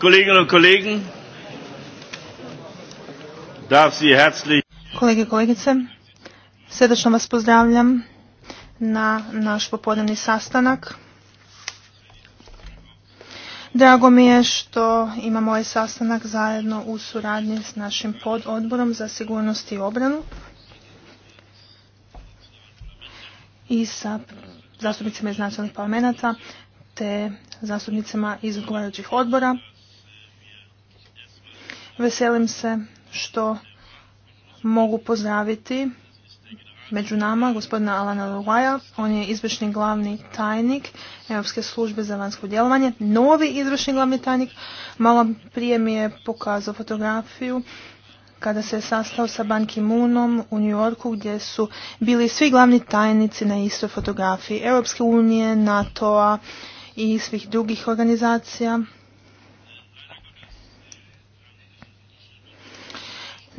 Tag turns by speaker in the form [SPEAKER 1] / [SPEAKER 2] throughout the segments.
[SPEAKER 1] Kolleginnen und Kollegen,
[SPEAKER 2] Kolege i kolegice, srdečno vas pozdravljam na naš popodnevni sastanak. Drago mi je što imamo ovaj sastanak zajedno u suradnji s našim pododborom za sigurnost i obranu i sa zastupnicima iz nacionalnih parlamenta te zastupnicima iz odgovarajućih odbora Veselim se što mogu pozdraviti među nama gospodina Alana Lugaja. On je izvršni glavni tajnik Europske službe za vanjsko djelovanje. Novi izvršni glavni tajnik. Malo prije mi je pokazao fotografiju kada se je sastao sa Ban Ki-moonom u New Yorku gdje su bili svi glavni tajnici na istoj fotografiji Europske unije, NATO-a i svih drugih organizacija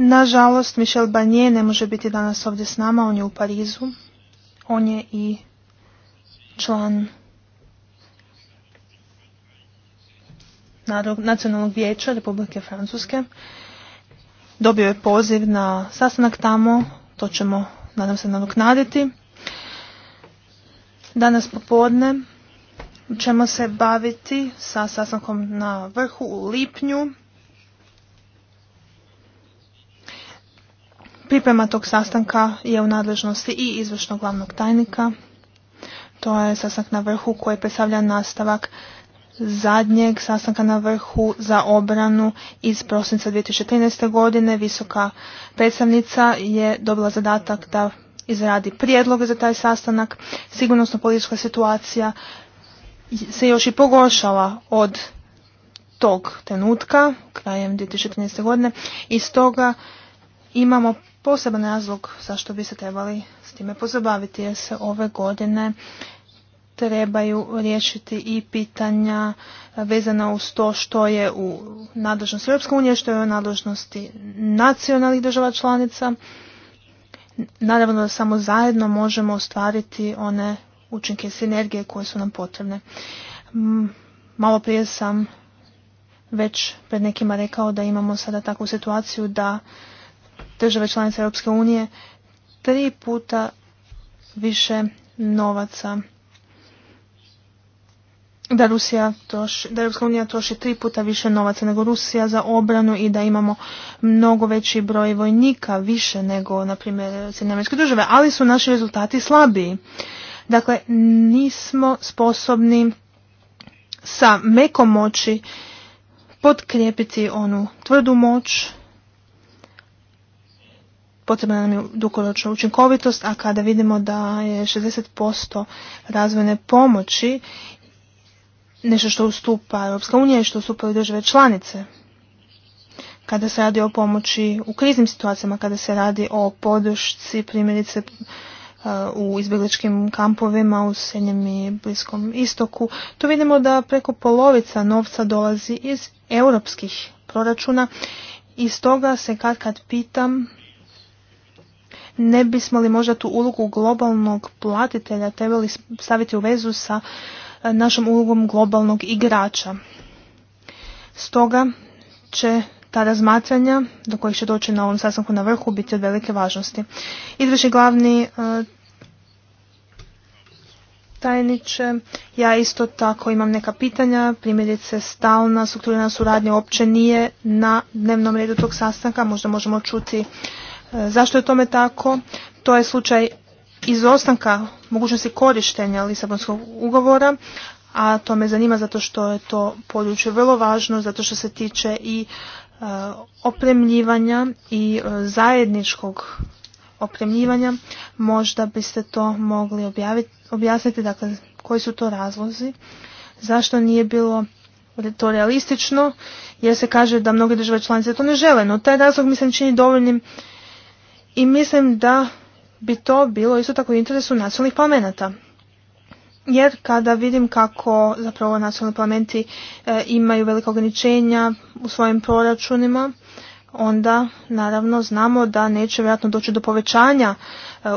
[SPEAKER 2] Nažalost, Michel Barnier ne može biti danas ovdje s nama, on je u Parizu. On je i član Nacionalnog vijeća Republike Francuske. Dobio je poziv na sastanak tamo, to ćemo, nadam se, nadoknaditi. Danas popodne ćemo se baviti sa sastankom na vrhu u lipnju Priprema tog sastanka je u nadležnosti i izvršnog glavnog tajnika. To je sastanak na vrhu koji predstavlja nastavak zadnjeg sastanka na vrhu za obranu iz prosinca 2013. godine. Visoka predstavnica je dobila zadatak da izradi prijedloge za taj sastanak. Sigurnosno politička situacija se još i pogoršala od tog trenutka, krajem 2013. godine, i stoga imamo Poseban razlog zašto bi se trebali s time pozabaviti je se ove godine trebaju riješiti i pitanja vezana uz to što je u nadležnosti Europske unije, što je u nadležnosti nacionalnih država članica. Naravno da samo zajedno možemo ostvariti one učinke sinergije koje su nam potrebne. Malo prije sam već pred nekima rekao da imamo sada takvu situaciju da države članice Europske unije tri puta više novaca da Rusija troši, da Europska unija troši tri puta više novaca nego Rusija za obranu i da imamo mnogo veći broj vojnika više nego, na primjer, države, ali su naši rezultati slabiji. Dakle, nismo sposobni sa mekom moći potkrijepiti onu tvrdu moć potrebna nam je dugoročna učinkovitost, a kada vidimo da je 60% razvojne pomoći nešto što ustupa Europska unija i što ustupaju države članice, kada se radi o pomoći u kriznim situacijama, kada se radi o podršci primjerice uh, u izbjegličkim kampovima u Srednjem i Bliskom istoku. Tu vidimo da preko polovica novca dolazi iz europskih proračuna i stoga se kad kad pitam ne bismo li možda tu ulogu globalnog platitelja trebali staviti u vezu sa e, našom ulogom globalnog igrača. Stoga će ta razmatranja do kojih će doći na ovom sastanku na vrhu biti od velike važnosti. Izvrši glavni e, tajniče. Ja isto tako imam neka pitanja, primjerice stalna strukturirana suradnja uopće nije na dnevnom redu tog sastanka, možda možemo čuti Zašto je tome tako? To je slučaj izostanka mogućnosti korištenja Lisabonskog ugovora, a to me zanima zato što je to područje vrlo važno, zato što se tiče i e, opremljivanja i e, zajedničkog opremljivanja. Možda biste to mogli objasniti, dakle, koji su to razlozi, zašto nije bilo to realistično, jer se kaže da mnoge države članice to ne žele, no taj razlog mi čini dovoljnim i mislim da bi to bilo isto tako u interesu nacionalnih plamenata Jer kada vidim kako zapravo nacionalni parlamenti e, imaju velika ograničenja u svojim proračunima, onda naravno znamo da neće vjerojatno doći do povećanja e,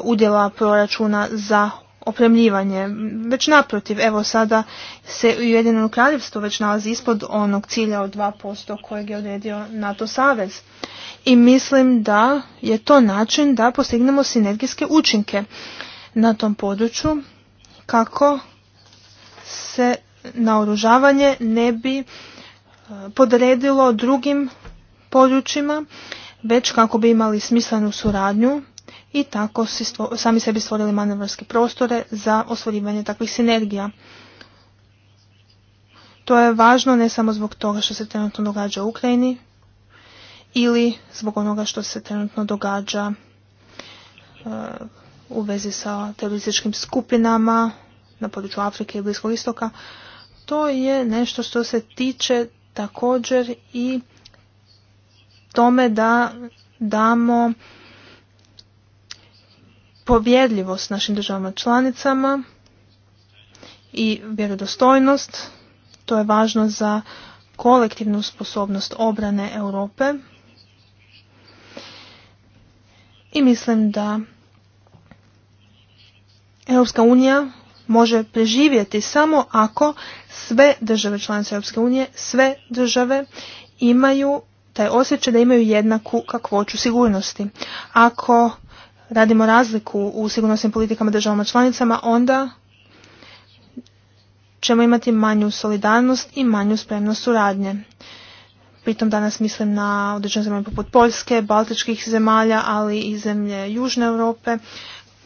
[SPEAKER 2] udjela proračuna za opremljivanje. Već naprotiv, evo sada se Ujedinjeno kraljevstvo već nalazi ispod onog cilja od 2% kojeg je odredio NATO savez i mislim da je to način da postignemo sinergijske učinke na tom području kako se naoružavanje ne bi e, podredilo drugim područjima, već kako bi imali smislenu suradnju i tako sami sebi stvorili manevarske prostore za ostvarivanje takvih sinergija. To je važno ne samo zbog toga što se trenutno događa u Ukrajini, ili zbog onoga što se trenutno događa e, u vezi sa terorističkim skupinama na području Afrike i Bliskog istoka, to je nešto što se tiče također i tome da damo povjedljivost našim državama članicama i vjerodostojnost. To je važno za kolektivnu sposobnost obrane Europe i mislim da Europska unija može preživjeti samo ako sve države članice Europske unije, sve države imaju taj osjećaj da imaju jednaku kakvoću sigurnosti. Ako radimo razliku u sigurnosnim politikama državama članicama, onda ćemo imati manju solidarnost i manju spremnost suradnje. Pritom danas mislim na određene zemlje poput Poljske, Baltičkih zemalja, ali i zemlje Južne Europe.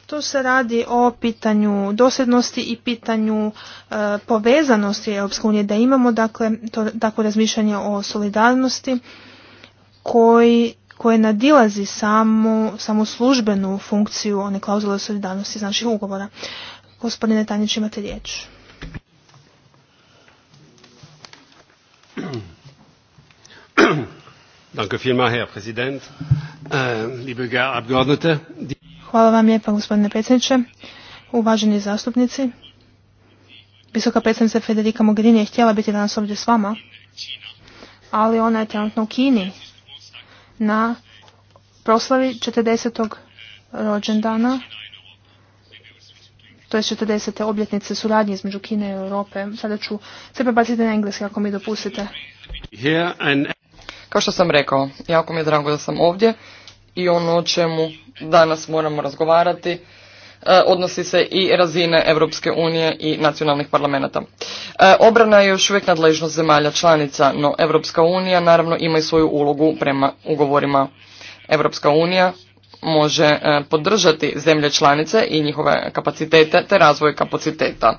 [SPEAKER 2] To se radi o pitanju dosljednosti i pitanju e, povezanosti Europske unije, da imamo dakle to, takvo razmišljanje o solidarnosti koji koje nadilazi samu, službenu funkciju one klauzule solidarnosti iz naših ugovora. Gospodine Tanjić, imate riječ.
[SPEAKER 1] Ähm,
[SPEAKER 2] Hvala vam lijepa gospodine predsjedniče, uvaženi zastupnici. Visoka predsjednica Federica Mogherini je htjela biti danas ovdje s vama, ali ona je trenutno u Kini na proslavi 40. rođendana, to je 40. obljetnice suradnje između Kine i Europe. Sada ću se prebaciti na engleski ako mi dopustite.
[SPEAKER 3] Here kao što sam rekao, jako mi je drago da sam ovdje i ono o čemu danas moramo razgovarati e, odnosi se i razine Europske unije i nacionalnih parlamenta. E, obrana je još uvijek nadležnost zemalja članica, no Europska unija naravno ima i svoju ulogu prema ugovorima. Europska unija može e, podržati zemlje članice i njihove kapacitete te razvoj kapaciteta.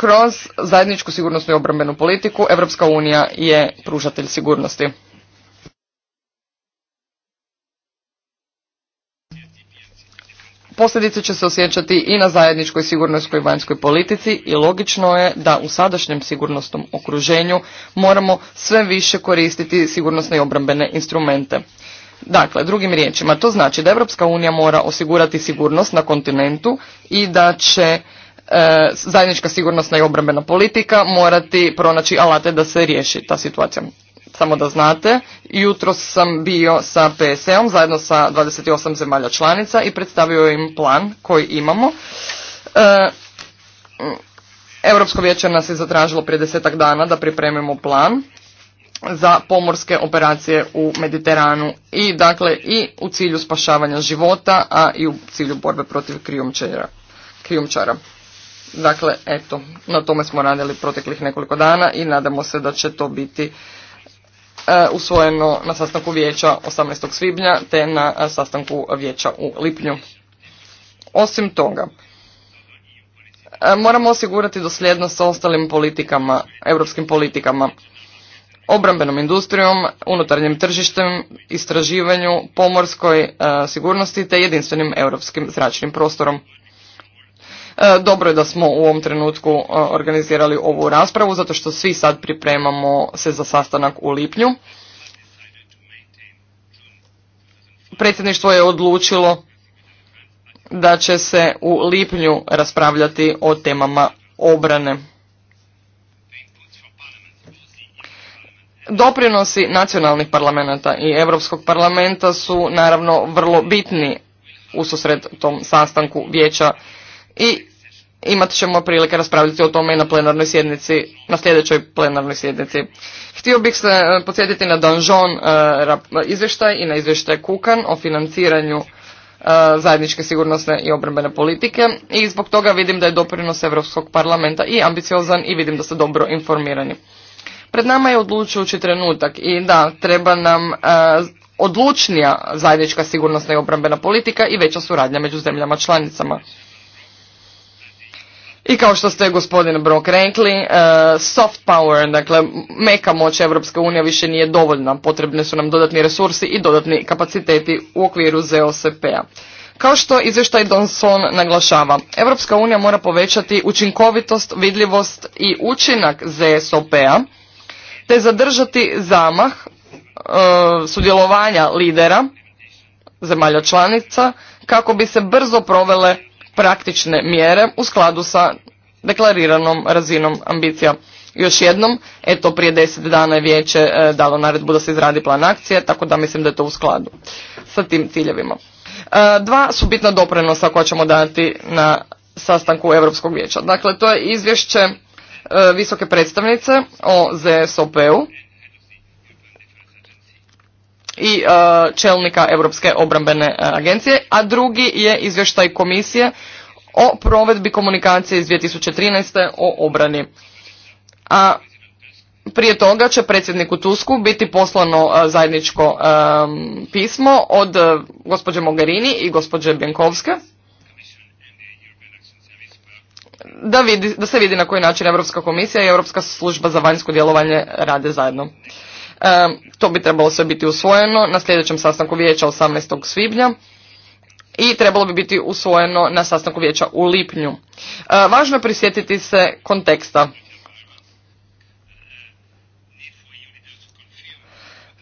[SPEAKER 3] Kroz zajedničku sigurnosnu i obrambenu politiku Europska unija je pružatelj sigurnosti. Posljedice će se osjećati i na zajedničkoj sigurnosnoj i vanjskoj politici i logično je da u sadašnjem sigurnosnom okruženju moramo sve više koristiti sigurnosne i obrambene instrumente. Dakle, drugim riječima, to znači da Europska unija mora osigurati sigurnost na kontinentu i da će E, zajednička sigurnosna i obrambena politika morati pronaći alate da se riješi ta situacija. Samo da znate, jutro sam bio sa PSE-om zajedno sa 28 zemalja članica i predstavio im plan koji imamo. E, Europsko vijeće nas je zatražilo prije desetak dana da pripremimo plan za pomorske operacije u Mediteranu i dakle i u cilju spašavanja života, a i u cilju borbe protiv krijumčara. Dakle, eto, na tome smo radili proteklih nekoliko dana i nadamo se da će to biti e, usvojeno na sastanku vijeća 18. svibnja te na e, sastanku vijeća u lipnju. Osim toga, e, moramo osigurati dosljednost sa ostalim politikama, europskim politikama, obrambenom industrijom, unutarnjim tržištem, istraživanju, pomorskoj sigurnosti te jedinstvenim europskim zračnim prostorom. E, dobro je da smo u ovom trenutku e, organizirali ovu raspravu zato što svi sad pripremamo se za sastanak u lipnju. Predsjedništvo je odlučilo da će se u lipnju raspravljati o temama obrane. Doprinosi nacionalnih parlamenta i Europskog parlamenta su naravno vrlo bitni susret tom sastanku vijeća i imat ćemo prilike raspravljati o tome i na plenarnoj sjednici, na sljedećoj plenarnoj sjednici. Htio bih se e, podsjetiti na Danžon e, izvještaj i na izvještaj Kukan o financiranju e, zajedničke sigurnosne i obrambene politike i zbog toga vidim da je doprinos Europskog parlamenta i ambiciozan i vidim da ste dobro informirani. Pred nama je odlučujući trenutak i da treba nam odlučnija zajednička sigurnosna i obrambena politika i veća suradnja među zemljama članicama. I kao što ste gospodin Brok rekli, e, soft power, dakle meka moć Evropske unije više nije dovoljna. Potrebne su nam dodatni resursi i dodatni kapaciteti u okviru ZOSP-a. Kao što izvještaj Donson naglašava, Europska unija mora povećati učinkovitost, vidljivost i učinak ZSOP-a, te zadržati zamah e, sudjelovanja lidera zemalja članica kako bi se brzo provele praktične mjere u skladu sa deklariranom razinom ambicija. Još jednom, eto prije deset dana je vijeće e, dalo naredbu da se izradi plan akcije, tako da mislim da je to u skladu sa tim ciljevima. E, dva su bitna doprinosa koja ćemo dati na sastanku Europskog vijeća. Dakle, to je izvješće e, visoke predstavnice o ZSOP-u i e, čelnika Europske obrambene e, agencije, a drugi je izvještaj komisije o provedbi komunikacije iz 2013. o obrani. A prije toga će predsjedniku Tusku biti poslano e, zajedničko pismo od gospođe Mogherini i gospođe Bjenkovske da, vidi, da se vidi na koji način Europska komisija i Europska služba za vanjsko djelovanje rade zajedno. To bi trebalo sve biti usvojeno na sljedećem sastanku vijeća 18. svibnja i trebalo bi biti usvojeno na sastanku vijeća u lipnju. E, važno je prisjetiti se konteksta.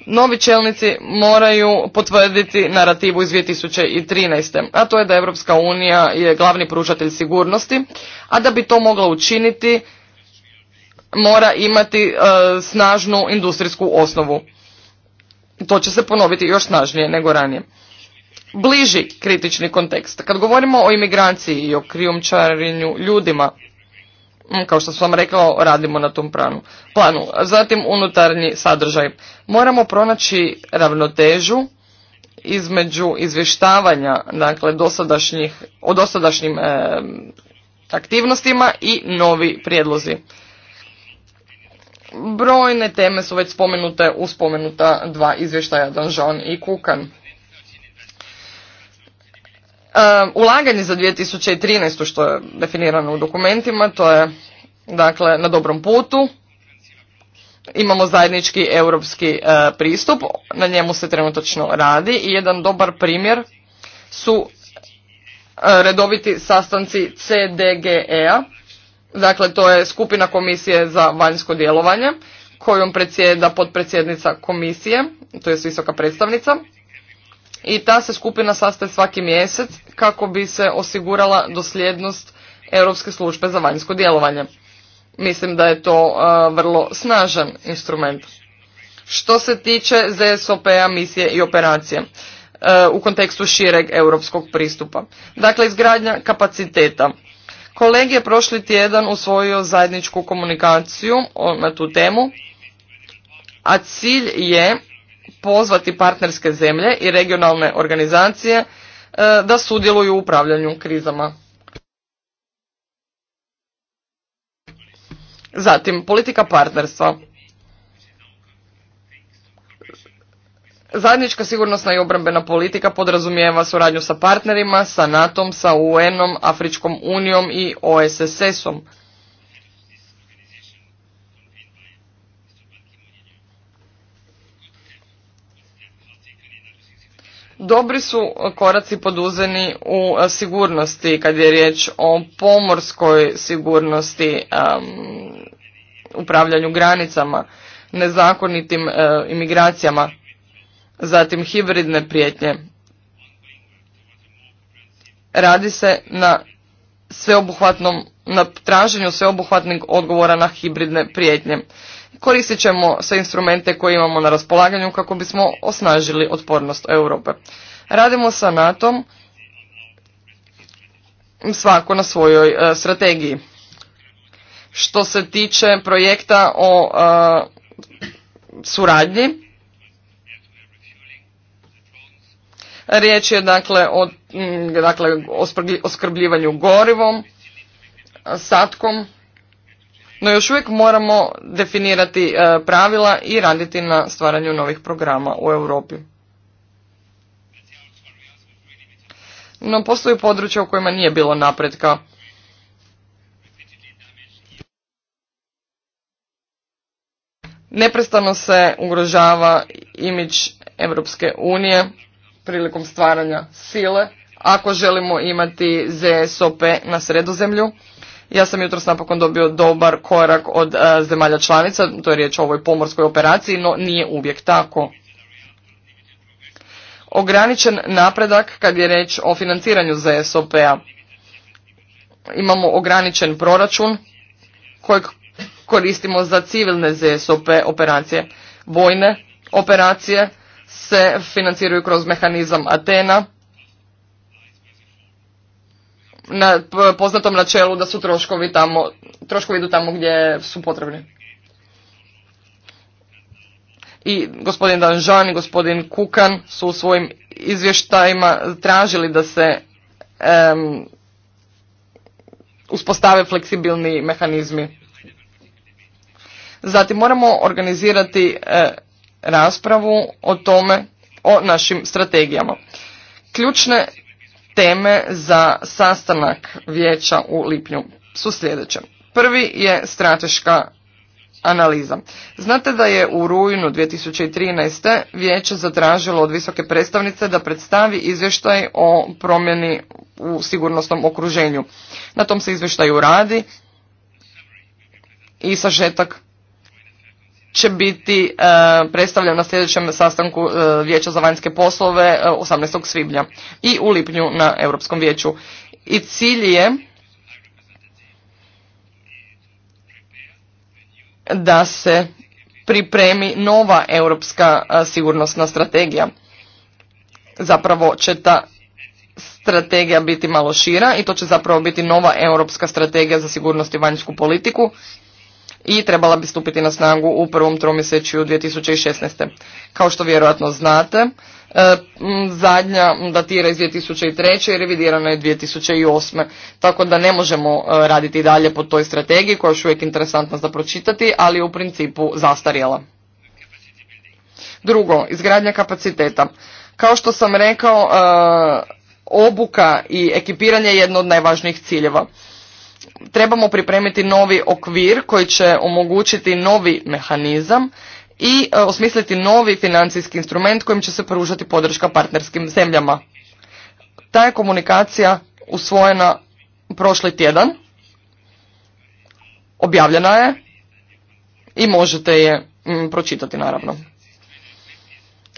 [SPEAKER 3] Novi čelnici moraju potvrditi narativu iz 2013. A to je da Europska unija je glavni pružatelj sigurnosti, a da bi to mogla učiniti mora imati e, snažnu industrijsku osnovu. To će se ponoviti još snažnije nego ranije. Bliži kritični kontekst. Kad govorimo o imigranciji i o krijumčarenju ljudima, kao što sam vam rekao, radimo na tom planu. planu. Zatim unutarnji sadržaj. Moramo pronaći ravnotežu između izvještavanja dakle, dosadašnjih, o dosadašnjim e, aktivnostima i novi prijedlozi. Brojne teme su već spomenute u spomenuta dva izvještaja Donžon i Kukan. E, ulaganje za 2013. što je definirano u dokumentima, to je dakle na dobrom putu. Imamo zajednički europski e, pristup, na njemu se trenutačno radi i jedan dobar primjer su e, redoviti sastanci CDGE-a Dakle, to je skupina komisije za vanjsko djelovanje kojom predsjeda potpredsjednica komisije, to je visoka predstavnica. I ta se skupina sastaje svaki mjesec kako bi se osigurala dosljednost Europske službe za vanjsko djelovanje. Mislim da je to e, vrlo snažan instrument. Što se tiče ZSOP-a, misije i operacije e, u kontekstu šireg europskog pristupa. Dakle, izgradnja kapaciteta Kolegi je prošli tjedan usvojio zajedničku komunikaciju na tu temu, a cilj je pozvati partnerske zemlje i regionalne organizacije e, da sudjeluju u upravljanju krizama. Zatim, politika partnerstva. Zajednička sigurnosna i obrambena politika podrazumijeva suradnju sa partnerima, sa NATO-om, sa UN-om, Afričkom unijom i OSSS-om. Dobri su koraci poduzeni u sigurnosti kad je riječ o pomorskoj sigurnosti, upravljanju granicama, nezakonitim imigracijama zatim hibridne prijetnje. Radi se na sveobuhvatnom, na traženju sveobuhvatnog odgovora na hibridne prijetnje. Koristit ćemo sve instrumente koje imamo na raspolaganju kako bismo osnažili otpornost Europe. Radimo sa NATO-om svako na svojoj e, strategiji. Što se tiče projekta o e, suradnji, Riječ je dakle o mm, dakle, oskrbljivanju gorivom, satkom, no još uvijek moramo definirati e, pravila i raditi na stvaranju novih programa u Europi. No postoji područja u kojima nije bilo napretka. Neprestano se ugrožava imidž Europske unije prilikom stvaranja sile, ako želimo imati ZSOP na sredozemlju. Ja sam jutros napokon dobio dobar korak od e, zemalja članica, to je riječ o ovoj pomorskoj operaciji, no nije uvijek tako. Ograničen napredak kad je reč o financiranju ZSOP-a. Imamo ograničen proračun kojeg koristimo za civilne ZSOP operacije, vojne operacije se financiraju kroz mehanizam Atena na poznatom načelu da su troškovi tamo, troškovi idu tamo gdje su potrebni. I gospodin Danžan i gospodin Kukan su u svojim izvještajima tražili da se uspostave fleksibilni mehanizmi. Zatim moramo organizirati e, raspravu o tome, o našim strategijama. Ključne teme za sastanak vijeća u lipnju su sljedeće. Prvi je strateška analiza. Znate da je u rujnu 2013. vijeće zatražilo od visoke predstavnice da predstavi izvještaj o promjeni u sigurnosnom okruženju. Na tom se izvještaju radi i sažetak će biti e, predstavljen na sljedećem sastanku e, Vijeća za vanjske poslove 18. E, svibnja i u lipnju na Europskom vijeću. I cilj je da se pripremi nova europska sigurnosna strategija. Zapravo će ta strategija biti malo šira i to će zapravo biti nova europska strategija za sigurnost i vanjsku politiku i trebala bi stupiti na snagu u prvom tromjesečju 2016. Kao što vjerojatno znate, e, zadnja datira iz 2003. i revidirana je 2008. Tako da ne možemo e, raditi dalje po toj strategiji koja je još uvijek interesantna za pročitati, ali je u principu zastarjela. Drugo, izgradnja kapaciteta. Kao što sam rekao, e, obuka i ekipiranje je jedno od najvažnijih ciljeva trebamo pripremiti novi okvir koji će omogućiti novi mehanizam i e, osmisliti novi financijski instrument kojim će se pružati podrška partnerskim zemljama. Ta je komunikacija usvojena prošli tjedan, objavljena je i možete je mm, pročitati naravno.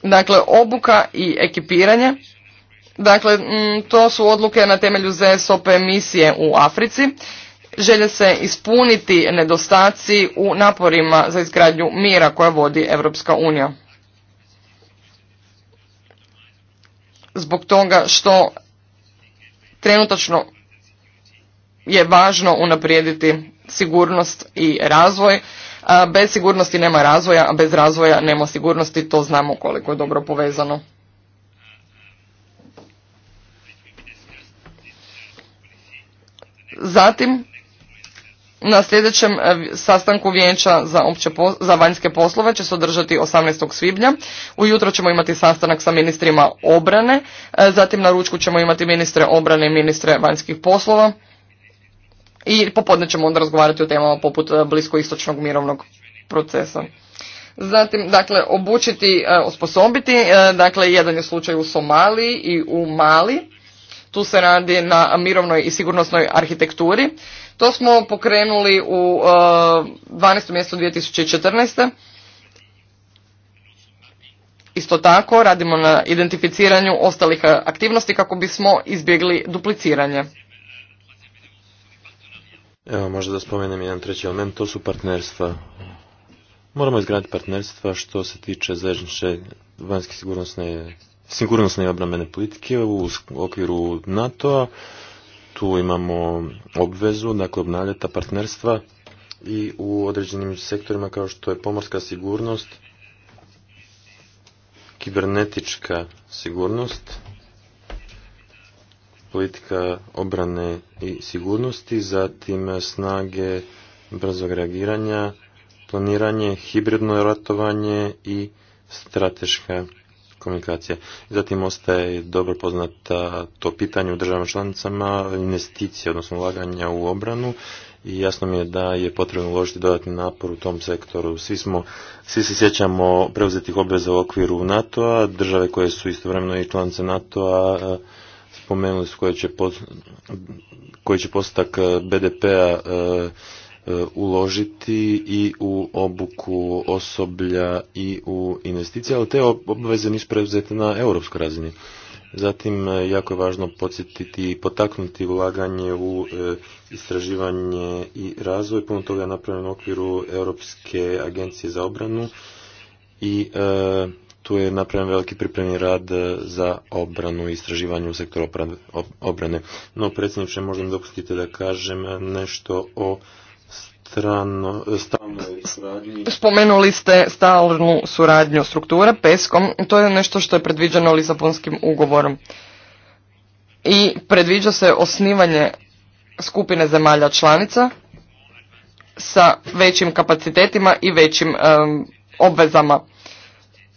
[SPEAKER 3] Dakle, obuka i ekipiranje Dakle, mm, to su odluke na temelju ZSOP misije u Africi. Želje se ispuniti nedostaci u naporima za izgradnju mira koja vodi Europska unija. Zbog toga što trenutačno je važno unaprijediti sigurnost i razvoj. Bez sigurnosti nema razvoja, a bez razvoja nema sigurnosti, to znamo koliko je dobro povezano. Zatim, na sljedećem e, sastanku vijeća za, opće za vanjske poslove će se održati 18. svibnja. Ujutro ćemo imati sastanak sa ministrima obrane, e, zatim na ručku ćemo imati ministre obrane i ministre vanjskih poslova i popodne ćemo onda razgovarati o temama poput e, bliskoistočnog mirovnog procesa. Zatim, dakle, obučiti, osposobiti, dakle, jedan je slučaj u Somaliji i u Mali tu se radi na mirovnoj i sigurnosnoj arhitekturi. To smo pokrenuli u 12. mjestu 2014. Isto tako radimo na identificiranju ostalih eh, aktivnosti kako bismo izbjegli dupliciranje.
[SPEAKER 1] Evo, možda da spomenem jedan treći element, to su partnerstva. Moramo izgraditi partnerstva što se tiče zajedničke vanjske sigurnosne sigurnosne i obrambene politike u okviru NATO-a. Tu imamo obvezu, dakle, obnavljata partnerstva i u određenim sektorima kao što je pomorska sigurnost, kibernetička sigurnost, politika obrane i sigurnosti, zatim snage brzog reagiranja, planiranje, hibridno ratovanje i strateška komunikacija. Zatim ostaje dobro poznata to pitanje u državama članicama, investicije, odnosno ulaganja u obranu i jasno mi je da je potrebno uložiti dodatni napor u tom sektoru. Svi, smo, svi se sjećamo preuzetih obveza u okviru NATO-a, države koje su istovremeno i članice NATO-a, spomenuli su koje će, koji će postak eh, BDP-a eh, E, uložiti i u obuku osoblja i u investicije, ali te obveze nisu preuzete na europskoj razini. Zatim, e, jako je važno podsjetiti i potaknuti ulaganje u e, istraživanje i razvoj. Puno toga je napravljeno u okviru Europske agencije za obranu i tu je napravljen veliki pripremni rad za obranu i istraživanje u sektoru obrane. No, predsjedniče, možda mi dopustite da kažem nešto o strano, stalno Spomenuli
[SPEAKER 3] ste stalnu suradnju struktura peskom, to je nešto što je predviđeno Lisabonskim ugovorom. I predviđa se osnivanje skupine zemalja članica sa većim kapacitetima i većim obvezama.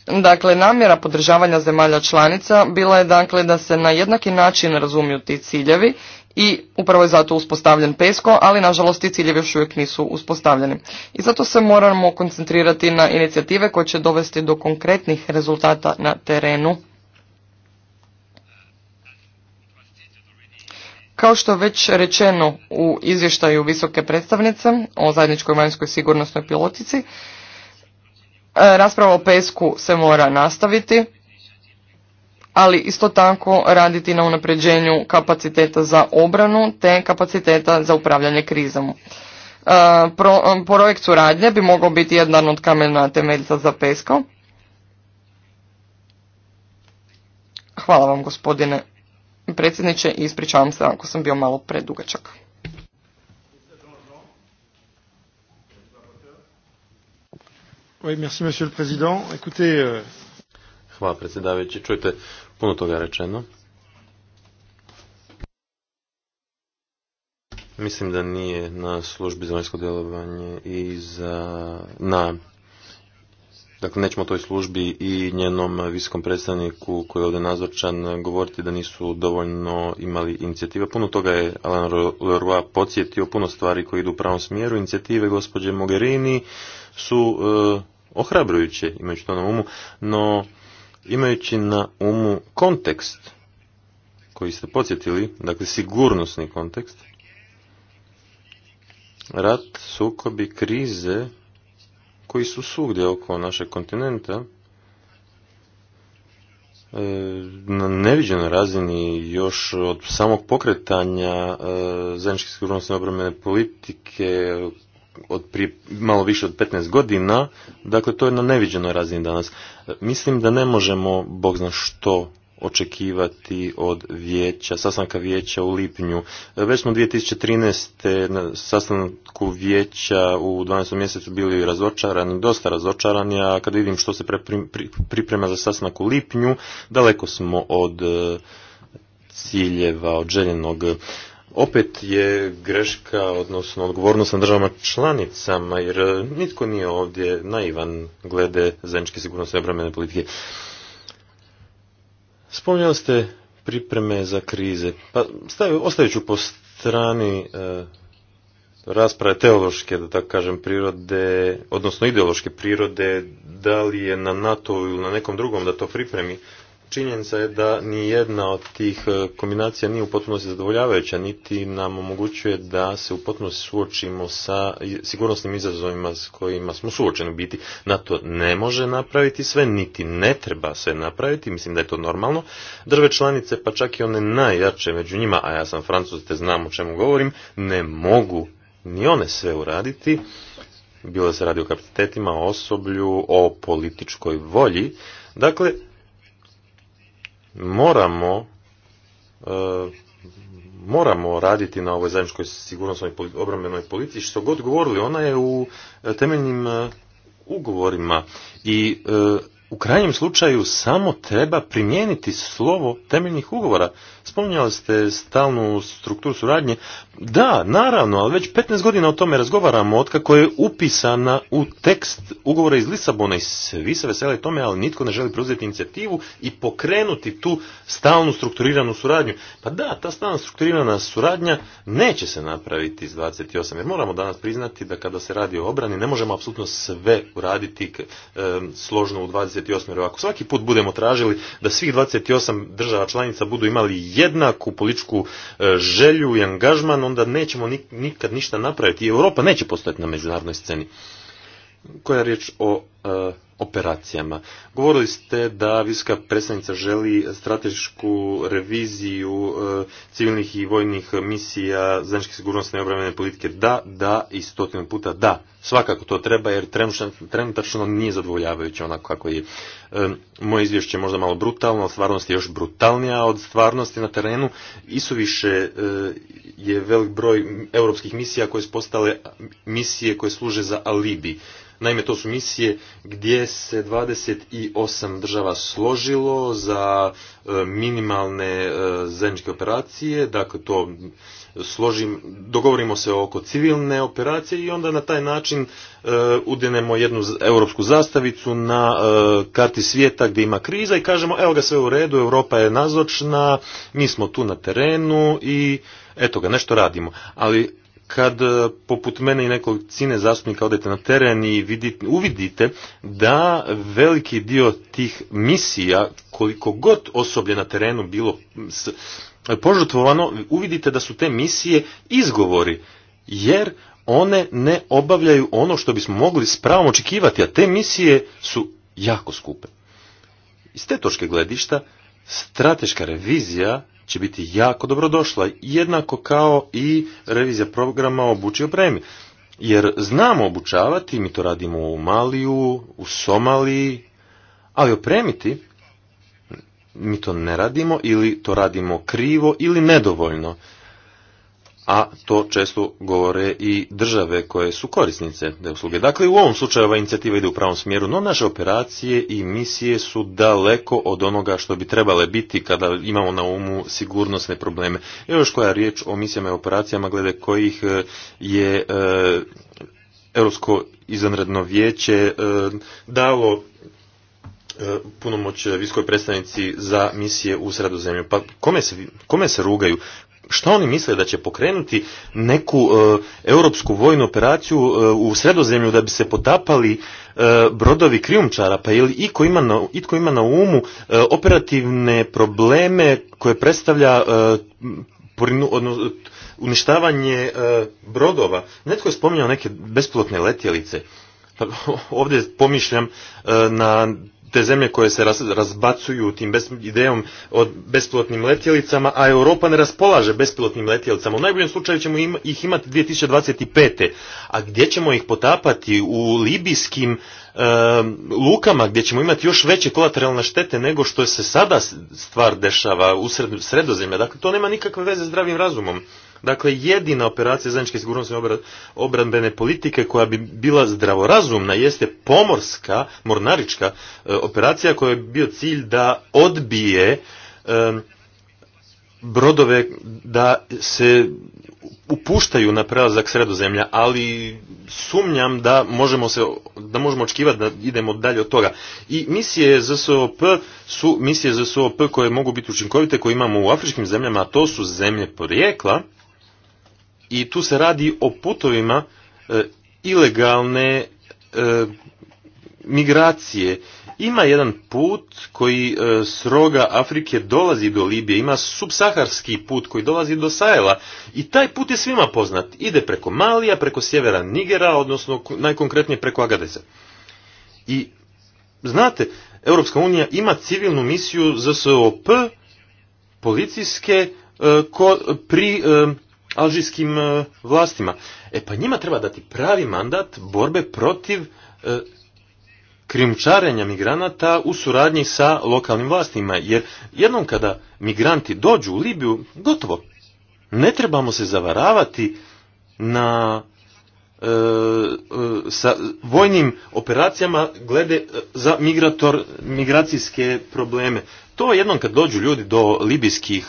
[SPEAKER 3] Dakle, namjera podržavanja zemalja članica bila je dakle da se na jednaki način razumiju ti ciljevi i upravo je zato uspostavljen PESCO, ali nažalost ti ciljevi još uvijek nisu uspostavljeni. I zato se moramo koncentrirati na inicijative koje će dovesti do konkretnih rezultata na terenu. Kao što već rečeno u izvještaju visoke predstavnice o zajedničkoj vanjskoj sigurnosnoj pilotici, E, rasprava o pesku se mora nastaviti, ali isto tako raditi na unapređenju kapaciteta za obranu te kapaciteta za upravljanje krizom. E, projekt suradnje bi mogao biti jedan od kamena temeljica za pesko. Hvala vam gospodine predsjedniče i ispričavam se ako sam bio malo predugačak.
[SPEAKER 1] Euh, Hvala predsjedavajući. Čujte, puno toga rečeno. Mislim da nije na službi za vanjsko djelovanje i za... na Dakle, nećemo o toj službi i njenom visokom predstavniku koji je ovdje nazočan govoriti da nisu dovoljno imali inicijativa. Puno toga je Alain Leroy podsjetio, puno stvari koje idu u pravom smjeru. Inicijative gospođe Mogherini su e, ohrabrujuće imajući to na umu, no imajući na umu kontekst koji ste podsjetili, dakle sigurnosni kontekst, rat, sukobi, krize koji su svugdje oko našeg kontinenta, e, na neviđenoj razini još od samog pokretanja e, zajedničke sigurnosne obrambene politike od prije malo više od 15 godina, dakle to je na neviđenoj razini danas. Mislim da ne možemo, Bog zna što, očekivati od vijeća, sastanka vijeća u lipnju. Već smo 2013. na sastanku vijeća u 12. mjesecu bili razočarani, dosta razočarani, a kad vidim što se priprema za sastanak u lipnju, daleko smo od eh, ciljeva, od željenog opet je greška, odnosno odgovornost na državama članicama, jer e, nitko nije ovdje naivan glede zajedničke i obrambene politike. Spominjali ste pripreme za krize. Pa stavio, ostavit ću po strani e, rasprave teološke, da tako kažem, prirode, odnosno ideološke prirode, da li je na NATO ili na nekom drugom da to pripremi, činjenica je da ni jedna od tih e, kombinacija nije u potpunosti zadovoljavajuća, niti nam omogućuje da se u potpunosti suočimo sa sigurnosnim izazovima s kojima smo suočeni u biti. NATO ne može napraviti sve, niti ne treba sve napraviti, mislim da je to normalno. Drve članice, pa čak i one najjače među njima, a ja sam francuz te znam o čemu govorim, ne mogu ni one sve uraditi, bilo se radi o kapacitetima, o osoblju, o političkoj volji. Dakle, moramo e, moramo raditi na ovoj zajedničkoj sigurnosnoj obrambenoj politici što god govorili ona je u e, temeljnim e, ugovorima i u krajnjem slučaju samo treba primijeniti slovo temeljnih ugovora. Spominjali ste stalnu strukturu suradnje. Da, naravno, ali već 15 godina o tome razgovaramo otkako je upisana u tekst ugovora iz Lisabona i svi se veseli tome, ali nitko ne želi preuzeti inicijativu i pokrenuti tu stalnu strukturiranu suradnju. Pa da, ta stalna strukturirana suradnja neće se napraviti iz 28, jer moramo danas priznati da kada se radi o obrani ne možemo apsolutno sve uraditi složno u 28. 28. Ako svaki put budemo tražili da svih 28 država članica budu imali jednaku političku e, želju i angažman, onda nećemo nikad ništa napraviti. I Europa neće postojati na međunarodnoj sceni. Koja je riječ o e, operacijama. Govorili ste da visoka predstavnica želi stratešku reviziju e, civilnih i vojnih misija zajedničke sigurnosne i obrambene politike. Da, da i stotinu puta da. Svakako to treba jer trenutačno nije zadovoljavajuće onako kako je. E, moje izvješće je možda malo brutalno, ali stvarnost je još brutalnija od stvarnosti na terenu. više e, je velik broj europskih misija koje su postale misije koje služe za alibi. Naime, to su misije gdje se 28 država složilo za e, minimalne e, zajedničke operacije, dakle to složim, dogovorimo se oko civilne operacije i onda na taj način e, udenemo jednu europsku zastavicu na karti svijeta gdje ima kriza i kažemo evo ga sve u redu, Europa je nazočna, mi smo tu na terenu i eto ga, nešto radimo. Ali kad e, poput mene i nekog cine zastupnika odete na teren i uvidite da veliki dio tih misija, koliko god osoblje na terenu bilo požrtvovano, uvidite da su te misije izgovori, jer one ne obavljaju ono što bismo mogli s pravom očekivati, a te misije su jako skupe. Iz te točke gledišta, strateška revizija će biti jako dobrodošla, jednako kao i revizija programa obuči opremi. Jer znamo obučavati, mi to radimo u Maliju, u Somaliji, ali opremiti mi to ne radimo ili to radimo krivo ili nedovoljno a to često govore i države koje su korisnice te usluge. Dakle, u ovom slučaju ova inicijativa ide u pravom smjeru, no naše operacije i misije su daleko od onoga što bi trebale biti kada imamo na umu sigurnosne probleme. Evo još koja je riječ o misijama i operacijama glede kojih e, je e, Europsko izvanredno vijeće e, dalo punomoć viskoj predstavnici za misije u sredozemlju. Pa kome se, kome se rugaju? što oni misle da će pokrenuti neku e, europsku vojnu operaciju e, u sredozemlju da bi se potapali e, brodovi krijumčara pa ili itko ima na, itko ima na umu operativne probleme koje predstavlja uništavanje brodova netko je spominjao neke bespilotne letjelice pa ovdje pomišljam na te zemlje koje se razbacuju tim bes, idejom o bespilotnim letjelicama, a Europa ne raspolaže bespilotnim letjelicama. U najboljem slučaju ćemo ih imati 2025. A gdje ćemo ih potapati? U libijskim lukama gdje ćemo imati još veće kolateralne štete nego što se sada stvar dešava u sredozemlje, Dakle, to nema nikakve veze s zdravim razumom. Dakle, jedina operacija zajedničke sigurnosne obrambene politike koja bi bila zdravorazumna jeste pomorska, mornarička e, operacija koja je bio cilj da odbije e, brodove da se upuštaju na prelazak sredozemlja, ali sumnjam da možemo, se, da možemo očekivati da idemo dalje od toga. I misije ZSOP su misije ZSOP koje mogu biti učinkovite koje imamo u afričkim zemljama, a to su zemlje porijekla, i tu se radi o putovima e, ilegalne e, migracije. Ima jedan put koji e, s roga Afrike dolazi do Libije, ima subsaharski put koji dolazi do Sajela i taj put je svima poznat. Ide preko Malija, preko sjevera Nigera, odnosno najkonkretnije preko Agadeza. I znate, Europska unija ima civilnu misiju ZSOP policijske e, pri alžijskim e, vlastima. E pa njima treba dati pravi mandat borbe protiv e, krimčarenja migranata u suradnji sa lokalnim vlastima. Jer jednom kada migranti dođu u Libiju, gotovo. Ne trebamo se zavaravati na e, sa vojnim operacijama glede za migrator, migracijske probleme. To jednom kad dođu ljudi do libijskih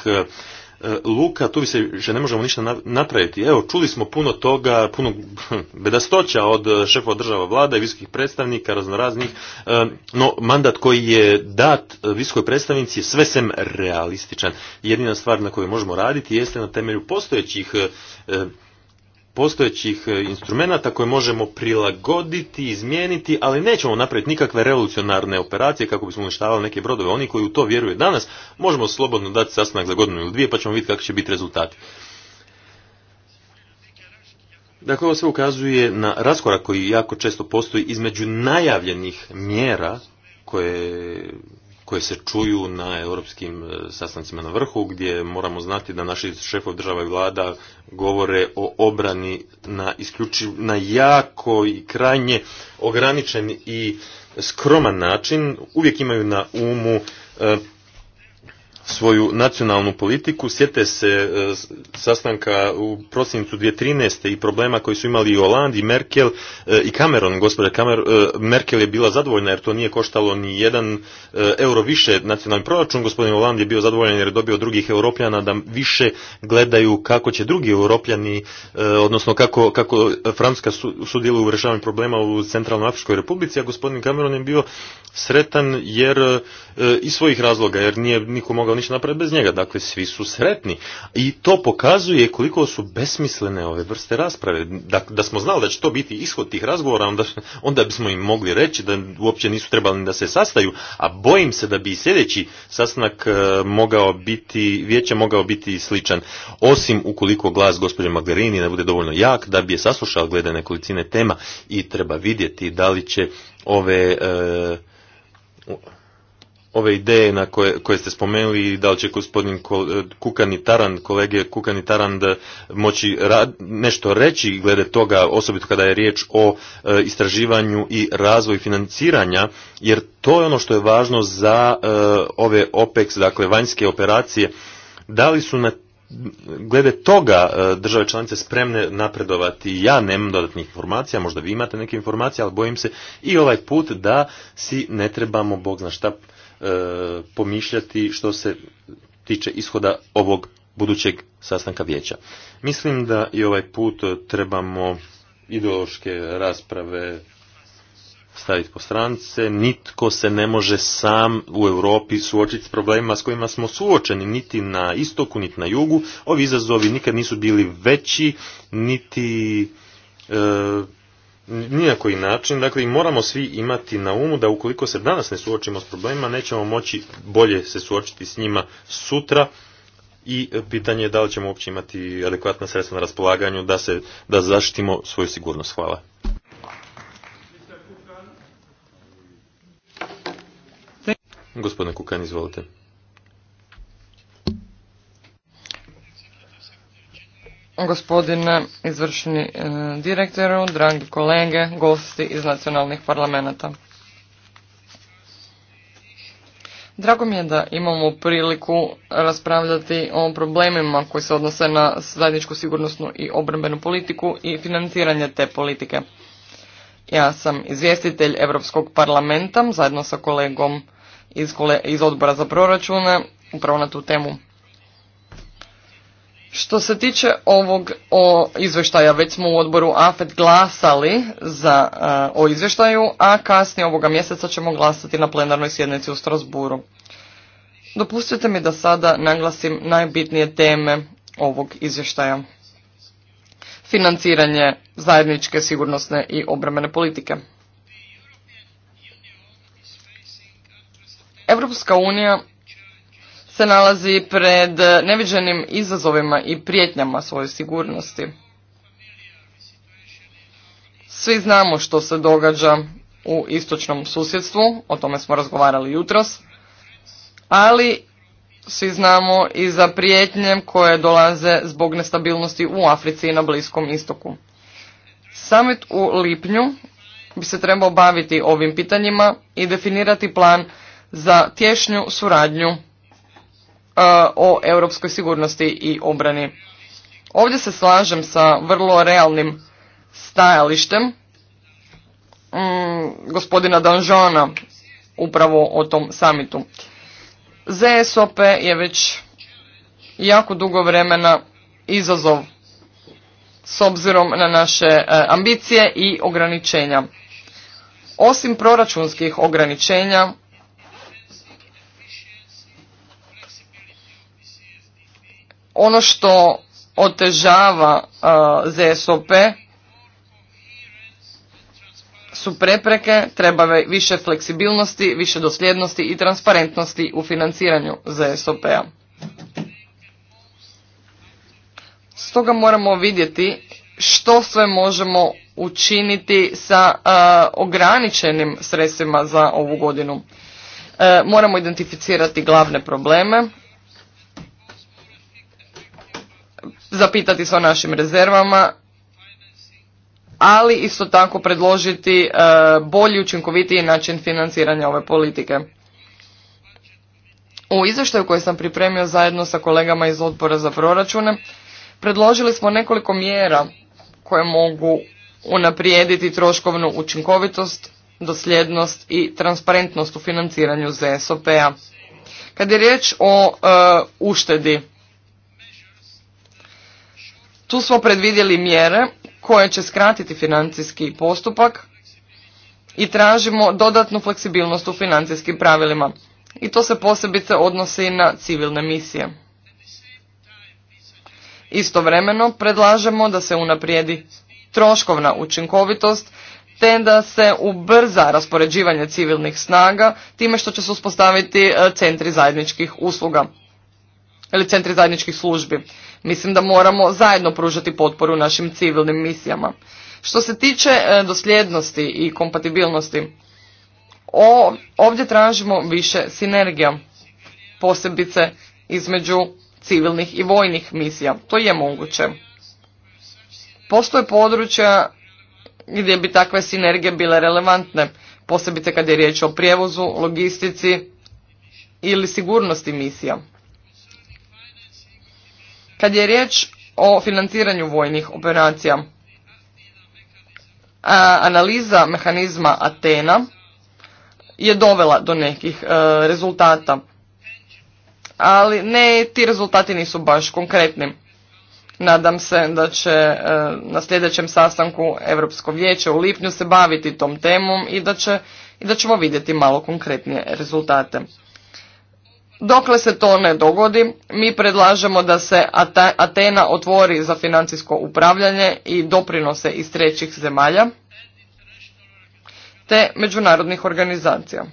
[SPEAKER 1] E, luka, tu bi se više ne možemo ništa napraviti. Evo, čuli smo puno toga, puno bedastoća od e, šefa država vlada i visokih predstavnika, raznoraznih, e, no mandat koji je dat visokoj predstavnici je sve sem realističan. Jedina stvar na kojoj možemo raditi jeste na temelju postojećih postojećih e, instrumenta koje možemo prilagoditi, izmijeniti, ali nećemo napraviti nikakve revolucionarne operacije kako bismo uništavali neke brodove. Oni koji u to vjeruju danas, možemo slobodno dati sastanak za godinu ili dvije pa ćemo vidjeti kakvi će biti rezultati. Dakle, ovo sve ukazuje na raskorak koji jako često postoji između najavljenih mjera koje koje se čuju na europskim e, sastancima na vrhu, gdje moramo znati da naši šefovi država i vlada govore o obrani na, isključiv, na jako i krajnje ograničen i skroman način. Uvijek imaju na umu e, svoju nacionalnu politiku. Sjete se e, sastanka u prosincu 2013. i problema koji su imali i Holand, i Merkel e, i Cameron. Gospođa e, Merkel je bila zadovoljna jer to nije koštalo ni jedan euro više nacionalni proračun. Gospodin Holand je bio zadovoljan jer je dobio drugih europljana da više gledaju kako će drugi europljani, odnosno kako, kako Francuska sudjeluje u rješavanju problema u Centralnoj Afričkoj Republici, a gospodin Cameron je bio sretan jer iz svojih razloga, jer nije niko mogao ništa napraviti bez njega. Dakle, svi su sretni. I to pokazuje koliko su besmislene ove vrste rasprave. Da, da smo znali da će to biti ishod tih razgovora, onda, onda bismo im mogli reći da uopće nisu trebali da se sastaju, a bojim se da bi i sljedeći sastanak e, mogao biti, vijeće mogao biti sličan. Osim ukoliko glas gospođe magarini ne bude dovoljno jak, da bi je saslušao glede nekolicine tema i treba vidjeti da li će ove... E, ove ideje na koje, koje ste spomenuli i da li će gospodin e, Kukani i Taran, kolege Kukani i Taran e, moći nešto reći glede toga, osobito kada je riječ o e, istraživanju i razvoju financiranja, jer to je ono što je važno za ove OPEX, dakle vanjske operacije. Da li su na glede toga države članice spremne napredovati. Ja nemam dodatnih informacija, možda vi imate neke informacije, ali bojim se i ovaj put da si ne trebamo, Bog zna šta, E, pomišljati što se tiče ishoda ovog budućeg sastanka vijeća. Mislim da i ovaj put trebamo ideološke rasprave staviti po strance, nitko se ne može sam u Europi suočiti s problemima s kojima smo suočeni, niti na istoku, niti na jugu. Ovi izazovi nikad nisu bili veći, niti e, ni koji način. Dakle, i moramo svi imati na umu da ukoliko se danas ne suočimo s problemima, nećemo moći bolje se suočiti s njima sutra i e, pitanje je da li ćemo uopće imati adekvatna sredstva na raspolaganju da, se, da zaštitimo svoju sigurnost. Hvala. Gospodine Kukan, izvolite.
[SPEAKER 3] gospodine izvršni e, direktoru, dragi kolege, gosti iz nacionalnih parlamenta. Drago mi je da imamo priliku raspravljati o problemima koji se odnose na zajedničku sigurnosnu i obrambenu politiku i financiranje te politike. Ja sam izvjestitelj Europskog parlamenta zajedno sa kolegom iz odbora za proračune upravo na tu temu. Što se tiče ovog o izvještaja, već smo u odboru AFET glasali za, o izvještaju, a kasnije ovoga mjeseca ćemo glasati na plenarnoj sjednici u Strasburu. Dopustite mi da sada naglasim najbitnije teme ovog izvještaja. Financiranje zajedničke sigurnosne i obrambene politike. Europska unija se nalazi pred neviđenim izazovima i prijetnjama svoje sigurnosti. Svi znamo što se događa u istočnom susjedstvu, o tome smo razgovarali jutros, ali svi znamo i za prijetnje koje dolaze zbog nestabilnosti u Africi i na Bliskom istoku. Summit u lipnju bi se trebao baviti ovim pitanjima i definirati plan za tješnju suradnju E, o europskoj sigurnosti i obrani. Ovdje se slažem sa vrlo realnim stajalištem mm, gospodina Danžana upravo o tom samitu. ZSOP je već jako dugo vremena izazov s obzirom na naše e, ambicije i ograničenja. Osim proračunskih ograničenja, ono što otežava ZSOP su prepreke, treba više fleksibilnosti, više dosljednosti i transparentnosti u financiranju ZSOP-a. Stoga moramo vidjeti što sve možemo učiniti sa ograničenim sredstvima za ovu godinu. E, moramo identificirati glavne probleme zapitati se o našim rezervama, ali isto tako predložiti e, bolji, učinkovitiji način financiranja ove politike. U izvještaju koji sam pripremio zajedno sa kolegama iz odbora za proračune, predložili smo nekoliko mjera koje mogu unaprijediti troškovnu učinkovitost, dosljednost i transparentnost u financiranju ZSOP-a. Kad je riječ o e, uštedi, tu smo predvidjeli mjere koje će skratiti financijski postupak i tražimo dodatnu fleksibilnost u financijskim pravilima. I to se posebice odnosi na civilne misije. Istovremeno predlažemo da se unaprijedi troškovna učinkovitost te da se ubrza raspoređivanje civilnih snaga time što će se uspostaviti e, centri zajedničkih usluga ili centri zajedničkih službi. Mislim da moramo zajedno pružati potporu našim civilnim misijama. Što se tiče e, dosljednosti i kompatibilnosti, ovdje tražimo više sinergija, posebice između civilnih i vojnih misija. To je moguće. Postoje područja gdje bi takve sinergije bile relevantne, posebice kad je riječ o prijevozu, logistici ili sigurnosti misija. Kad je riječ o financiranju vojnih operacija, analiza mehanizma Atena je dovela do nekih e, rezultata, ali ne, ti rezultati nisu baš konkretni. Nadam se da će e, na sljedećem sastanku Europsko vijeće u lipnju se baviti tom temom i da, će, i da ćemo vidjeti malo konkretnije rezultate. Dokle se to ne dogodi, mi predlažemo da se Atena otvori za financijsko upravljanje i doprinose iz trećih zemalja te međunarodnih organizacija.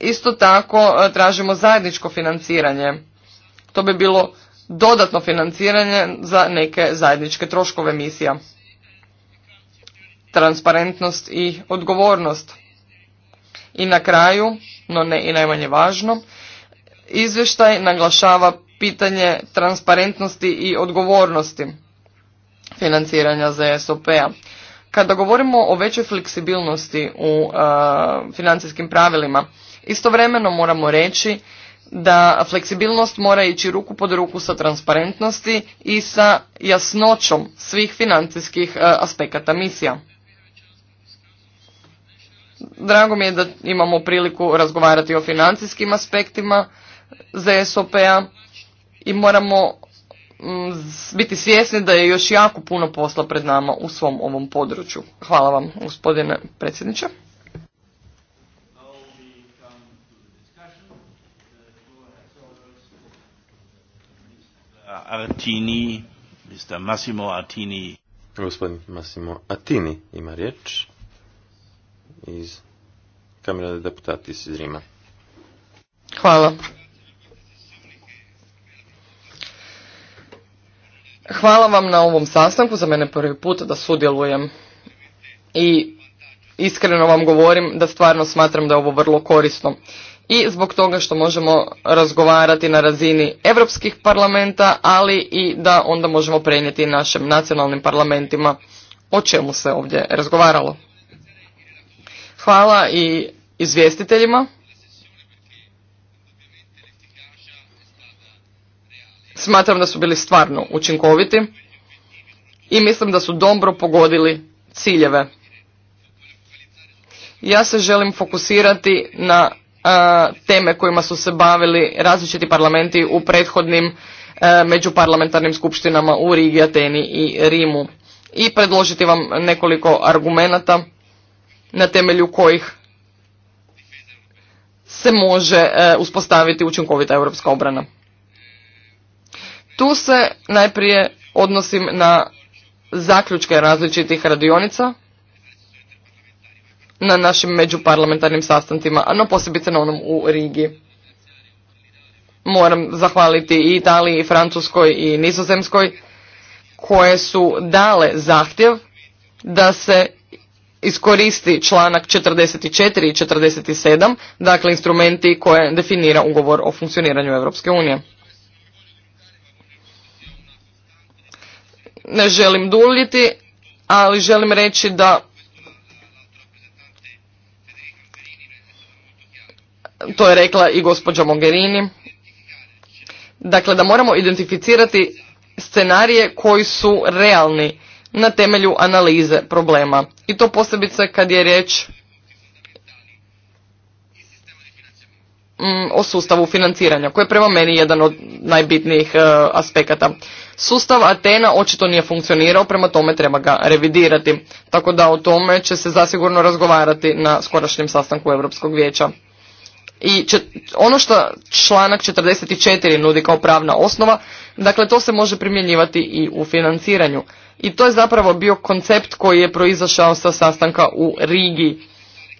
[SPEAKER 3] Isto tako e, tražimo zajedničko financiranje. To bi bilo dodatno financiranje za neke zajedničke troškove misija. Transparentnost i odgovornost. I na kraju no ne i najmanje važno, izvještaj naglašava pitanje transparentnosti i odgovornosti financiranja sop a p-a. Kada govorimo o većoj fleksibilnosti u uh, financijskim pravilima, istovremeno moramo reći da fleksibilnost mora ići ruku pod ruku sa transparentnosti i sa jasnoćom svih financijskih uh, aspekata misija. Drago mi je da imamo priliku razgovarati o financijskim aspektima ZSOP-a i moramo mm, biti svjesni da je još jako puno posla pred nama u svom ovom području. Hvala vam, gospodine predsjedniče.
[SPEAKER 1] Gospodin Massimo ima riječ iz Kamera deputati iz Rima.
[SPEAKER 3] Hvala. Hvala vam na ovom sastanku, za mene prvi put da sudjelujem i iskreno vam govorim da stvarno smatram da je ovo vrlo korisno i zbog toga što možemo razgovarati na razini europskih parlamenta, ali i da onda možemo prenijeti našim nacionalnim parlamentima o čemu se ovdje razgovaralo. Hvala i izvjestiteljima. Smatram da su bili stvarno učinkoviti i mislim da su dobro pogodili ciljeve. Ja se želim fokusirati na e, teme kojima su se bavili različiti parlamenti u prethodnim e, međuparlamentarnim skupštinama u Rigi, Ateni i Rimu i predložiti vam nekoliko argumenata na temelju kojih se može e, uspostaviti učinkovita europska obrana. Tu se najprije odnosim na zaključke različitih radionica na našim međuparlamentarnim sastancima, a no posebice na onom u Rigi. Moram zahvaliti i Italiji, i Francuskoj, i Nizozemskoj, koje su dale zahtjev da se iskoristi članak 44 i 47, dakle instrumenti koje definira ugovor o funkcioniranju Europske unije. Ne želim duljiti, ali želim reći da to je rekla i gospođa Mogherini, dakle da moramo identificirati scenarije koji su realni na temelju analize problema. I to posebice kad je riječ mm, o sustavu financiranja, koji je prema meni jedan od najbitnijih e, aspekata. Sustav Atena očito nije funkcionirao, prema tome treba ga revidirati. Tako da o tome će se zasigurno razgovarati na skorašnjem sastanku Europskog vijeća. I ono što članak 44 nudi kao pravna osnova, dakle to se može primjenjivati i u financiranju. I to je zapravo bio koncept koji je proizašao sa sastanka u Rigi.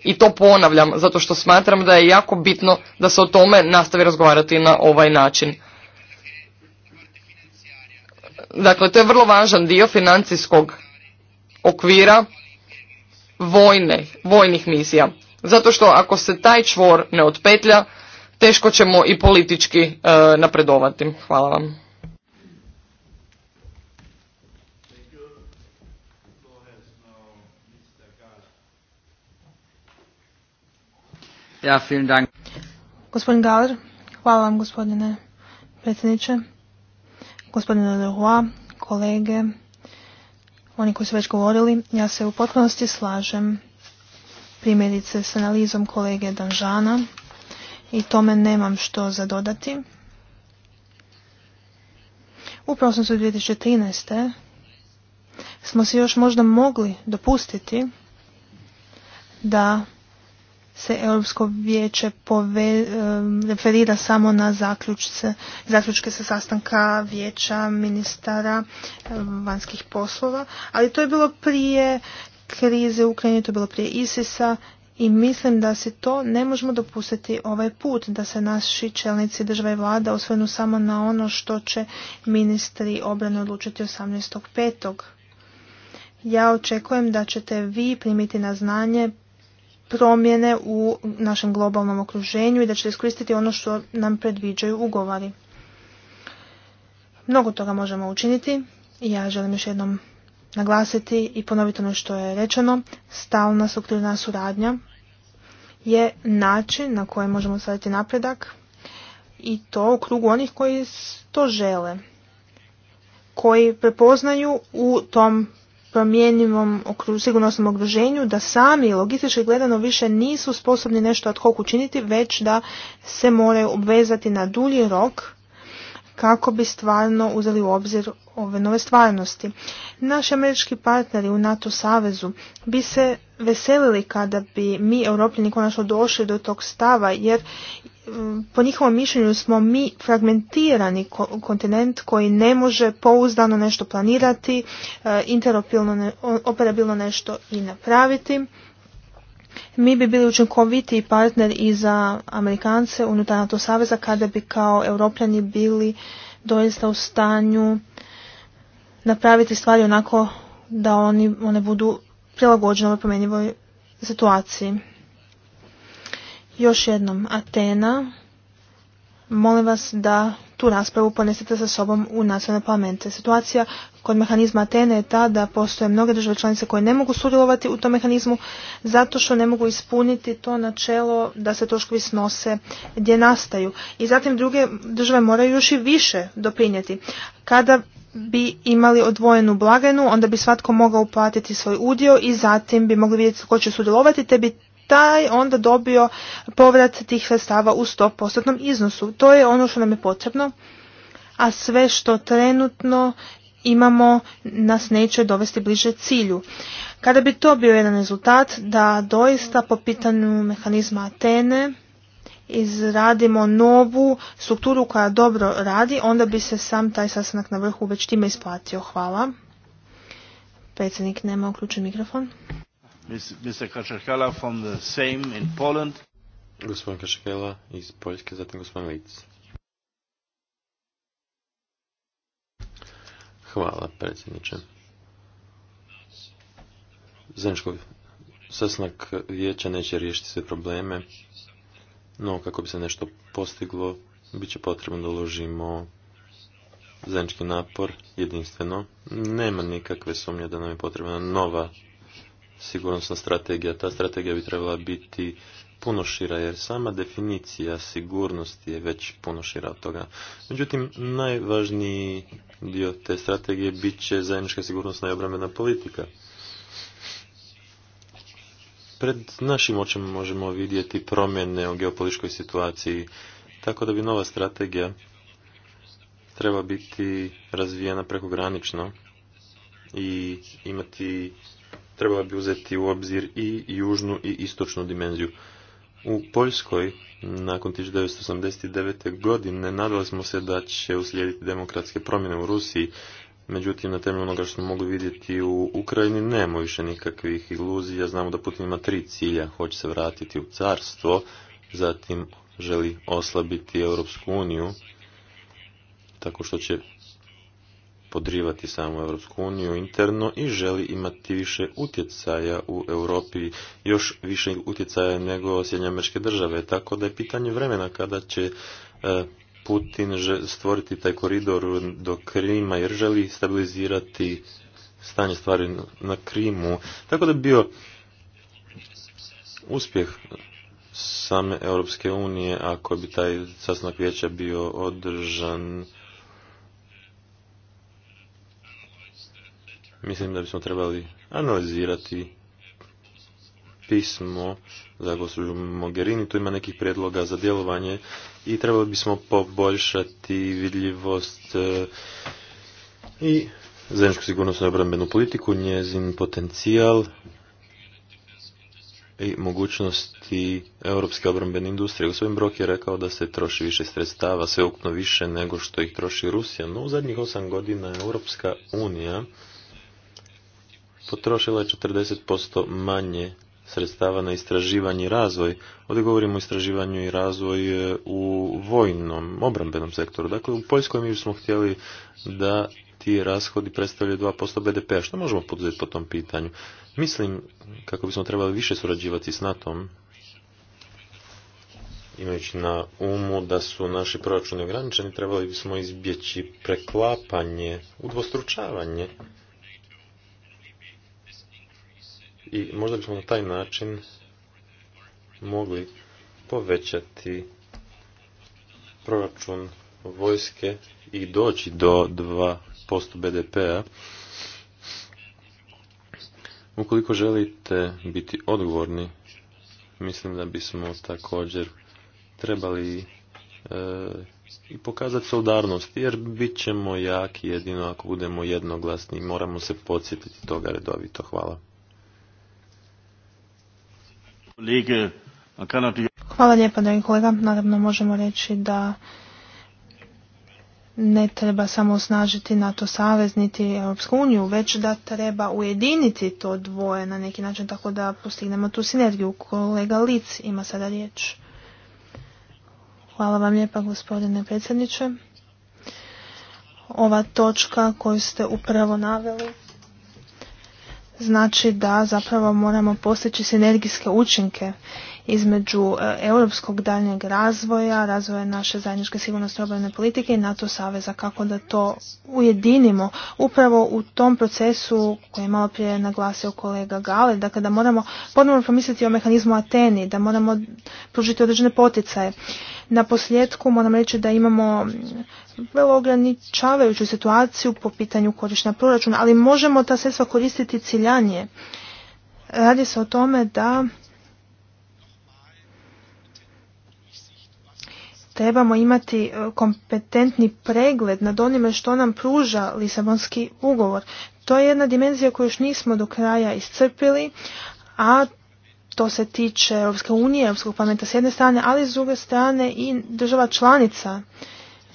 [SPEAKER 3] I to ponavljam, zato što smatram da je jako bitno da se o tome nastavi razgovarati na ovaj način. Dakle, to je vrlo važan dio financijskog okvira vojne, vojnih misija. Zato što ako se taj čvor ne otpetlja, teško ćemo i politički e, napredovati. Hvala vam.
[SPEAKER 2] Gospodin hvala vam gospodine predsjedniče, gospodine Leroy, kolege, oni koji su već govorili, ja se u potpunosti slažem primjerice s analizom kolege Danžana i tome nemam što zadodati. U prosincu 2013. smo se još možda mogli dopustiti da se Europsko vijeće referira samo na zaključce, zaključke sa sastanka vijeća ministara vanjskih poslova, ali to je bilo prije krize u Ukrajini, to je bilo prije ISISA i mislim da se to ne možemo dopustiti ovaj put, da se naši čelnici države i vlada osvrnu samo na ono što će ministri obrane odlučiti 18.5. Ja očekujem da ćete vi primiti na znanje promjene u našem globalnom okruženju i da će iskoristiti ono što nam predviđaju ugovori. Mnogo toga možemo učiniti i ja želim još jednom naglasiti i ponoviti ono što je rečeno. Stalna strukturna suradnja je način na koji možemo staviti napredak i to u krugu onih koji to žele, koji prepoznaju u tom promjenjivom sigurnosnom okruženju da sami logistički gledano više nisu sposobni nešto ad hoc učiniti, već da se moraju obvezati na dulji rok kako bi stvarno uzeli u obzir ove nove stvarnosti. Naši američki partneri u NATO savezu bi se veselili kada bi mi europljeni konačno došli do tog stava jer Mm, po njihovom mišljenju smo mi fragmentirani kontinent koji ne može pouzdano nešto planirati, e, interoperabilno nešto i napraviti. Mi bi bili učinkovitiji partner i za Amerikance unutar NATO saveza kada bi kao europljani bili doista u stanju napraviti stvari onako da oni, one budu prilagođene ovoj promjenjivoj situaciji. Još jednom, Atena, molim vas da tu raspravu ponesete sa sobom u nacionalne parlamente. Situacija kod mehanizma Atene je ta da postoje mnoge države članice koje ne mogu sudjelovati u tom mehanizmu zato što ne mogu ispuniti to načelo da se troškovi snose gdje nastaju. I zatim druge države moraju još i više doprinijeti. Kada bi imali odvojenu blagajnu, onda bi svatko mogao uplatiti svoj udio i zatim bi mogli vidjeti ko će sudjelovati, te bi taj onda dobio povrat tih sredstava u 100% iznosu. To je ono što nam je potrebno, a sve što trenutno imamo nas neće dovesti bliže cilju. Kada bi to bio jedan rezultat da doista po pitanju mehanizma Atene izradimo novu strukturu koja dobro radi, onda bi se sam taj sastanak na vrhu već time isplatio. Hvala. Predsjednik nema uključen mikrofon.
[SPEAKER 1] Gospodin Kačakala iz Poljske, zatim gospodin Lic. Hvala, predsjedniče. Zemljško sasnak vijeća neće riješiti sve probleme, no kako bi se nešto postiglo, bit će potrebno da uložimo zemljski napor jedinstveno. Nema nikakve sumnje da nam je potrebna nova sigurnosna strategija. Ta strategija bi trebala biti puno šira, jer sama definicija sigurnosti je već puno šira od toga. Međutim, najvažniji dio te strategije bit će zajednička sigurnosna i obrambena politika. Pred našim očima možemo vidjeti promjene u geopolitičkoj situaciji, tako da bi nova strategija treba biti razvijena prekogranično i imati trebala bi uzeti u obzir i južnu i istočnu dimenziju. U Poljskoj, nakon 1989. godine, nadali smo se da će uslijediti demokratske promjene u Rusiji, međutim, na temelju onoga što smo mogli vidjeti u Ukrajini, nema više nikakvih iluzija. Znamo da Putin ima tri cilja. Hoće se vratiti u carstvo, zatim želi oslabiti Europsku uniju, tako što će podrivati samu Europsku uniju interno i želi imati više utjecaja u Europi, još više utjecaja nego Sjedinje američke države. Tako da je pitanje vremena kada će e, Putin stvoriti taj koridor do Krima jer želi stabilizirati stanje stvari na Krimu. Tako da bi bio uspjeh same Europske unije ako bi taj sasnog vijeća bio održan Mislim da bismo trebali analizirati pismo za gospođu Mogherini, tu ima nekih prijedloga za djelovanje i trebali bismo poboljšati vidljivost e, i zajedničku sigurnosnu i obrambenu politiku, njezin potencijal i mogućnosti europske obrambene industrije. Gospodin Brok je rekao da se troši više sredstava, sveukupno više nego što ih troši Rusija, no u zadnjih osam godina Europska unija potrošila je 40% manje sredstava na istraživanje i razvoj. Ovdje govorimo o istraživanju i razvoj e, u vojnom, obrambenom sektoru. Dakle, u Poljskoj mi smo htjeli da ti rashodi predstavljaju 2% BDP-a. Što možemo poduzeti po tom pitanju? Mislim kako bismo trebali više surađivati s NATO-om, imajući na umu da su naši proračuni ograničeni, trebali bismo izbjeći preklapanje, udvostručavanje i možda bismo na taj način mogli povećati proračun vojske i doći do 2% BDP-a. Ukoliko želite biti odgovorni, mislim da bismo također trebali e, i pokazati solidarnost, jer bit ćemo jaki jedino ako budemo jednoglasni i moramo se podsjetiti toga redovito. Hvala.
[SPEAKER 2] Hvala lijepa, dragi kolega. Naravno možemo reći da ne treba samo osnažiti NATO savez niti Europsku uniju, već da treba ujediniti to dvoje na neki način tako da postignemo tu sinergiju. Kolega Lic ima sada riječ. Hvala vam lijepa gospodine predsjedniče. Ova točka koju ste upravo naveli znači da zapravo moramo postići sinergijske učinke između e, europskog daljnjeg razvoja, razvoja naše zajedničke sigurnosti obrane politike i NATO saveza, kako da to ujedinimo upravo u tom procesu koji je malo prije naglasio kolega Gale, dakle da moramo ponovno promisliti o mehanizmu Ateni, da moramo pružiti određene poticaje. Na posljedku moram reći da imamo vrlo ograničavajuću situaciju po pitanju korištenja proračuna, ali možemo ta sredstva koristiti ciljanje. Radi se o tome da trebamo imati e, kompetentni pregled nad onime što nam pruža Lisabonski ugovor. To je jedna dimenzija koju još nismo do kraja iscrpili, a to se tiče Europske unije, Europskog parlamenta s jedne strane, ali s druge strane i država članica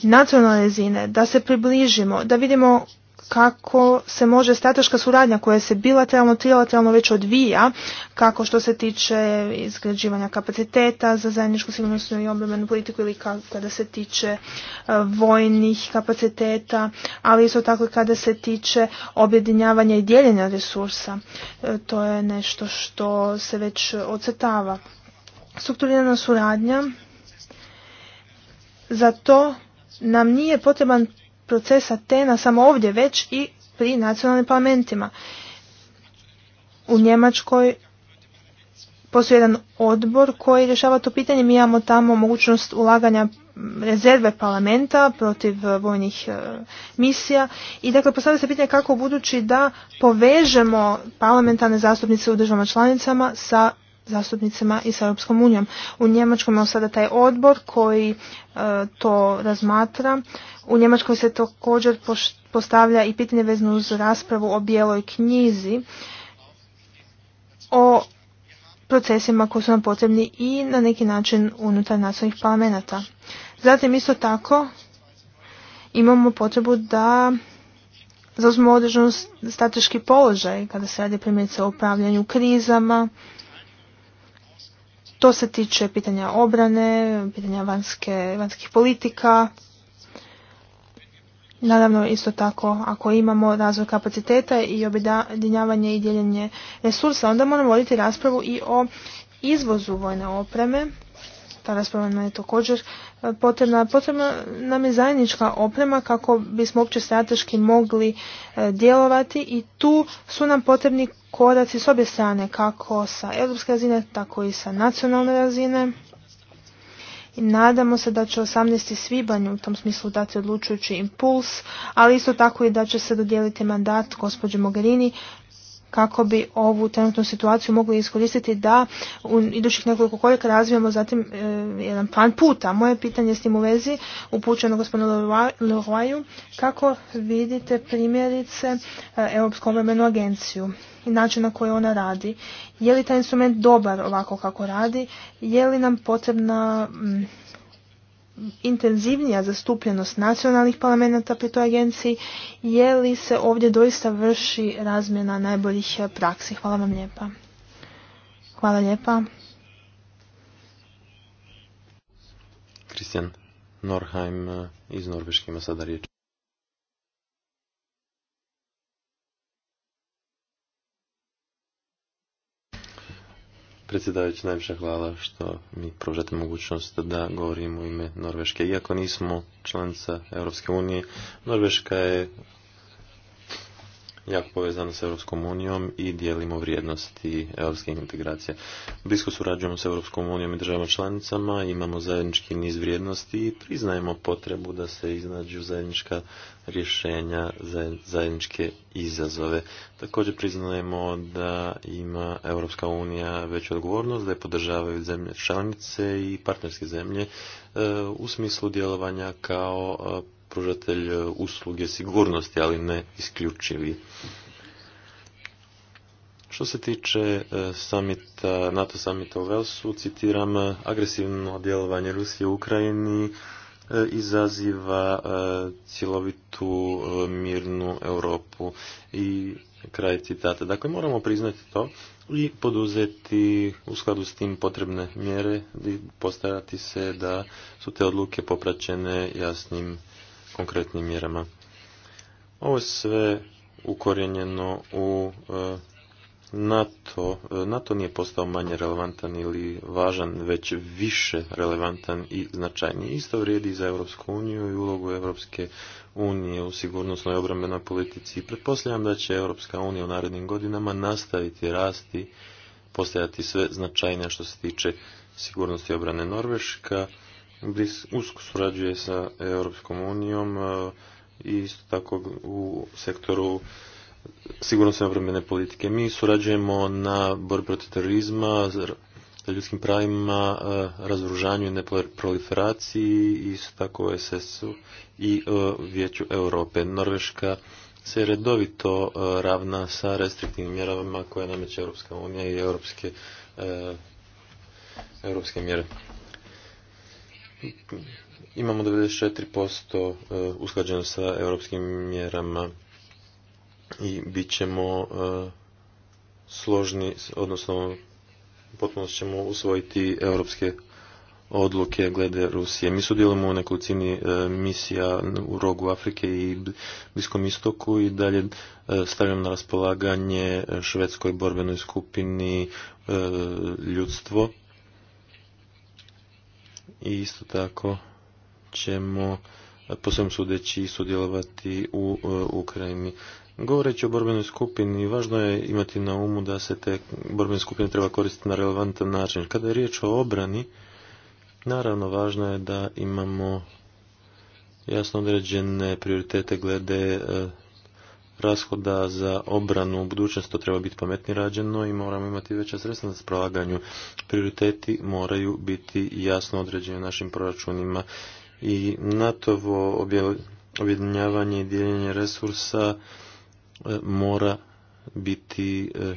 [SPEAKER 2] nacionalne razine, da se približimo, da vidimo kako se može strateška suradnja koja se bilateralno, trilateralno već odvija, kako što se tiče izgrađivanja kapaciteta za zajedničku sigurnosnu i obrambenu politiku ili kada se tiče e, vojnih kapaciteta, ali isto tako kada se tiče objedinjavanja i dijeljenja resursa. E, to je nešto što se već ocetava. Strukturirana suradnja za to nam nije potreban procesa Tena, samo ovdje već i pri nacionalnim parlamentima. U Njemačkoj postoji jedan odbor koji rješava to pitanje. Mi imamo tamo mogućnost ulaganja rezerve parlamenta protiv e, vojnih e, misija i dakle postavlja se pitanje kako budući da povežemo parlamentarne zastupnice u državama članicama sa zastupnicima i sa Europskom unijom. U Njemačkom je sada taj odbor koji e, to razmatra. U Njemačkoj se također postavlja i pitanje vezno uz raspravu o bijeloj knjizi o procesima koji su nam potrebni i na neki način unutar nacionalnih parlamenta. Zatim isto tako imamo potrebu da zauzmu određen strateški položaj kada se radi primjerice o upravljanju krizama, to se tiče pitanja obrane, pitanja vanske vanjskih politika. Naravno, isto tako, ako imamo razvoj kapaciteta i objedinjavanje i dijeljenje resursa, onda moramo voditi raspravu i o izvozu vojne opreme. Ta rasprava nam je također e, potrebna. Potrebna nam je zajednička oprema kako bismo uopće strateški mogli e, djelovati i tu su nam potrebni koraci s obje strane, kako sa europske razine, tako i sa nacionalne razine. I nadamo se da će 18. svibanj u tom smislu dati odlučujući impuls, ali isto tako i da će se dodijeliti mandat gospođe Mogherini kako bi ovu trenutnu situaciju mogli iskoristiti da u idućih nekoliko koraka razvijemo zatim e, jedan plan puta. Moje pitanje s tim u vezi upućeno gospodinu Leroyu kako vidite primjerice e, Europsku agenciju i način na koji ona radi. Je li taj instrument dobar ovako kako radi? Je li nam potrebna intenzivnija zastupljenost nacionalnih parlamenta pri toj agenciji, je li se ovdje doista vrši razmjena najboljih praksi. Hvala vam lijepa. Hvala
[SPEAKER 1] Norheim eh, iz Norveške Predsjedavajući, najviše hvala što mi pružate mogućnost da govorimo u ime Norveške. Iako nismo članica Europske unije, Norveška je jako povezano s Europskom unijom i dijelimo vrijednosti europskih integracija. Blisko surađujemo s Europskom unijom i državama članicama, imamo zajednički niz vrijednosti i priznajemo potrebu da se iznađu zajednička rješenja, zajedničke izazove. Također priznajemo da ima Europska unija veću odgovornost, da je podržavaju zemlje članice i partnerske zemlje e, u smislu djelovanja kao e, pružatelj e, usluge sigurnosti, ali ne isključivi. Što se tiče e, samita, NATO samita u Velsu, citiram, agresivno djelovanje Rusije u Ukrajini e, izaziva cjelovitu mirnu Europu i kraj citata. Dakle, moramo priznati to i poduzeti u skladu s tim potrebne mjere i postarati se da su te odluke popraćene jasnim konkretnim mjerama. Ovo je sve ukorjenjeno u e, NATO. E, NATO nije postao manje relevantan ili važan, već više relevantan i značajniji. Isto vrijedi i za Europsku uniju i ulogu Europske unije u sigurnosnoj obrambenoj politici. Pretpostavljam da će Europska unija u narednim godinama nastaviti rasti, postajati sve značajnija što se tiče sigurnosti obrane Norveška usko surađuje sa Europskom unijom e, i isto tako u sektoru sigurnosne obrambene politike. Mi surađujemo na borbi protiv terorizma, ljudskim pravima, e, razoružanju i neproliferaciji, isto tako u SS-u i e, Vijeću Europe. Norveška se redovito ravna sa restriktivnim mjerama koje nameće Europska unija i europske mjere imamo 94% e, usklađeno sa europskim mjerama i bit ćemo e, složni, odnosno potpuno ćemo usvojiti europske odluke glede Rusije. Mi sudjelujemo u nekolicini e, misija u rogu Afrike i Bliskom istoku i dalje stavljam na raspolaganje švedskoj borbenoj skupini ljudstvo i isto tako ćemo eh, po svem sudeći sudjelovati u eh, Ukrajini. Govoreći o borbenoj skupini, važno je imati na umu da se te borbene skupine treba koristiti na relevantan način. Kada je riječ o obrani, naravno važno je da imamo jasno određene prioritete glede eh, rashoda za obranu u budućnosti, to treba biti pametnije rađeno i moramo imati veća sredstva na spravljanju. Prioriteti moraju biti jasno određeni u našim proračunima i NATO-vo objedinjavanje i dijeljenje resursa e, mora biti e,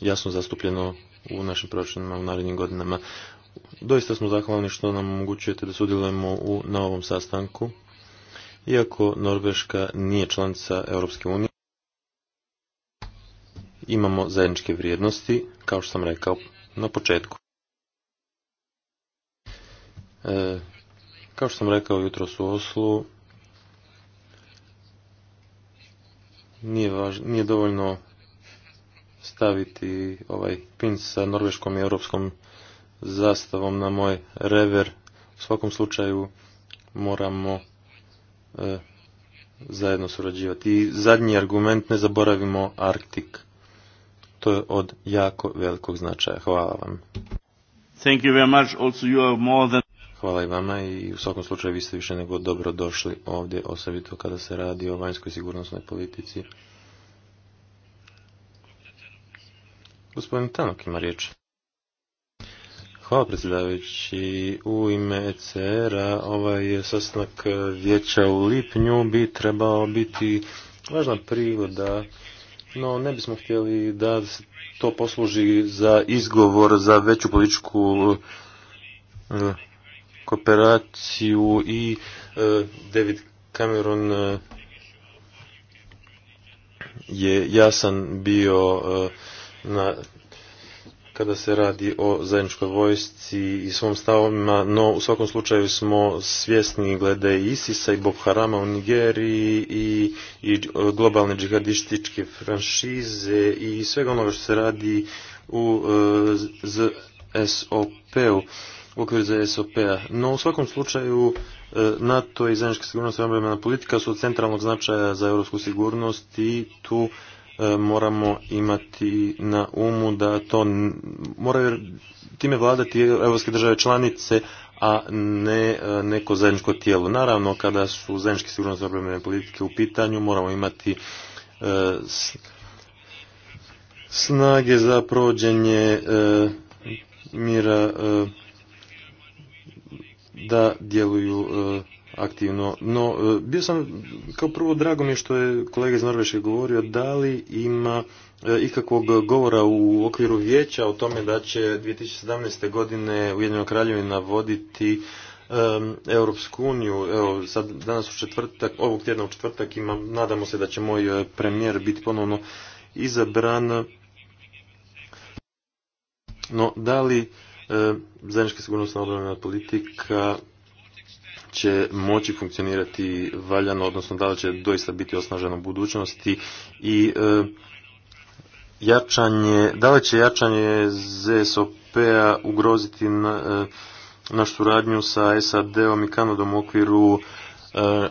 [SPEAKER 1] jasno zastupljeno u našim proračunima u narednim godinama. Doista smo zahvalni što nam omogućujete da sudjelujemo u, na ovom sastanku. Iako Norveška nije članica Europske imamo zajedničke vrijednosti, kao što sam rekao na početku. E, kao što sam rekao jutros u Oslu, nije, nije dovoljno staviti ovaj pin sa norveškom i europskom zastavom na moj rever. U svakom slučaju moramo e, zajedno surađivati. I zadnji argument, ne zaboravimo Arktik. To je od jako velikog značaja. Hvala vam. Thank you very much. Also you are more than... Hvala i vama i u svakom slučaju vi ste više nego dobro došli ovdje, osobito kada se radi o vanjskoj sigurnosnoj politici. Gospodin Tanok ima riječ. Hvala predsjedavajući. U ime ECR-a ovaj sastanak vijeća u lipnju bi trebao biti važna prigoda no ne bismo htjeli da to posluži za izgovor za veću političku eh, kooperaciju i eh, David Cameron eh, je jasan bio na kada se radi o zajedničkoj vojsci i svom stavovima, no u svakom slučaju smo svjesni glede Isisa i Bob Harama u Nigeriji i, i globalne džihadističke franšize i svega onoga što se radi u eh, SOP-u u okviru za SOP-a. No u svakom slučaju eh, NATO i zajednička sigurnost i obrambena politika su od centralnog značaja za europsku sigurnost i tu E, moramo imati na umu da to moraju time vladati europske države članice, a ne e, neko zajedničko tijelo. Naravno, kada su zajedničke sigurnosti obrambene politike u pitanju, moramo imati e, snage za provođenje mira da djeluju aktivno. No, e, bio sam, kao prvo, drago mi je što je kolega iz Norveške govorio da li ima e, ikakvog govora u okviru vijeća o tome da će 2017. godine Ujedinjeno kraljevina voditi um, Europsku uniju. Evo, sad, danas u četvrtak, ovog tjedna u četvrtak ima nadamo se da će moj e, premijer biti ponovno izabran. No, da li zajednička sigurnosna obrana politika će moći funkcionirati valjano, odnosno da li će doista biti osnaženo u budućnosti i e, jačanje, da li će jačanje ZSOP-a ugroziti na, e, suradnju sa SAD-om i Kanadom u okviru e,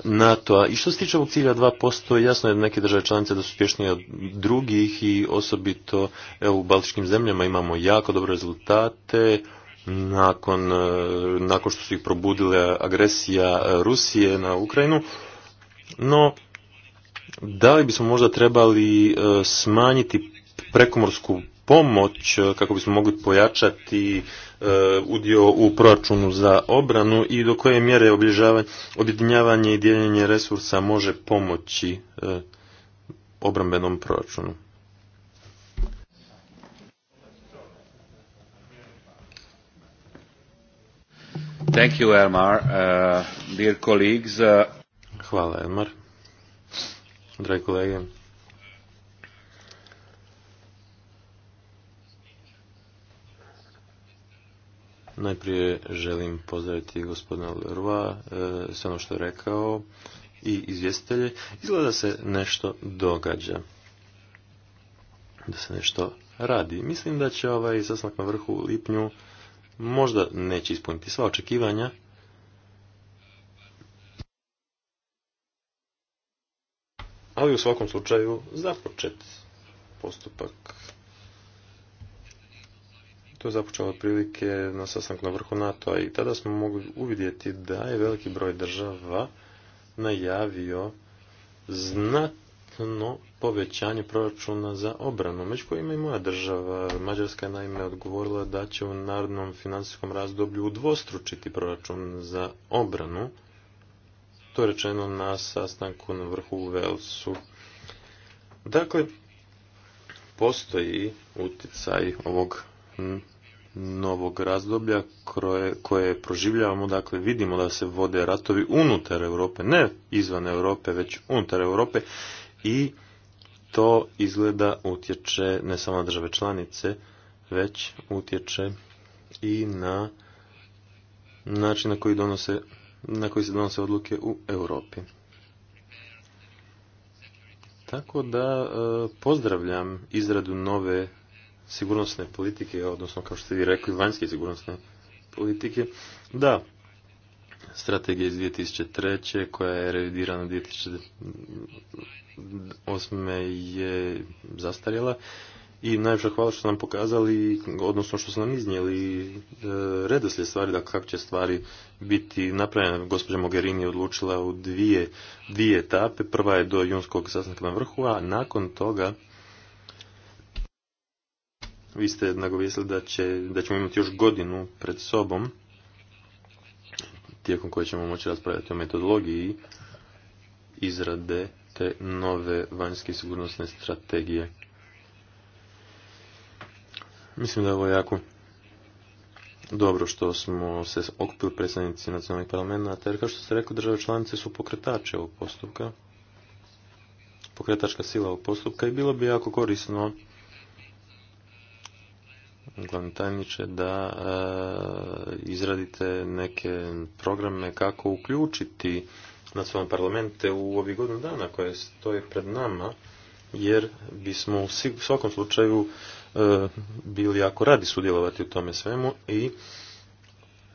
[SPEAKER 1] NATO-a. I što se tiče ovog cilja 2%, jasno je da neke države članice da su uspješnije od drugih i osobito evo, u baltičkim zemljama imamo jako dobre rezultate nakon, e, nakon što su ih probudile agresija e, Rusije na Ukrajinu, no da li bismo možda trebali e, smanjiti prekomorsku pomoć kako bismo mogli pojačati udio u proračunu za obranu i do koje mjere objedinjavanje i dijeljenje resursa može pomoći obrambenom proračunu? Uh, uh, Hvala, Elmar. Dragi kolege. Najprije želim pozdraviti gospodina Lerva uh, sve ono što je rekao i izvjestitelje. Izgleda se nešto događa. Da se nešto radi. Mislim da će ovaj sastanak na vrhu u lipnju možda neće ispuniti sva očekivanja, ali u svakom slučaju započet postupak. To je započelo otprilike na sastanku na vrhu NATO-a i tada smo mogli uvidjeti da je veliki broj država najavio znatno povećanje proračuna za obranu, među kojima i moja država. Mađarska je naime odgovorila da će u narodnom financijskom razdoblju udvostručiti proračun za obranu. To je rečeno na sastanku na vrhu u Velsu. Dakle, postoji utjecaj ovog novog razdoblja koje proživljavamo, dakle vidimo da se vode ratovi unutar Europe, ne izvan Europe, već unutar Europe i to izgleda utječe ne samo na države članice, već utječe i na način na koji, donose, na koji se donose odluke u Europi. Tako da e, pozdravljam izradu nove sigurnosne politike, odnosno kao što ste vi rekli, vanjske sigurnosne politike. Da, strategije iz 2003. koja je revidirana 2008. je zastarjela i najviše hvala što nam pokazali, odnosno što su nam iznijeli e, redoslijed stvari, da kako će stvari biti napravljene. Gospođa Mogherini je odlučila u dvije, dvije etape. Prva je do junskog sastanka na vrhu, a nakon toga vi ste nagovisli da, će, da ćemo imati još godinu pred sobom tijekom koje ćemo moći raspravljati o metodologiji izrade te nove vanjske sigurnosne strategije. Mislim da je ovo jako dobro što smo se okupili predstavnici nacionalnih parlamenta, jer kao što ste rekli, države članice su pokretače ovog postupka, pokretačka sila ovog postupka i bilo bi jako korisno glavni tajniče, da e, izradite neke programe kako uključiti na svoje parlamente u ovih godinu dana koje stoje pred nama, jer bismo u svakom slučaju e, bili jako radi sudjelovati u tome svemu i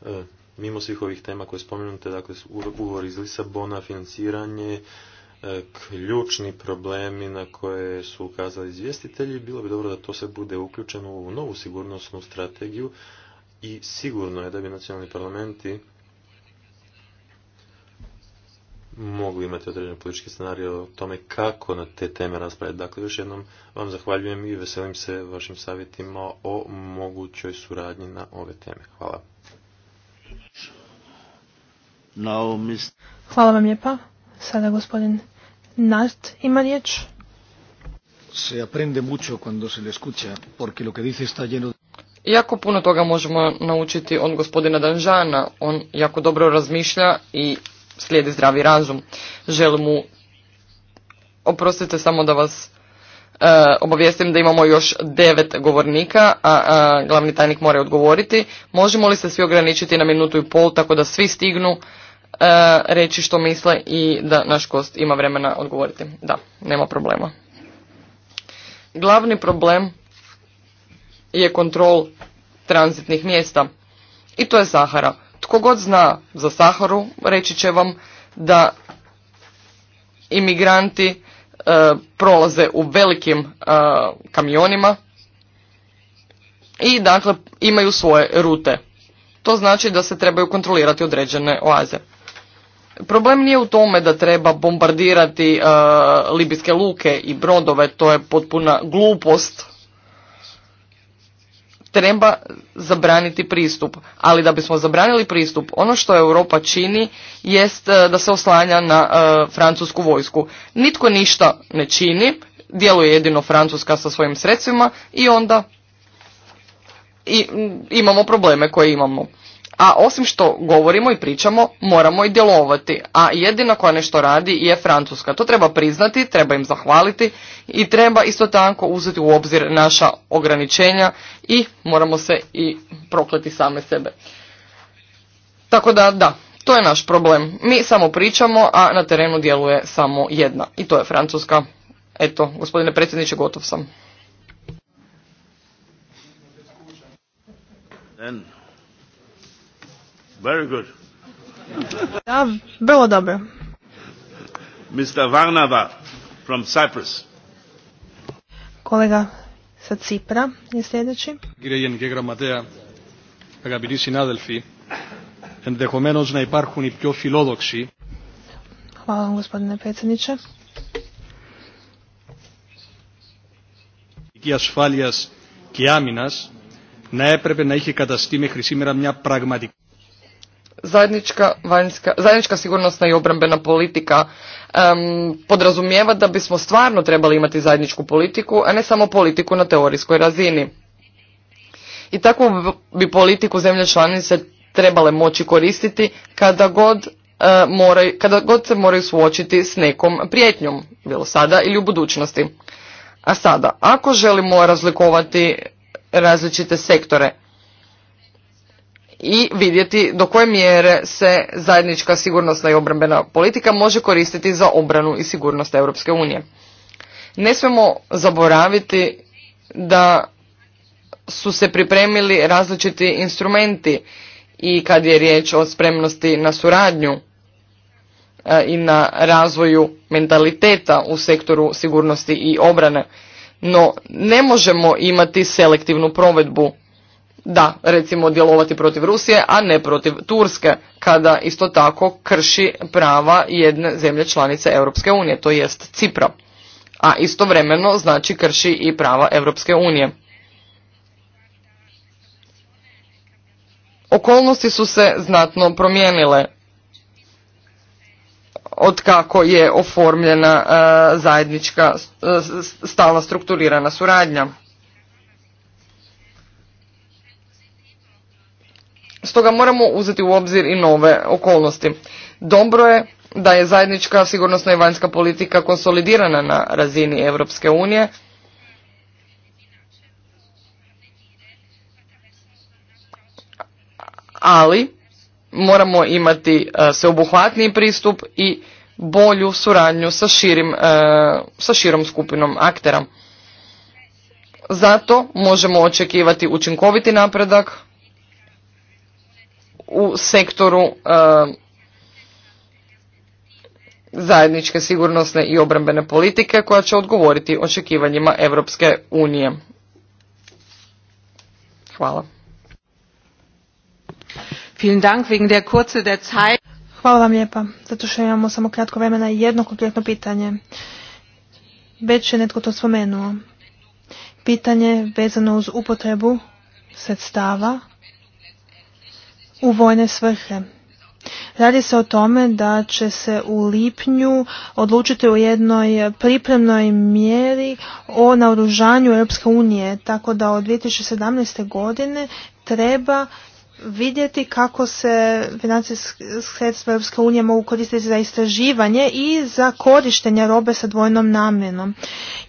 [SPEAKER 1] e, mimo svih ovih tema koje spomenute, dakle ugovor iz Lisabona, financiranje, E, ključni problemi na koje su ukazali izvjestitelji. Bilo bi dobro da to se bude uključeno u novu sigurnosnu strategiju i sigurno je da bi nacionalni parlamenti mogli imati određen politički scenarij o tome kako na te teme raspraviti. Dakle, još jednom vam zahvaljujem i veselim se vašim savjetima o mogućoj suradnji na ove teme. Hvala.
[SPEAKER 2] Hvala vam lijepa. Sada gospodin Nast ima riječ.
[SPEAKER 3] Se aprende mucho cuando se le escucha, porque lo que dice está lleno Jako puno toga možemo naučiti od gospodina Danžana. On jako dobro razmišlja i slijedi zdravi razum. Želim mu, oprostite samo da vas e, obavijestim da imamo još devet govornika, a, a glavni tajnik mora odgovoriti. Možemo li se svi ograničiti na minutu i pol tako da svi stignu? E, reći što misle i da naš gost ima vremena odgovoriti. Da, nema problema. Glavni problem je kontrol tranzitnih mjesta. I to je Sahara. Tko god zna za Saharu, reći će vam da imigranti e, prolaze u velikim e, kamionima i dakle imaju svoje rute. To znači da se trebaju kontrolirati određene oaze. Problem nije u tome da treba bombardirati e, libijske luke i brodove, to je potpuna glupost. Treba zabraniti pristup, ali da bismo zabranili pristup, ono što Europa čini jest e, da se oslanja na e, francusku vojsku. Nitko ništa ne čini, djeluje jedino Francuska sa svojim sredstvima i onda i, imamo probleme koje imamo. A osim što govorimo i pričamo, moramo i djelovati. A jedina koja nešto radi je Francuska. To treba priznati, treba im zahvaliti i treba isto tako uzeti u obzir naša ograničenja i moramo se i prokleti same sebe. Tako da, da, to je naš problem. Mi samo pričamo, a na terenu djeluje samo jedna. I to je Francuska. Eto, gospodine predsjedniče, gotov sam.
[SPEAKER 1] Very good.
[SPEAKER 2] Da, bilo dobro.
[SPEAKER 1] Mr. Varnava from Cyprus.
[SPEAKER 2] Kolega sa Cipra je sljedeći. Γεγραμματέα, Gegra Matea, αγαπητοί sinadelfi, ενδεχομένως να υπάρχουν οι πιο φιλόδοξοι. Hvala vam, gospodine predsjedniče.
[SPEAKER 3] Η ασφάλειας και άμυνας να έπρεπε να είχε καταστεί μέχρι zajednička vanjska, zajednička sigurnosna i obrambena politika um, podrazumijeva da bismo stvarno trebali imati zajedničku politiku, a ne samo politiku na teorijskoj razini. I takvu bi politiku zemlje članice trebale moći koristiti kada god, e, kada god se moraju suočiti s nekom prijetnjom, bilo sada ili u budućnosti. A sada, ako želimo razlikovati različite sektore, i vidjeti do koje mjere se zajednička sigurnosna i obrambena politika može koristiti za obranu i sigurnost Europske unije. Ne smemo zaboraviti da su se pripremili različiti instrumenti i kad je riječ o spremnosti na suradnju e, i na razvoju mentaliteta u sektoru sigurnosti i obrane. No, ne možemo imati selektivnu provedbu da recimo djelovati protiv Rusije, a ne protiv Turske, kada isto tako krši prava jedne zemlje članice Europske unije, to jest Cipra. A istovremeno znači krši i prava Europske unije. Okolnosti su se znatno promijenile od kako je oformljena e, zajednička e, stala strukturirana suradnja. Stoga moramo uzeti u obzir i nove okolnosti. Dobro je da je zajednička sigurnosna i vanjska politika konsolidirana na razini Europske unije, ali moramo imati e, sveobuhvatniji pristup i bolju suradnju sa, širim, e, sa širom skupinom aktera. Zato možemo očekivati učinkoviti napredak u sektoru e, zajedničke sigurnosne i obrambene politike koja će odgovoriti očekivanjima Europske unije. Hvala.
[SPEAKER 2] Hvala vam lijepa, zato što imamo samo kratko vremena i jedno konkretno pitanje. Već je netko to spomenuo. Pitanje vezano uz upotrebu sredstava u vojne svrhe. Radi se o tome da će se u lipnju odlučiti o jednoj pripremnoj mjeri o naoružanju Europske unije, tako da od 2017. godine treba vidjeti kako se financijske sredstva Europske unije mogu koristiti za istraživanje i za korištenje robe sa dvojnom namjenom.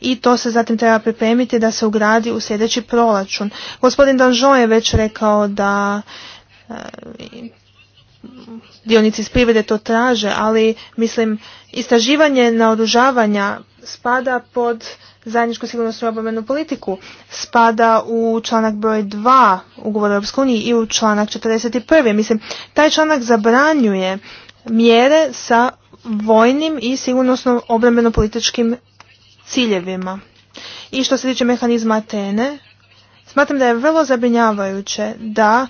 [SPEAKER 2] I to se zatim treba pripremiti da se ugradi u sljedeći proračun. Gospodin Danžon je već rekao da E, dionici iz privrede to traže, ali mislim istraživanje naoružavanja spada pod zajedničku sigurnosnu obrambenu politiku, spada u članak broj 2 ugovora Europske unije i u članak 41. Mislim, taj članak zabranjuje mjere sa vojnim i sigurnosno obrambeno političkim ciljevima. I što se tiče mehanizma Atene, smatram da je vrlo zabrinjavajuće da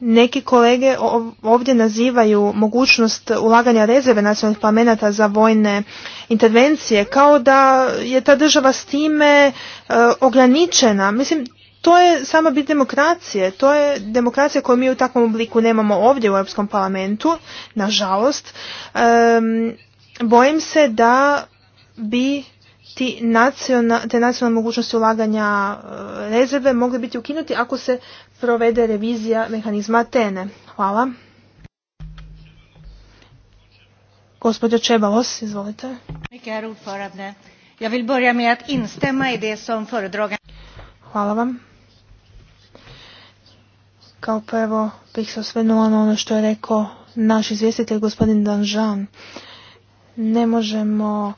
[SPEAKER 2] neki kolege ovdje nazivaju mogućnost ulaganja rezerve nacionalnih parlamenta za vojne intervencije kao da je ta država s time e, ograničena. Mislim, to je samo bit demokracije. To je demokracija koju mi u takvom obliku nemamo ovdje u Europskom parlamentu, nažalost. bojim se da bi te nacionalne mogućnosti ulaganja e, rezerve mogli biti ukinuti ako se provede revizija mehanizma Atene. Hvala. Gospođa Čebalos, izvolite. Ja vil börja med att instämma i det som Hvala vam. Kao prvo bih se osvrnula na ono što je rekao naš izvjestitelj gospodin Danžan. Ne možemo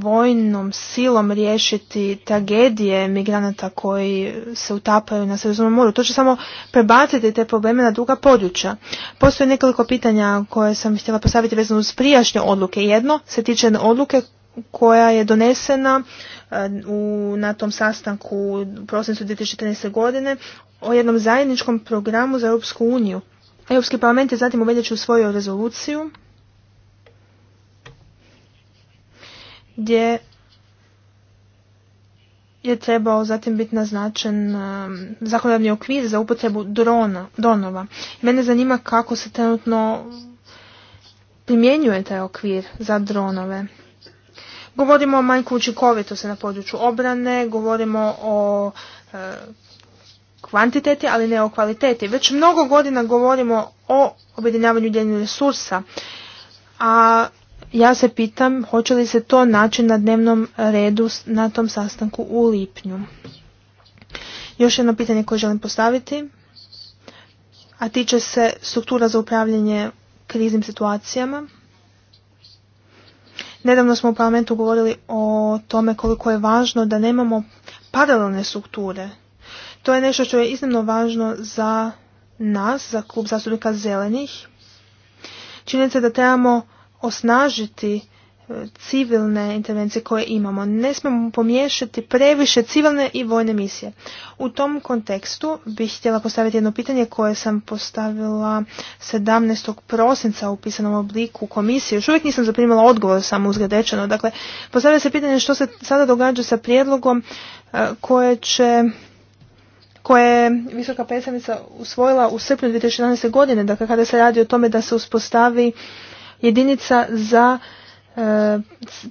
[SPEAKER 2] vojnom silom riješiti tragedije migranata koji se utapaju na Sredozemnom moru. To će samo prebaciti te probleme na druga područja. Postoje nekoliko pitanja koje sam htjela postaviti vezano uz prijašnje odluke. Jedno se tiče odluke koja je donesena e, u, na tom sastanku u prosincu 2014. godine o jednom zajedničkom programu za Europsku uniju. Europski parlament je zatim u svoju usvojio rezoluciju gdje je trebao zatim biti naznačen um, zakonodavni okvir za upotrebu drona, dronova. Mene zanima kako se trenutno primjenjuje taj okvir za dronove. Govorimo o manjku učinkovitosti na području obrane, govorimo o e, kvantiteti, ali ne o kvaliteti. Već mnogo godina govorimo o objedinjavanju djeljenju resursa, a ja se pitam hoće li se to naći na dnevnom redu na tom sastanku u lipnju. Još jedno pitanje koje želim postaviti, a tiče se struktura za upravljanje kriznim situacijama. Nedavno smo u parlamentu govorili o tome koliko je važno da nemamo paralelne strukture. To je nešto što je iznimno važno za nas, za klub zastupnika zelenih. Činjenica da trebamo osnažiti e, civilne intervencije koje imamo. Ne smemo pomiješati previše civilne i vojne misije. U tom kontekstu bih htjela postaviti jedno pitanje koje sam postavila 17. prosinca u pisanom obliku komisije. Još uvijek nisam zaprimila odgovor samo uzgledečeno. Dakle, postavlja se pitanje što se sada događa sa prijedlogom e, koje će koje je visoka predstavnica usvojila u srpnju 2011. godine, dakle kada se radi o tome da se uspostavi jedinica za e,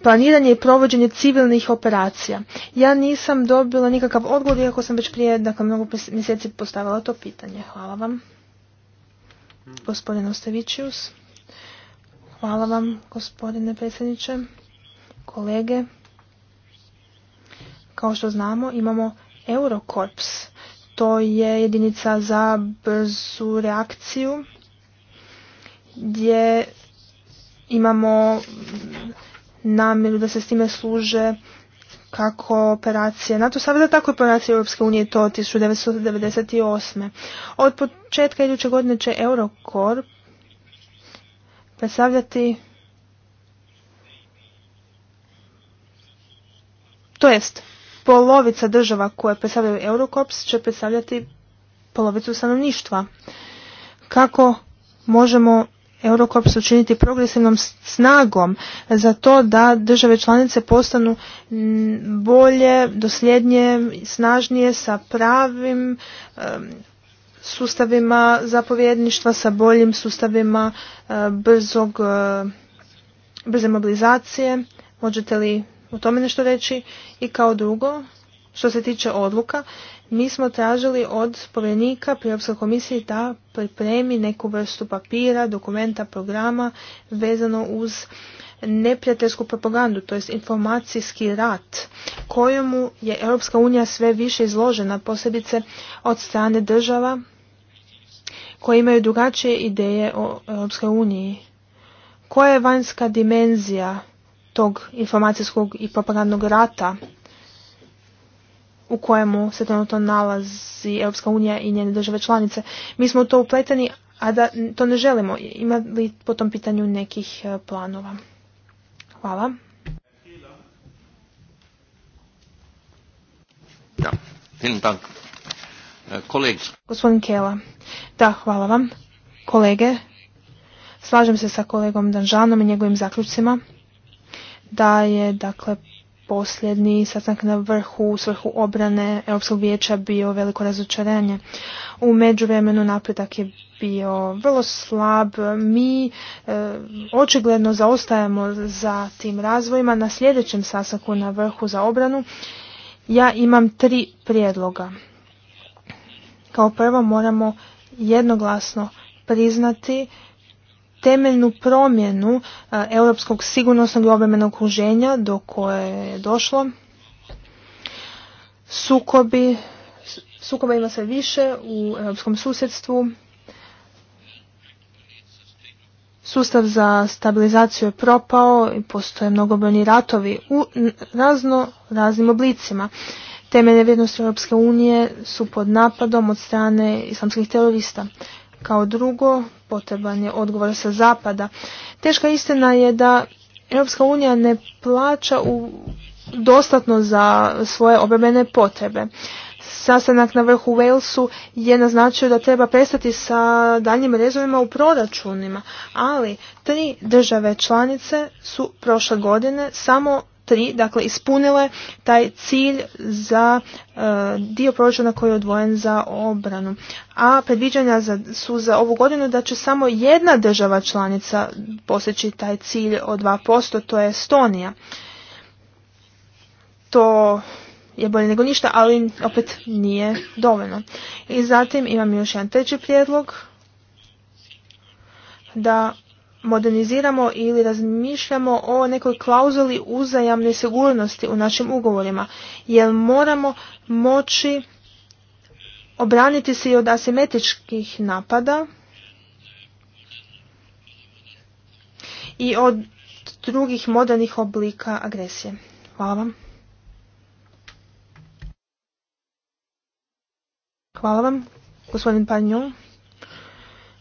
[SPEAKER 2] planiranje i provođenje civilnih operacija. Ja nisam dobila nikakav odgovor, iako sam već prije dakle, mnogo mjeseci postavila to pitanje. Hvala vam. Gospodin Ostevićius. Hvala vam, gospodine predsjedniče, kolege. Kao što znamo, imamo Eurokorps. To je jedinica za brzu reakciju gdje imamo namjeru da se s time služe kako operacije NATO saveza, tako i operacije Europske unije to 1998. Od početka iduće godine će Eurocorp predstavljati to jest polovica država koje predstavljaju Eurocorps će predstavljati polovicu stanovništva. Kako možemo Eurokorps učiniti progresivnom snagom za to da države članice postanu bolje, dosljednije, snažnije sa pravim sustavima zapovjedništva, sa boljim sustavima e, brzog, e, brze mobilizacije. Možete li o tome nešto reći? I kao drugo, što se tiče odluka, mi smo tražili od povjerenika pri Europskoj komisiji da pripremi neku vrstu papira, dokumenta, programa vezano uz neprijateljsku propagandu, to jest informacijski rat, kojemu je Europska unija sve više izložena, posebice od strane država koje imaju drugačije ideje o Europskoj uniji. Koja je vanjska dimenzija tog informacijskog i propagandnog rata u kojemu se trenutno nalazi Europska unija i njene države članice. Mi smo u to upleteni, a da to ne želimo. Ima li po tom pitanju nekih e, planova? Hvala.
[SPEAKER 1] E,
[SPEAKER 2] Gospodin Kela, da, hvala vam. Kolege, slažem se sa kolegom Danžanom i njegovim zaključcima da je dakle posljednji sastanak na vrhu u svrhu obrane Europskog vijeća bio veliko razočaranje. U međuvremenu napredak je bio vrlo slab. Mi e, očigledno zaostajemo za tim razvojima. Na sljedećem sastanku na vrhu za obranu ja imam tri prijedloga. Kao prvo moramo jednoglasno priznati temeljnu promjenu e, europskog sigurnosnog i obrambenog okruženja do koje je došlo. Sukobi, sukoba ima se više u europskom susjedstvu. Sustav za stabilizaciju je propao i postoje mnogobrojni ratovi u razno raznim oblicima. Temeljne vrijednosti Europske unije su pod napadom od strane islamskih terorista. Kao drugo, potreban je odgovor sa zapada. Teška istina je da Europska unija ne plaća u dostatno za svoje obbene potrebe. Sastanak na vrhu Walesu je naznačio da treba prestati sa daljnjim rezovima u proračunima, ali tri države članice su prošle godine samo dakle ispunile taj cilj za e, dio proračuna koji je odvojen za obranu. A predviđanja za, su za ovu godinu da će samo jedna država članica postići taj cilj od 2%, to je Estonija. To je bolje nego ništa, ali opet nije dovoljno. I zatim imam još jedan treći prijedlog da moderniziramo ili razmišljamo o nekoj klauzuli uzajamne sigurnosti u našim ugovorima, jer moramo moći obraniti se i od asimetričkih napada i od drugih modernih oblika agresije. Hvala vam. Hvala vam, gospodin panjol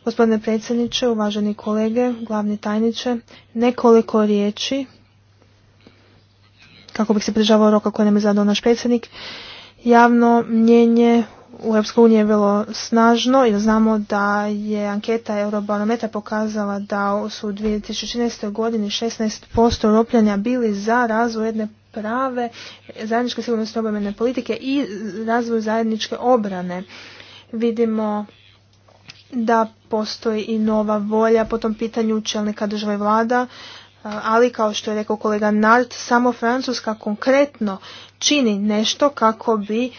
[SPEAKER 2] Gospodine predsjedniče, uvaženi kolege, glavni tajniče, nekoliko riječi kako bih se prižavao roka koje nam je zadao naš predsjednik. Javno mnjenje u EU je bilo snažno jer znamo da je anketa Eurobarometa pokazala da su u 2014. godini 16% europljanja bili za razvoj jedne prave zajedničke sigurnosti obrambene politike i razvoj zajedničke obrane. Vidimo da postoji i nova volja po tom pitanju čelnika države vlada, e, ali kao što je rekao kolega Nart, samo Francuska konkretno čini nešto kako bi e,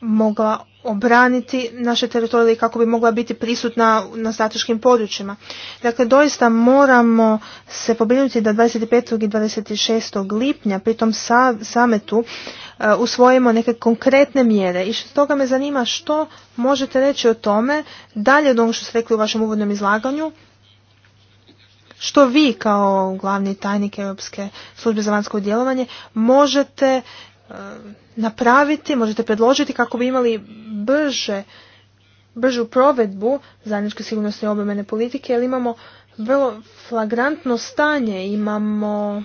[SPEAKER 2] mogla obraniti naše teritorije kako bi mogla biti prisutna na strateškim područjima. Dakle, doista moramo se pobrinuti da 25. i 26. lipnja pri tom sametu e, usvojimo neke konkretne mjere i stoga me zanima što možete reći o tome dalje od onog što ste rekli u vašem uvodnom izlaganju što vi kao glavni tajnik Europske službe za vanjsko djelovanje možete napraviti, možete predložiti kako bi imali brže, bržu provedbu zajedničke sigurnosne obrambene politike, jer imamo vrlo flagrantno stanje, imamo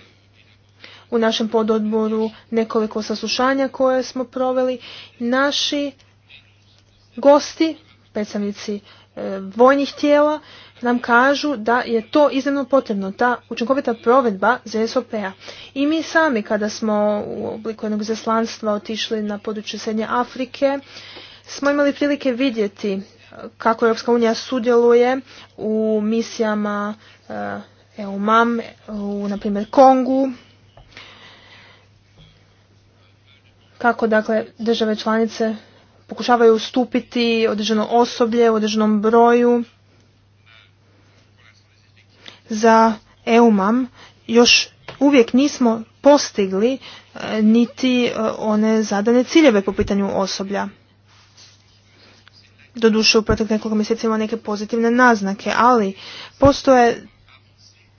[SPEAKER 2] u našem pododboru nekoliko saslušanja koje smo proveli. Naši gosti, predstavnici eh, vojnih tijela, nam kažu da je to iznimno potrebno, ta učinkovita provedba sop a I mi sami kada smo u obliku jednog zaslanstva otišli na područje Srednje Afrike, smo imali prilike vidjeti e, kako Europska unija sudjeluje u misijama EUMAM, e, u na Kongu, kako dakle države članice pokušavaju ustupiti određeno osoblje u određenom broju za EUMAM još uvijek nismo postigli e, niti e, one zadane ciljeve po pitanju osoblja. Doduše u protek nekoliko mjeseci imamo neke pozitivne naznake, ali postoje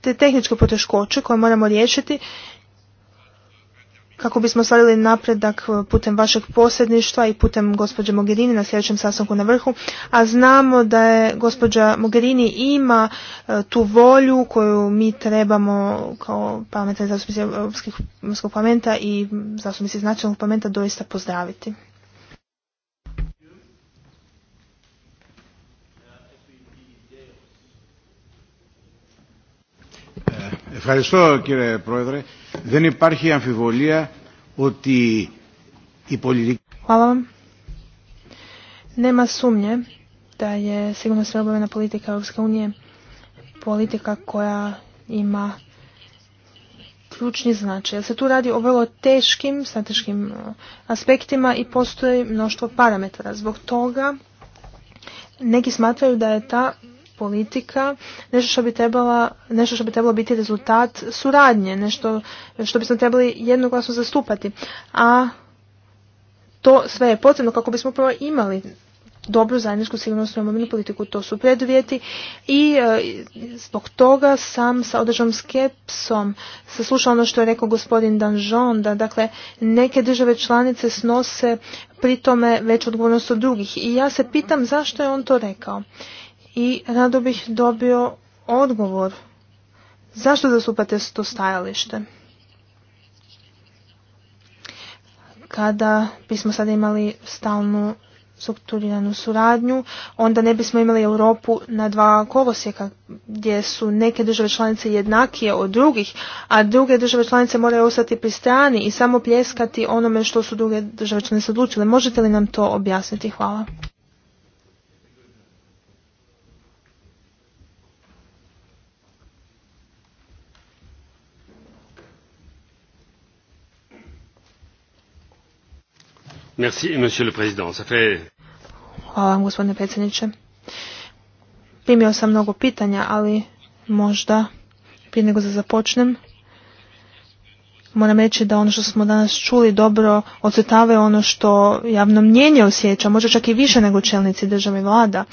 [SPEAKER 2] te tehničke poteškoće koje moramo riješiti kako bismo ostvarili napredak e, putem vašeg posjedništva i putem gospođe Mogherini na sljedećem sastanku na vrhu, a znamo da je gospođa Mogherini ima e, tu volju koju mi trebamo kao pametni zastupnici Europskog parlamenta i zastupnici iz nacionalnog parlamenta doista pozdraviti. Ευχαριστώ κύριε Πρόεδρε. Δεν υπάρχει αμφιβολία ότι i Hvala vam. Nema sumnje da je sigurno sveobavena politika Europske unije politika koja ima ključni značaj. se tu radi o vrlo teškim strateškim e, aspektima i postoji mnoštvo parametara. Zbog toga neki smatraju da je ta politika nešto što bi trebala, nešto što bi trebalo biti rezultat suradnje, nešto što bismo trebali jednoglasno zastupati. A to sve je potrebno kako bismo prvo imali dobru zajedničku sigurnosnu imovinu politiku. To su preduvjeti i e, zbog toga sam sa određenom skepsom saslušao ono što je rekao gospodin Danžon, da dakle neke države članice snose pri tome veću odgovornost od drugih. I ja se pitam zašto je on to rekao i rado bih dobio odgovor zašto zastupate to stajalište. Kada bismo sada imali stalnu strukturiranu suradnju, onda ne bismo imali Europu na dva kolosijeka gdje su neke države članice jednakije od drugih, a druge države članice moraju ostati pri strani i samo pljeskati onome što su druge države članice odlučile. Možete li nam to objasniti? Hvala.
[SPEAKER 1] Merci, monsieur le
[SPEAKER 2] Hvala vam, gospodine predsjedniče. Primio sam mnogo pitanja, ali možda prije nego da započnem moram reći da ono što smo danas čuli dobro ocrtave ono što javno mnjenje osjeća, možda čak i više nego čelnici države vlada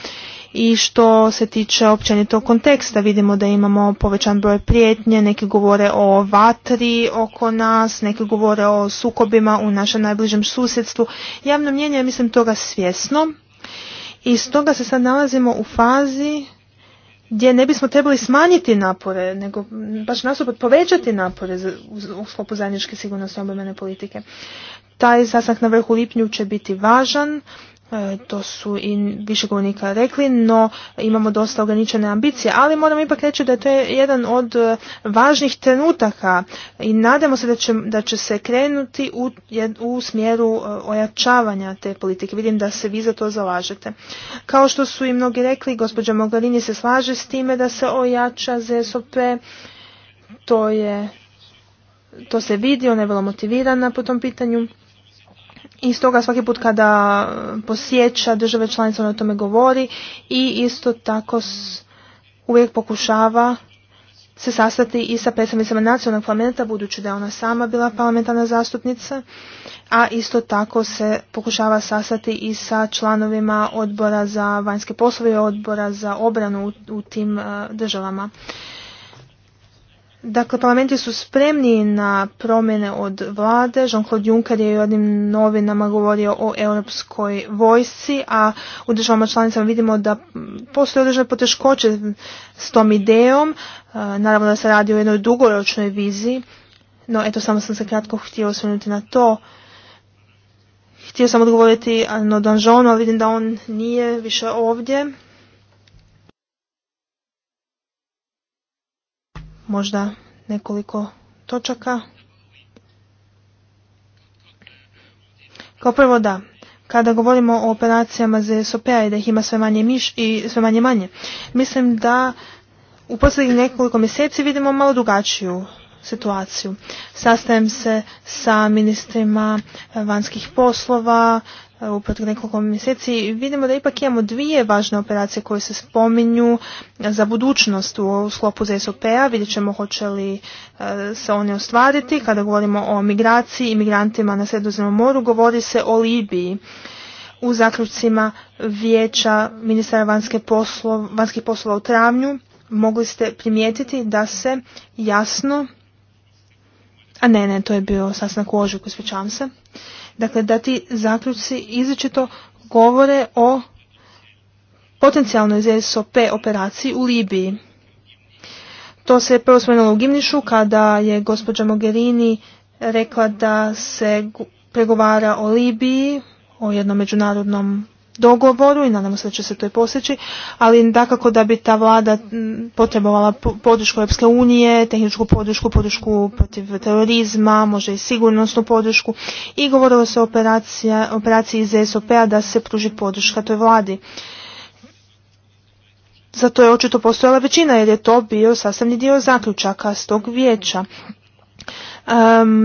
[SPEAKER 2] i što se tiče općenito konteksta vidimo da imamo povećan broj prijetnje, neki govore o vatri oko nas, neki govore o sukobima u našem najbližem susjedstvu. Javno mnjenje je mislim toga svjesno i stoga se sad nalazimo u fazi gdje ne bismo trebali smanjiti napore, nego baš nasuprot povećati napore u sklopu zajedničke sigurnosne obrambene politike. Taj sastanak na vrhu lipnju će biti važan, E, to su i više govornika rekli, no imamo dosta ograničene ambicije, ali moram ipak reći da je to jedan od važnih trenutaka i nadamo se da će, da će se krenuti u, u smjeru e, ojačavanja te politike. Vidim da se vi za to zalažete. Kao što su i mnogi rekli, gospođa Mogherini se slaže s time da se ojača ZSOP, to je to se vidi, ona je vrlo motivirana po tom pitanju i stoga svaki put kada e, posjeća države članice o tome govori i isto tako uvijek pokušava se sastati i sa predstavnicama nacionalnog parlamenta, budući da je ona sama bila parlamentarna zastupnica, a isto tako se pokušava sastati i sa članovima odbora za vanjske poslove i odbora za obranu u, tim e, državama. Dakle, parlamenti su spremni na promjene od vlade. Jean-Claude Juncker je u jednim novinama govorio o europskoj vojsci, a u državama članicama vidimo da postoje određene poteškoće s tom idejom. E, naravno da se radi o jednoj dugoročnoj viziji, no eto samo sam se kratko htio osvrnuti na to. Htio sam odgovoriti no Danžonu, ali vidim da on nije više ovdje. možda nekoliko točaka. Kao prvo da, kada govorimo o operacijama za SOP-a i da ih ima sve manje miš i sve manje manje, mislim da u posljednjih nekoliko mjeseci vidimo malo drugačiju situaciju. Sastajem se sa ministrima vanjskih poslova, u protiv nekoliko mjeseci, vidimo da ipak imamo dvije važne operacije koje se spominju za budućnost u sklopu ZSOP-a. Vidjet ćemo hoće li e, se one ostvariti. Kada govorimo o migraciji i migrantima na Sredozemnom moru, govori se o Libiji u zaključcima vijeća ministara vanjskih poslova, poslova u travnju mogli ste primijetiti da se jasno a ne, ne, to je bio sastanak u ožujku, ispričavam se. Dakle, da ti zaključci izričito govore o potencijalnoj ZSOP operaciji u Libiji. To se prvo spomenulo u Gimnišu kada je gospođa Mogherini rekla da se pregovara o Libiji, o jednom međunarodnom dogovoru i nadamo se da će se to i posjeći, ali dakako da bi ta vlada potrebovala podršku Europske unije, tehničku podršku, podršku protiv terorizma, može i sigurnosnu podršku i govorilo se o operaciji iz SOP-a da se pruži podrška toj vladi. Zato je očito postojala većina jer je to bio sastavni dio zaključaka s tog vijeća.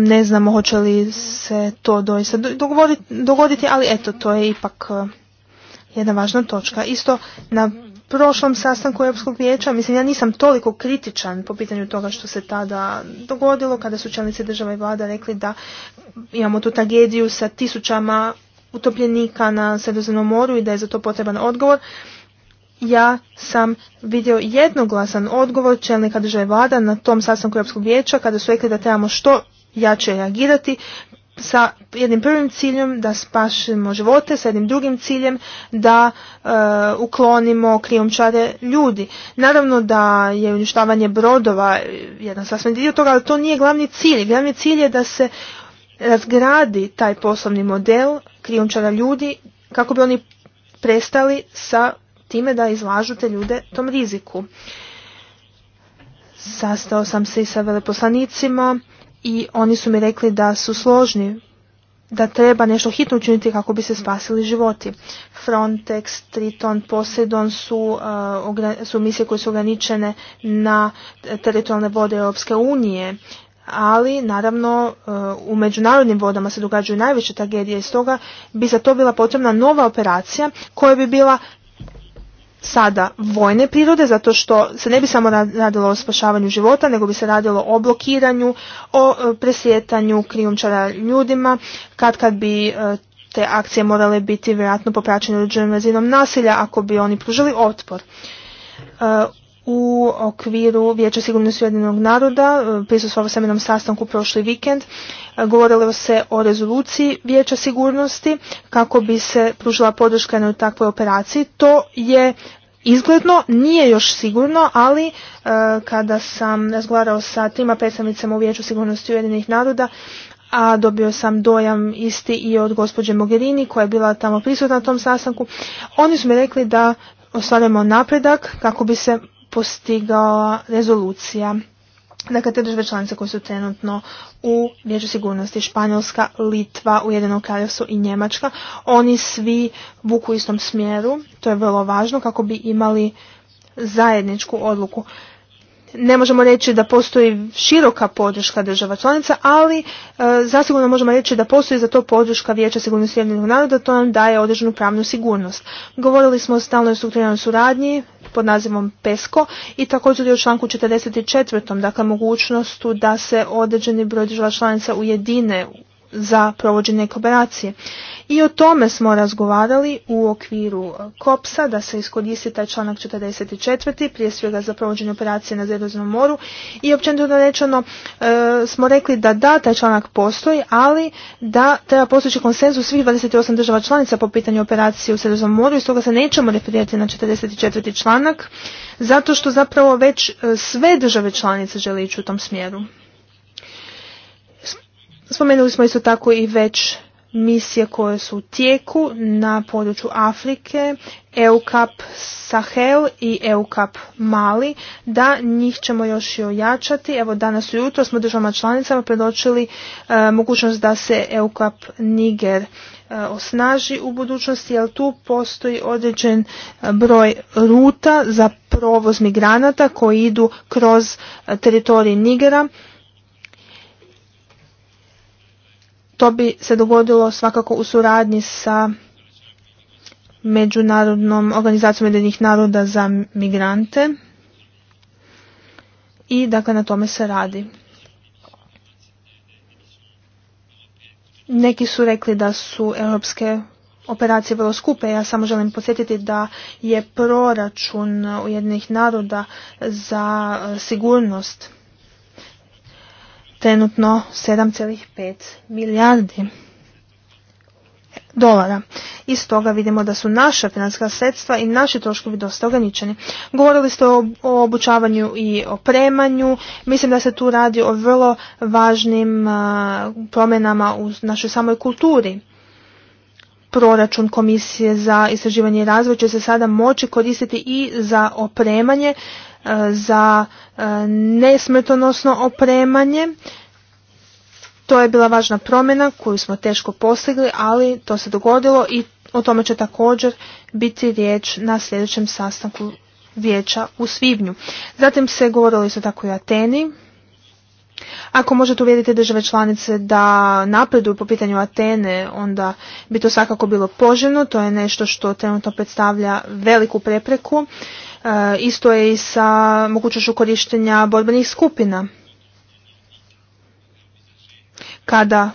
[SPEAKER 2] ne znamo hoće li se to doista dogoditi, ali eto, to je ipak jedna važna točka. Isto na prošlom sastanku Europskog vijeća, mislim ja nisam toliko kritičan po pitanju toga što se tada dogodilo, kada su čelnici država i vlada rekli da imamo tu tragediju sa tisućama utopljenika na Sredozemnom moru i da je za to potreban odgovor. Ja sam vidio jednoglasan odgovor čelnika države vlada na tom sastanku Europskog vijeća kada su rekli da trebamo što jače reagirati sa jednim prvim ciljem da spašimo živote, sa jednim drugim ciljem da e, uklonimo krijumčare ljudi. Naravno da je uništavanje brodova jedan sasvim dio toga, ali to nije glavni cilj. Glavni cilj je da se razgradi taj poslovni model krijumčara ljudi kako bi oni prestali sa time da izlažu te ljude tom riziku. Sastao sam se i sa veleposlanicima i oni su mi rekli da su složni, da treba nešto hitno učiniti kako bi se spasili životi. Frontex, Triton, Poseidon su, uh, su misije koje su ograničene na teritorijalne vode Europske unije, ali naravno uh, u međunarodnim vodama se događaju najveće tragedije i stoga bi za to bila potrebna nova operacija koja bi bila sada vojne prirode, zato što se ne bi samo radilo o spašavanju života, nego bi se radilo o blokiranju, o e, presjetanju krijumčara ljudima, kad kad bi e, te akcije morale biti vjerojatno popraćene određenom razinom nasilja ako bi oni pružili otpor. E, u okviru Vijeća sigurnosti Ujedinjenog naroda, e, prisustvovao sam jednom sastanku prošli vikend, e, govorilo se o rezoluciji Vijeća sigurnosti kako bi se pružila podrška na takvoj operaciji. To je izgledno, nije još sigurno, ali e, kada sam razgovarao sa trima predstavnicama u Vijeću sigurnosti Ujedinjenih naroda, a dobio sam dojam isti i od gospođe Mogherini koja je bila tamo prisutna na tom sastanku, oni su mi rekli da ostvarujemo napredak kako bi se postigao rezolucija Dakle, te države članice koje su trenutno u Vijeću sigurnosti, Španjolska, Litva, Ujedino kraljevstvo i Njemačka, oni svi vuku u istom smjeru, to je vrlo važno kako bi imali zajedničku odluku. Ne možemo reći da postoji široka podrška država članica, ali e, zasigurno možemo reći da postoji za to podrška Vijeća sigurnosti jednog naroda, to nam daje određenu pravnu sigurnost. Govorili smo o stalnoj strukturiranoj suradnji, pod nazivom PESCO i također je u članku 44. dakle mogućnostu da se određeni broj država članica ujedine za provođenje kooperacije. I o tome smo razgovarali u okviru e, KOPSA da se iskoristi taj članak 44. prije svega za provođenje operacije na Zredoznom moru i općenito rečeno e, smo rekli da da, taj članak postoji, ali da treba postojići konsenzus svih 28 država članica po pitanju operacije u Sredoznom moru i stoga se nećemo referirati na 44. članak zato što zapravo već e, sve države članice žele ići u tom smjeru. Spomenuli smo isto tako i već misije koje su u tijeku na području Afrike, EUCAP Sahel i EUCAP Mali, da njih ćemo još i ojačati. Evo danas ujutro smo državama članicama predočili e, mogućnost da se EUCAP Niger e, osnaži u budućnosti, jer tu postoji određen e, broj ruta za provoz migranata koji idu kroz teritorij Nigera To bi se dogodilo svakako u suradnji sa Međunarodnom organizacijom jedinih naroda za migrante i dakle na tome se radi. Neki su rekli da su europske operacije vrlo skupe. Ja samo želim podsjetiti da je proračun Ujedinih naroda za sigurnost trenutno 7,5 milijardi dolara. Iz toga vidimo da su naša financijska sredstva i naši troškovi dosta ograničeni. Govorili ste o, obučavanju i opremanju. Mislim da se tu radi o vrlo važnim promjenama u našoj samoj kulturi. Proračun Komisije za istraživanje i razvoj će se sada moći koristiti i za opremanje za e, nesmrtonosno opremanje. To je bila važna promjena koju smo teško postigli, ali to se dogodilo i o tome će također biti riječ na sljedećem sastanku vijeća u Svibnju. Zatim se govorilo isto tako i o Ateni. Ako možete uvjeriti države članice da napreduju po pitanju Atene, onda bi to svakako bilo poželjno. To je nešto što trenutno predstavlja veliku prepreku E, isto je i sa mogućnošću korištenja borbenih skupina. Kada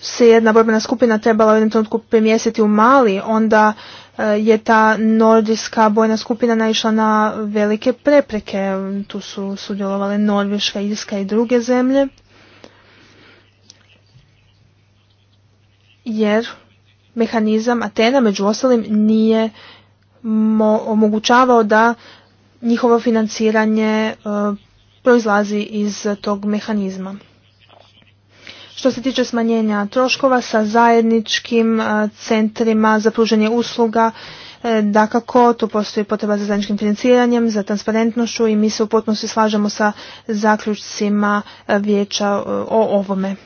[SPEAKER 2] se jedna borbena skupina trebala u jednom trenutku premjestiti u Mali, onda e, je ta nordijska bojna skupina naišla na velike prepreke. Tu su sudjelovale Norveška, Irska i druge zemlje. Jer mehanizam Atena među ostalim nije omogućavao da njihovo financiranje e, proizlazi iz tog mehanizma. Što se tiče smanjenja troškova sa zajedničkim e, centrima za pružanje usluga, e, dakako tu postoji potreba za zajedničkim financiranjem, za transparentnošću i mi se u potpunosti slažemo sa zaključcima vijeća o ovome.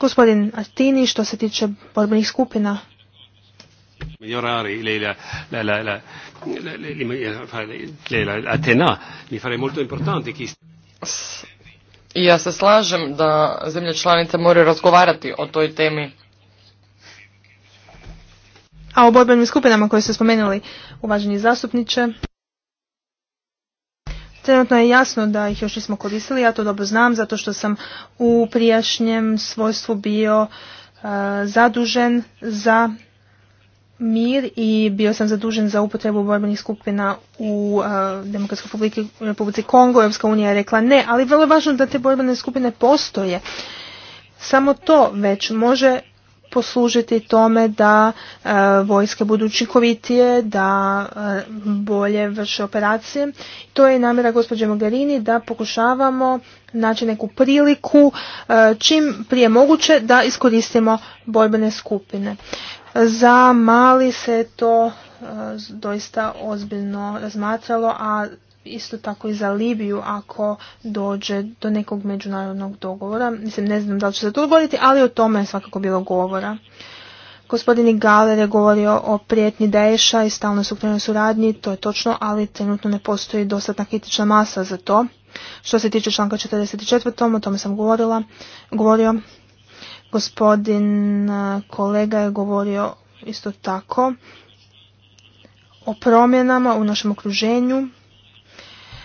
[SPEAKER 2] Gospodin Artini, što se tiče borbenih skupina,
[SPEAKER 1] migliorare la,
[SPEAKER 2] la, la, la, Atena mi fare molto importante
[SPEAKER 3] ja se slažem da zemlje članice moraju razgovarati o toj temi.
[SPEAKER 2] A o borbenim skupinama koje ste spomenuli, uvaženi zastupniče, trenutno je jasno da ih još nismo koristili, ja to dobro znam, zato što sam u prijašnjem svojstvu bio e, zadužen za mir i bio sam zadužen za upotrebu borbenih skupina u uh, Demokratskoj republici Kongo. Europska unija je rekla ne, ali vrlo je važno da te borbene skupine postoje. Samo to već može poslužiti tome da uh, vojske budu učinkovitije, da uh, bolje vrše operacije. To je namjera gospođe Mogherini da pokušavamo naći neku priliku čim prije moguće da iskoristimo borbene skupine. Za mali se to e, doista ozbiljno razmatralo, a isto tako i za Libiju ako dođe do nekog međunarodnog dogovora. Mislim, ne znam da li će se to dogoditi, ali o tome je svakako bilo govora. Gospodin Galer je govorio o prijetnji deša i stalnoj suknjenoj suradnji, to je točno, ali trenutno ne postoji dostatna kritična masa za to. Što se tiče članka 44. o tome sam govorila, govorio, Gospodin e, kolega je govorio isto tako o promjenama u našem okruženju.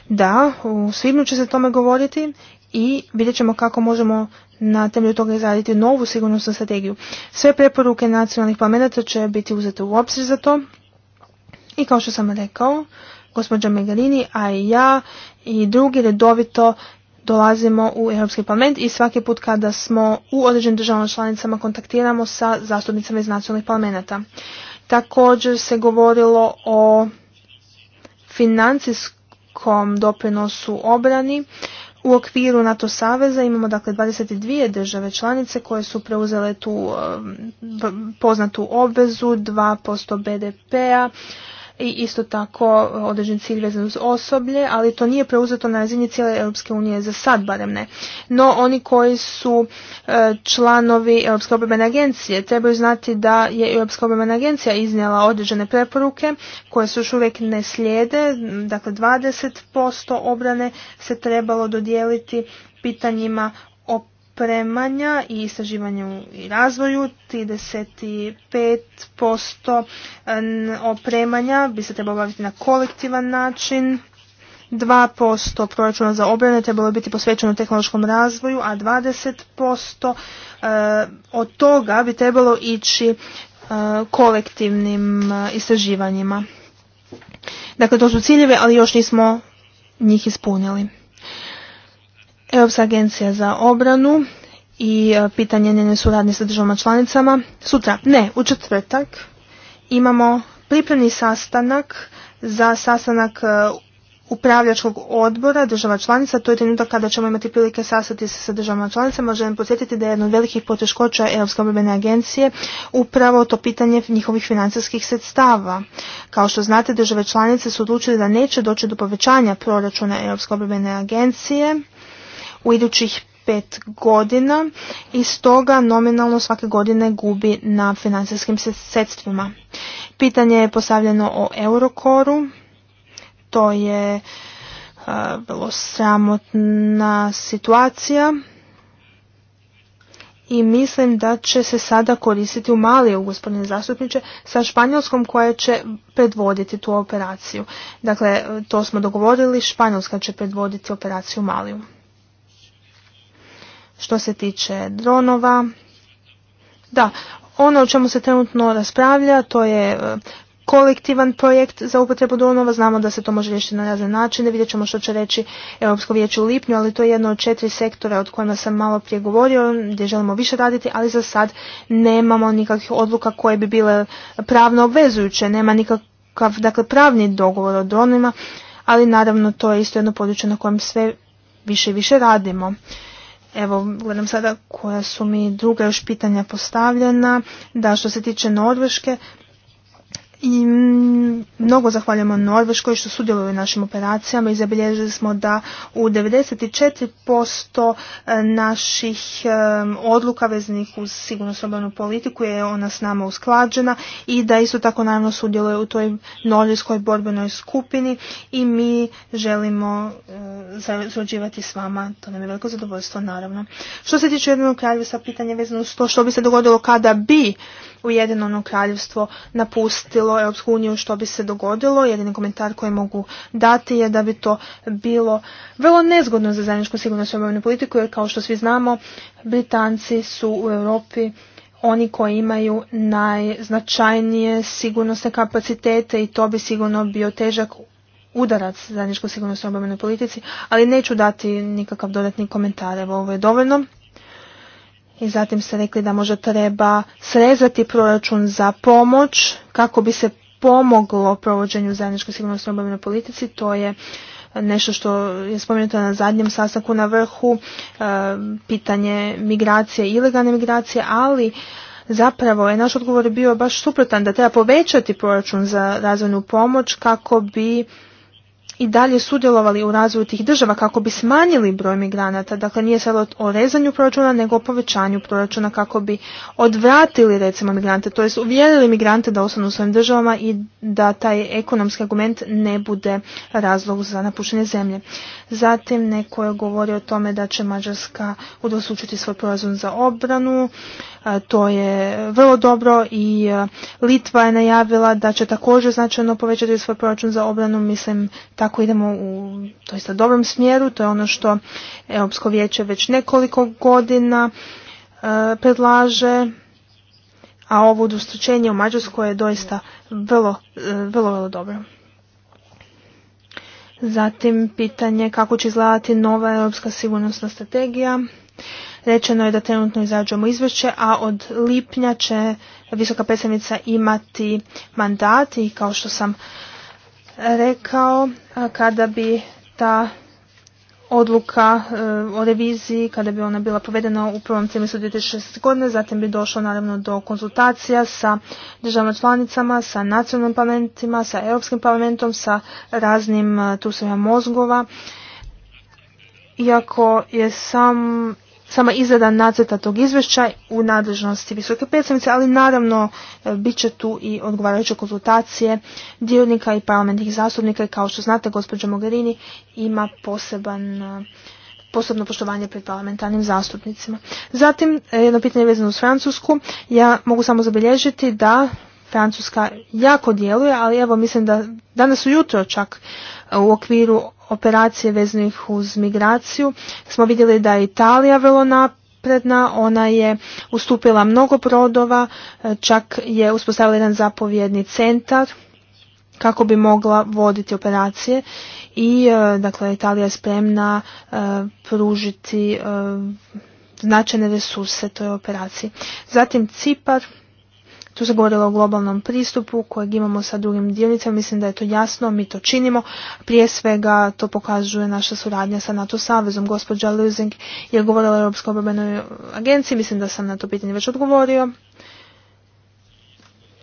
[SPEAKER 2] Da, u svibnju će se tome govoriti i vidjet ćemo kako možemo na temelju toga izraditi novu sigurnosnu strategiju. Sve preporuke nacionalnih parlamenta će biti uzete u obzir za to. I kao što sam rekao, gospođa Megalini, a i ja i drugi redovito dolazimo u Europski parlament i svaki put kada smo u određenim državama članicama kontaktiramo sa zastupnicama iz nacionalnih parlamenta. Također se govorilo o financijskom doprinosu obrani. U okviru NATO saveza imamo dakle 22 države članice koje su preuzele tu um, poznatu obvezu 2% BDP-a i isto tako određen cilj vezan uz osoblje, ali to nije preuzeto na razini cijele Europske unije za sad barem ne. No oni koji su e, članovi Europske obrbene agencije trebaju znati da je Europska obrbena agencija iznijela određene preporuke koje su još uvijek ne slijede, dakle 20% obrane se trebalo dodijeliti pitanjima opremanja i istraživanju i razvoju. 35% opremanja bi se trebalo baviti na kolektivan način. 2% proračuna za obrane trebalo biti posvećeno tehnološkom razvoju, a 20% e, od toga bi trebalo ići e, kolektivnim e, istraživanjima. Dakle, to su ciljeve, ali još nismo njih ispunjali. Europska agencija za obranu i e, pitanje njene suradnje sa državama članicama. Sutra, ne, u četvrtak imamo pripremni sastanak za sastanak e, upravljačkog odbora država članica. To je trenutak kada ćemo imati prilike sastati se sa državama članicama. Možemo podsjetiti da je jedna od velikih poteškoća Europske obrambene agencije upravo to pitanje njihovih financijskih sredstava. Kao što znate, države članice su odlučile da neće doći do povećanja proračuna Europske obrambene agencije u idućih pet godina i stoga nominalno svake godine gubi na financijskim sredstvima. Pitanje je postavljeno o Eurokoru, to je e, vrlo sramotna situacija i mislim da će se sada koristiti u Maliju, gospodine zastupniče, sa Španjolskom koja će predvoditi tu operaciju. Dakle, to smo dogovorili, Španjolska će predvoditi operaciju Maliju. Što se tiče dronova, da, ono o čemu se trenutno raspravlja to je e, kolektivan projekt za upotrebu dronova. Znamo da se to može riješiti na razne načine. Vidjet ćemo što će reći Europsko vijeće u lipnju, ali to je jedno od četiri sektora od kojima sam malo prije govorio, gdje želimo više raditi, ali za sad nemamo nikakvih odluka koje bi bile pravno obvezujuće. Nema nikakav dakle, pravni dogovor o dronima, ali naravno to je isto jedno područje na kojem sve više i više radimo. Evo, gledam sada koja su mi druga još pitanja postavljena. Da, što se tiče Norveške, i mm, mnogo zahvaljujemo Norveškoj što sudjeluje u našim operacijama i zabilježili smo da u 94% e, naših e, odluka vezanih uz sigurno politiku je ona s nama usklađena i da isto tako naravno sudjeluje u toj norveškoj borbenoj skupini i mi želimo e, surađivati s vama. To nam je veliko zadovoljstvo naravno. Što se tiče jednog sa pitanje vezano s to što bi se dogodilo kada bi Ujedinjeno kraljevstvo napustilo Europsku uniju što bi se dogodilo. Jedini komentar koji mogu dati je da bi to bilo vrlo nezgodno za zajedničku sigurnost i obavljenu politiku jer kao što svi znamo Britanci su u Europi oni koji imaju najznačajnije sigurnosne kapacitete i to bi sigurno bio težak udarac zajedničkoj sigurnosnoj obavljenoj politici, ali neću dati nikakav dodatni komentar. Evo, ovo je dovoljno. I zatim ste rekli da možda treba srezati proračun za pomoć kako bi se pomoglo provođenju zajedničke sigurnosne obavljenoj politici. To je nešto što je spomenuto na zadnjem sastanku na vrhu, e, pitanje migracije, ilegalne migracije, ali zapravo je naš odgovor bio baš suprotan da treba povećati proračun za razvojnu pomoć kako bi i dalje sudjelovali u razvoju tih država kako bi smanjili broj migranata. Dakle, nije sad o rezanju proračuna, nego o povećanju proračuna kako bi odvratili recimo migrante, to jest uvjerili migrante da ostanu u svojim državama i da taj ekonomski argument ne bude razlog za napuštenje zemlje. Zatim neko je govorio o tome da će Mađarska udosučiti svoj proračun za obranu, to je vrlo dobro i e, Litva je najavila da će također značajno povećati svoj proračun za obranu. Mislim, tako idemo u doista dobrom smjeru. To je ono što Europsko vijeće već nekoliko godina e, predlaže a ovo udostučenje u Mađarskoj je doista vrlo, e, vrlo, vrlo dobro. Zatim pitanje kako će izgledati nova europska sigurnosna strategija. Rečeno je da trenutno izrađujemo izvješće, a od lipnja će visoka predstavnica imati mandat i kao što sam rekao, kada bi ta odluka e, o reviziji kada bi ona bila provedena u prvom trimestru 2016. godine, zatim bi došlo naravno do konzultacija sa državnim članicama, sa nacionalnim parlamentima, sa Europskim parlamentom, sa raznim e, tu mozgova. Iako je sam sama izrada nacrta tog izvješća u nadležnosti visoke predstavnice, ali naravno e, bit će tu i odgovarajuće konzultacije dionika i parlamentnih zastupnika i kao što znate gospođa Mogherini ima poseban e, posebno poštovanje pred parlamentarnim zastupnicima. Zatim, e, jedno pitanje vezano uz Francusku. Ja mogu samo zabilježiti da Francuska jako djeluje, ali evo mislim da danas ujutro čak u okviru operacije veznih uz migraciju smo vidjeli da je Italija vrlo napredna, ona je ustupila mnogo brodova, e, čak je uspostavila jedan zapovjedni centar kako bi mogla voditi operacije i e, dakle Italija je spremna e, pružiti značajne resurse toj operaciji. Zatim Cipar, tu se govorilo o globalnom pristupu kojeg imamo sa drugim dionicama. Mislim da je to jasno, mi to činimo. Prije svega to pokazuje naša suradnja sa NATO savezom. Gospođa Lusing je govorila o Europskoj obrambenoj agenciji. Mislim da sam na to pitanje već odgovorio.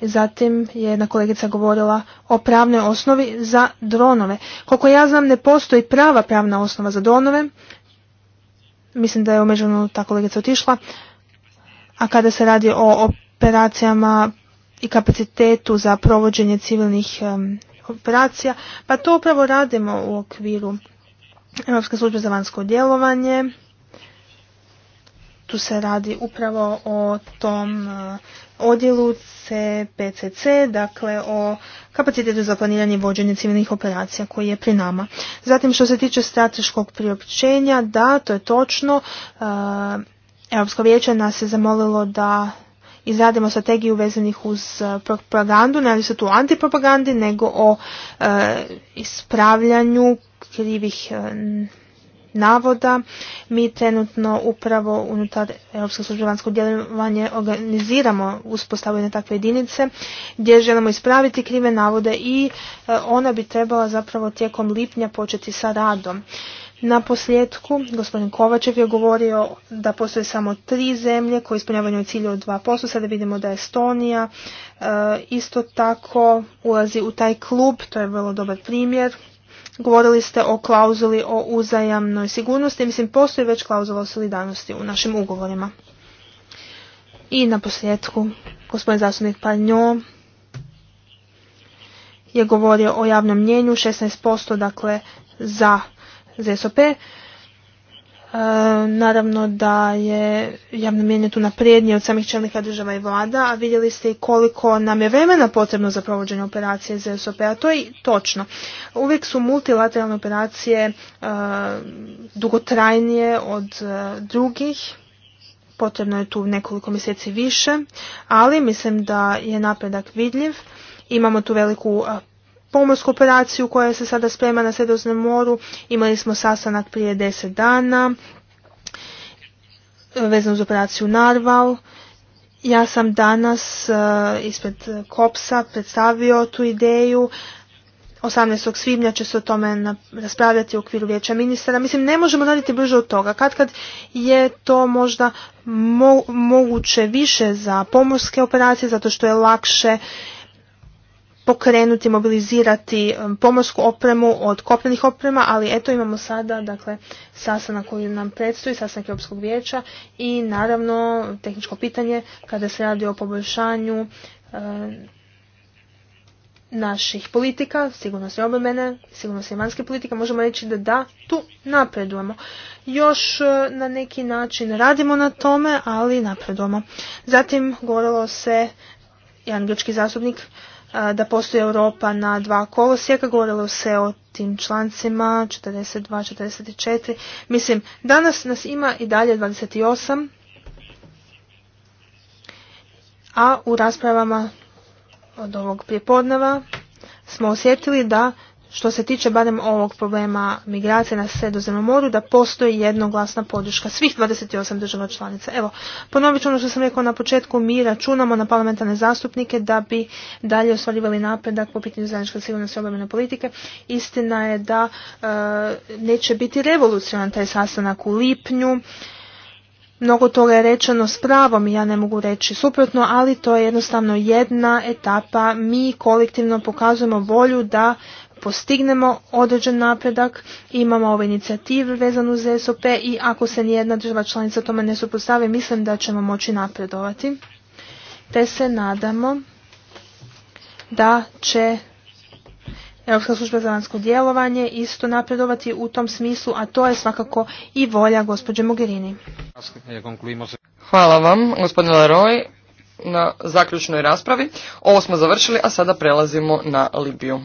[SPEAKER 2] Zatim je jedna kolegica govorila o pravnoj osnovi za dronove. Koliko ja znam ne postoji prava pravna osnova za dronove. Mislim da je omeđeno ta kolegica otišla. A kada se radi o operacijama i kapacitetu za provođenje civilnih operacija, pa to upravo radimo u okviru Europske službe za vanjsko djelovanje. Tu se radi upravo o tom e, odjelu CPCC, dakle o kapacitetu za planiranje i vođenje civilnih operacija koji je pri nama. Zatim što se tiče strateškog priopćenja, da, to je točno. E, Europsko vijeće nas je zamolilo da izradimo strategiju vezanih uz e, propagandu, ne ali se tu o antipropagandi, nego o e, ispravljanju krivih e, navoda. Mi trenutno upravo unutar Europske službe vanjsko djelovanje organiziramo uspostavu takve jedinice gdje želimo ispraviti krive navode i ona bi trebala zapravo tijekom lipnja početi sa radom. Na posljedku, gospodin Kovačev je govorio da postoje samo tri zemlje koje ispunjavaju cilje od 2%. Sada vidimo da Estonija e, isto tako ulazi u taj klub, to je vrlo dobar primjer. Govorili ste o klauzuli o uzajamnoj sigurnosti, mislim postoji već klauzula o solidarnosti u našim ugovorima. I na posljedku, gospodin zastupnik Panjo je govorio o javnom mnjenju, 16% dakle za ZSOP, e, naravno da je javno mijenje tu naprednije od samih čelnika država i vlada, a vidjeli ste i koliko nam je vremena potrebno za provođenje operacije ZSOP, a to je točno. Uvijek su multilateralne operacije e, dugotrajnije od e, drugih, potrebno je tu nekoliko mjeseci više, ali mislim da je napredak vidljiv. Imamo tu veliku pomorsku operaciju koja se sada sprema na Sredoznom moru. Imali smo sastanak prije deset dana vezano uz operaciju Narval. Ja sam danas eh, ispred Kopsa predstavio tu ideju. 18. svibnja će se o tome raspravljati u okviru vijeća ministara. Mislim, ne možemo raditi brže od toga. Kad kad je to možda moguće više za pomorske operacije, zato što je lakše pokrenuti, mobilizirati pomorsku opremu od kopnenih oprema, ali eto imamo sada dakle, sastanak koji nam predstoji, sastanak Europskog vijeća i naravno tehničko pitanje kada se radi o poboljšanju naših politika, sigurno se obrambene, sigurno se vanjske politika, možemo reći da da, tu napredujemo. Još e, na neki način radimo na tome, ali napredujemo. Zatim govorilo se, jedan grčki zastupnik da postoji Europa na dva kolosijeka, govorilo se o tim člancima 42, 44. Mislim, danas nas ima i dalje 28, a u raspravama od ovog prijepodneva smo osjetili da što se tiče barem ovog problema migracije na sredozemnom moru, da postoji jednoglasna podrška svih 28 država članica. Evo, ponovit ću ono što sam rekao na početku, mi računamo na parlamentarne zastupnike da bi dalje ostvarivali napredak po pitanju zajedničke sigurnosti obavljene politike. Istina je da e, neće biti revolucionan taj sastanak u lipnju, Mnogo toga je rečeno s pravom i ja ne mogu reći suprotno, ali to je jednostavno jedna etapa. Mi kolektivno pokazujemo volju da postignemo određen napredak, imamo ove inicijative vezanu uz SOP i ako se nijedna država članica tome ne supostavi, mislim da ćemo moći napredovati. Te se nadamo da će Europska služba za vanjsko djelovanje isto napredovati u tom smislu, a to je svakako i volja gospođe Mogherini.
[SPEAKER 3] Hvala vam, gospodine Leroy, na zaključnoj raspravi. Ovo smo završili, a sada prelazimo na Libiju.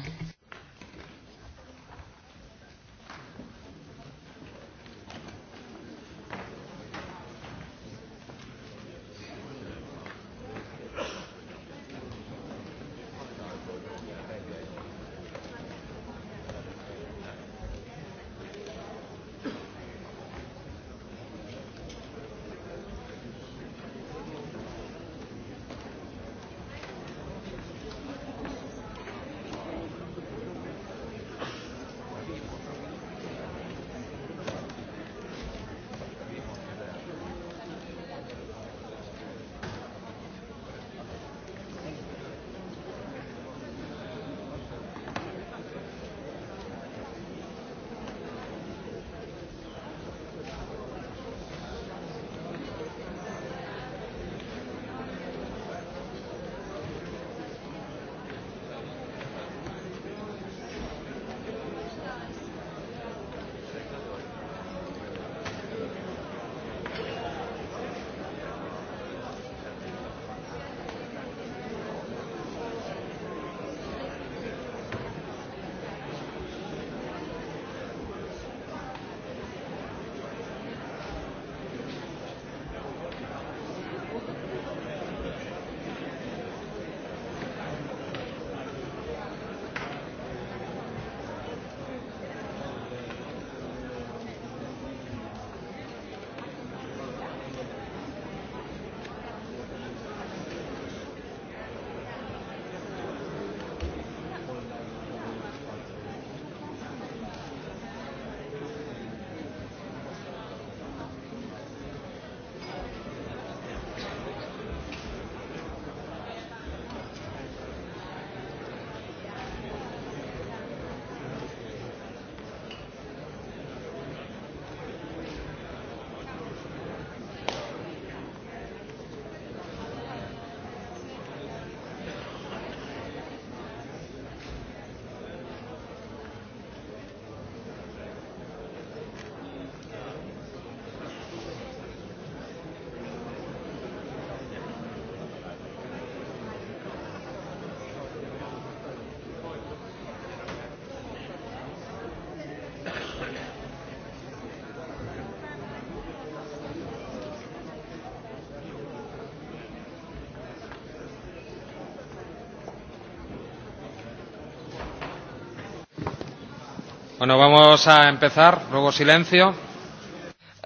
[SPEAKER 3] Bueno, vamos a empezar. Luego silencio.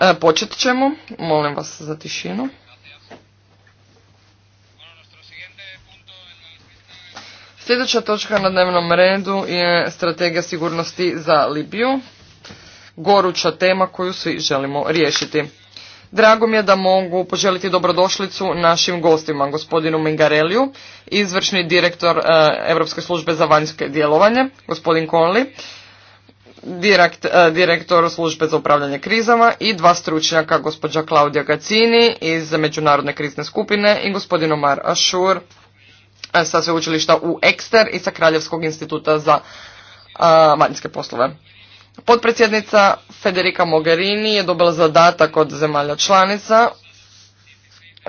[SPEAKER 3] E, počet ćemo. Molim vas za tišinu. Sljedeća točka na dnevnom redu je strategija sigurnosti za Libiju. Goruća tema koju svi želimo riješiti. Drago mi je da mogu poželiti dobrodošlicu našim gostima, gospodinu Mingareliju, izvršni direktor e, Europske službe za vanjske djelovanje, gospodin Conley, direkt, e, direktor službe za upravljanje krizama i dva stručnjaka, gospođa Klaudija Gacini iz Međunarodne krizne skupine i gospodin Omar Ashur e, sa sveučilišta u Ekster i sa Kraljevskog instituta za e, vanjske poslove. Potpredsjednica Federica Mogherini je dobila zadatak od zemalja članica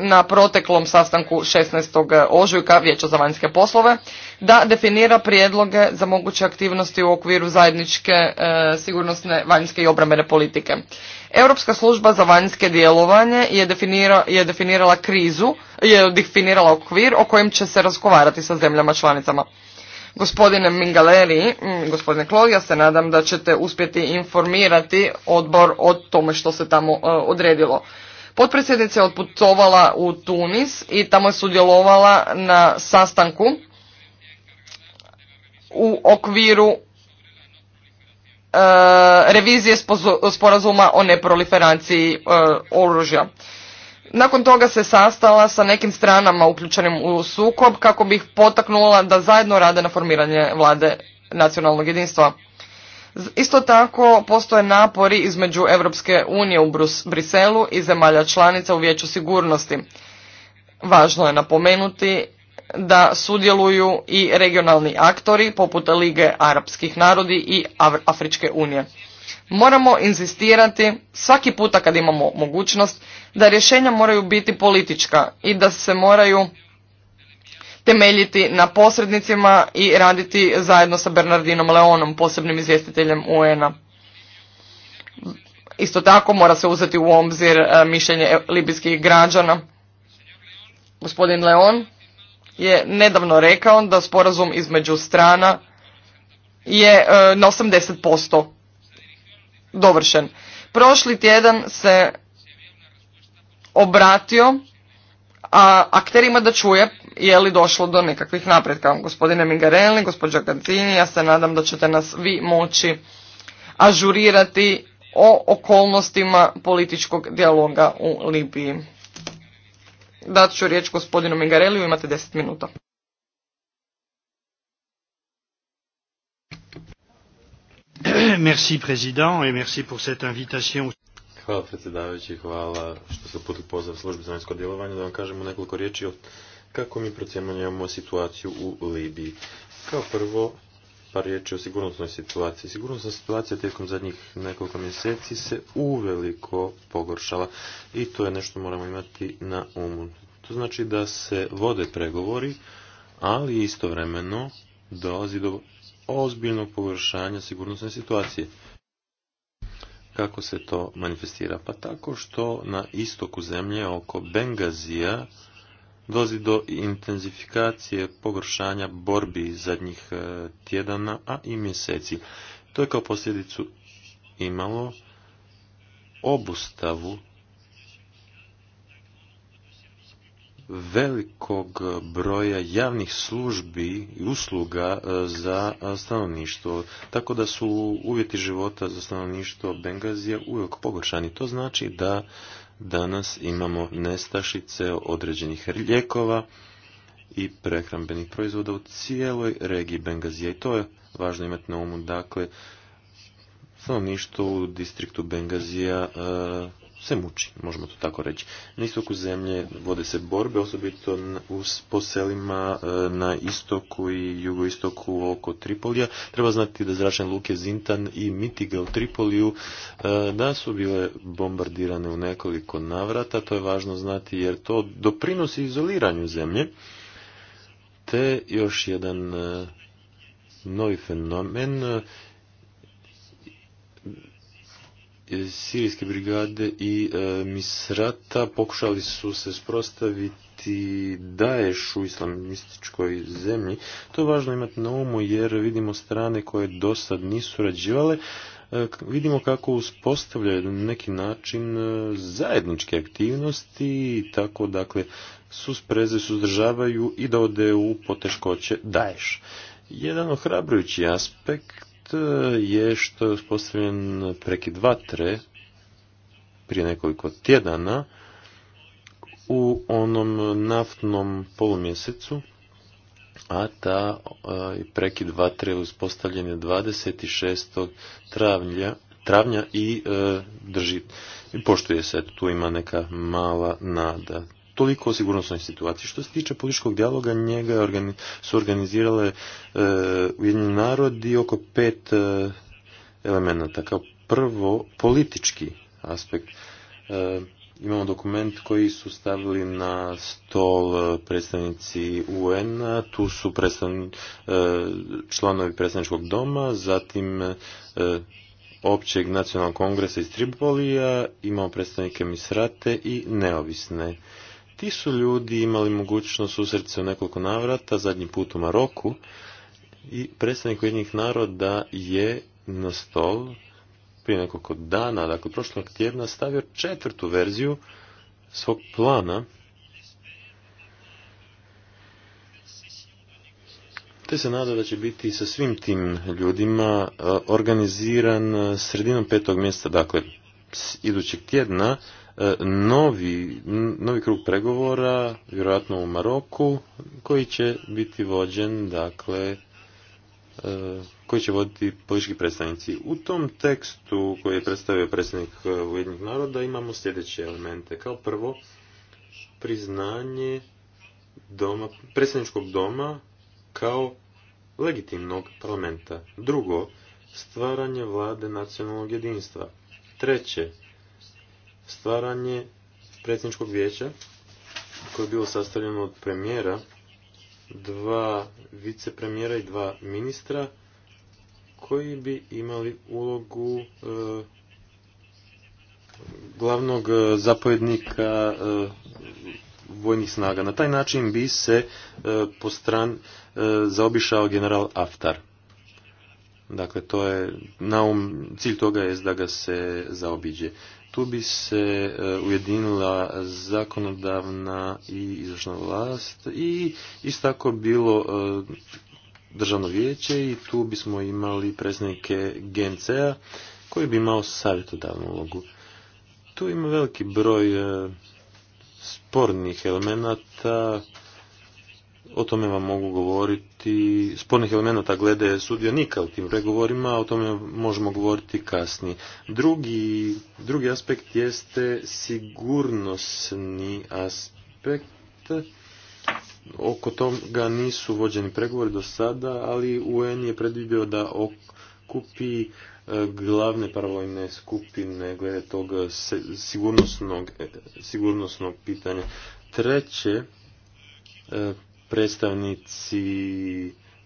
[SPEAKER 3] na proteklom sastanku 16. Eh, ožujka Vijeća za vanjske poslove da definira prijedloge za moguće aktivnosti u okviru zajedničke eh, sigurnosne vanjske i obrambene politike. Europska služba za vanjske djelovanje je, definira, je definirala krizu, je definirala okvir o kojem će se razgovarati sa zemljama članicama. Gospodine Mingaleri, mm, gospodine Klod, ja se nadam da ćete uspjeti informirati odbor o tome što se tamo eh, odredilo. Potpredsjednica je otputovala u Tunis i tamo je sudjelovala na sastanku u okviru eh, revizije sporazuma o neproliferanciji eh, oružja. Nakon toga se sastala sa nekim stranama uključenim u sukob kako bi ih potaknula da zajedno rade na formiranje vlade nacionalnog jedinstva. Isto tako postoje napori između Europske unije u Briselu i zemalja članica u Vijeću sigurnosti. Važno je napomenuti da sudjeluju i regionalni aktori poput Lige arapskih narodi i Afričke unije. Moramo inzistirati svaki puta kad imamo mogućnost da rješenja moraju biti politička i da se moraju temeljiti na posrednicima i raditi zajedno sa Bernardinom Leonom, posebnim izvjestiteljem UN-a. Isto tako mora se uzeti u obzir e, mišljenje libijskih građana. Gospodin Leon je nedavno rekao da sporazum između strana je e, na 80% dovršen. Prošli tjedan se obratio a, akterima da čuje je li došlo do nekakvih napretka. Gospodine Mingarelli, gospođa Gantini, ja se nadam da ćete nas vi moći ažurirati o okolnostima političkog dijaloga u Libiji. Dat ću riječ gospodinu Mingareliju, imate 10 minuta.
[SPEAKER 2] Merci président et merci pour cette invitation.
[SPEAKER 1] Hvala predsjedavajući, hvala što ste putili pozdrav službi za vanjsko djelovanje, da vam kažemo nekoliko riječi o kako mi procjenjujemo situaciju u Libiji. Kao prvo, par riječi o sigurnosnoj situaciji. Sigurnosna situacija tijekom zadnjih nekoliko mjeseci se uveliko pogoršala i to je nešto moramo imati na umu. To znači da se vode pregovori, ali istovremeno dolazi do ozbiljnog pogoršanja sigurnosne situacije. Kako se to manifestira? Pa tako što na istoku zemlje oko Bengazija dozi do intenzifikacije pogoršanja borbi zadnjih e, tjedana, a i mjeseci. To je kao posljedicu imalo obustavu velikog broja javnih službi i usluga e, za e, stanovništvo, tako da su uvjeti života za stanovništvo Bengazija uvijek pogoršani. To znači da danas imamo nestašice određenih lijekova i prehrambenih proizvoda u cijeloj regiji Bengazija i to je važno imati na umu. Dakle, stanovništvo u distriktu Bengazija e, se muči, možemo to tako reći. Na istoku zemlje vode se borbe, osobito u poselima e, na istoku i jugoistoku oko Tripolija. Treba znati da zračne luke Zintan i Mitiga Tripoliju e, da su bile bombardirane u nekoliko navrata. To je važno znati jer to doprinosi izoliranju zemlje. Te još jedan e, novi fenomen sirijske brigade i e, Misrata pokušali su se sprostaviti u islamističkoj zemlji. To je važno imati na umu jer vidimo strane koje do sad nisu rađivale, e, vidimo kako uspostavljaju na neki način e, zajedničke aktivnosti, tako dakle suspreze suzdržavaju i da ode u poteškoće Daješ. Jedan ohrabrujući aspekt E, je što je uspostavljen prekid vatre prije nekoliko tjedana u onom naftnom polumjesecu, a ta e, prekid vatre uspostavljen je 26. travnja, travnja i e, drži. I poštuje se, tu ima neka mala nada toliko o sigurnosnoj situaciji. Što se tiče političkog dijaloga, njega su organizirale uh, narodi oko pet elementa. elemenata. Kao prvo, politički aspekt. E, imamo dokument koji su stavili na stol e, predstavnici UN, -a. tu su predstavni, članovi predstavničkog doma, zatim općeg nacionalnog kongresa iz Tripolija, imamo predstavnike Misrate i neovisne ti su ljudi imali mogućnost susreti se u nekoliko navrata, zadnji put u Maroku, i predstavnik Ujedinjenih naroda je na stol prije nekoliko dana, dakle prošlog tjedna, stavio četvrtu verziju svog plana te se nada da će biti sa svim tim ljudima e, organiziran sredinom petog mjesta, dakle idućeg tjedna, E, novi, krug pregovora, vjerojatno u Maroku, koji će biti vođen, dakle, e, koji će voditi politički predstavnici. U tom tekstu koji je predstavio predsjednik e, Ujedinjenih naroda imamo sljedeće elemente. Kao prvo, priznanje doma, doma kao legitimnog parlamenta. Drugo, stvaranje vlade nacionalnog jedinstva. Treće, stvaranje predsjedničkog vijeća koje je bilo sastavljeno od premijera, dva vicepremijera i dva ministra koji bi imali ulogu e, glavnog e, zapovjednika e, vojnih snaga. Na taj način bi se po stran zaobišao general Aftar. Dakle, to je, naum, cilj toga je da ga se zaobiđe. Tu bi se e, ujedinila zakonodavna i izvršna vlast i isto tako bilo e, državno vijeće i tu bismo imali predstavnike GNC-a koji bi imao savjetodavnu ulogu. Tu ima veliki broj e, spornih elemenata o tome vam mogu govoriti, spornih elemenata glede sudionika u tim pregovorima, o tome možemo govoriti kasnije. Drugi, drugi aspekt jeste sigurnosni aspekt. Oko toga nisu vođeni pregovori do sada, ali UN je predvidio da okupi e, glavne paravojne skupine glede tog sigurnosnog, e, sigurnosnog pitanja. Treće, e, predstavnici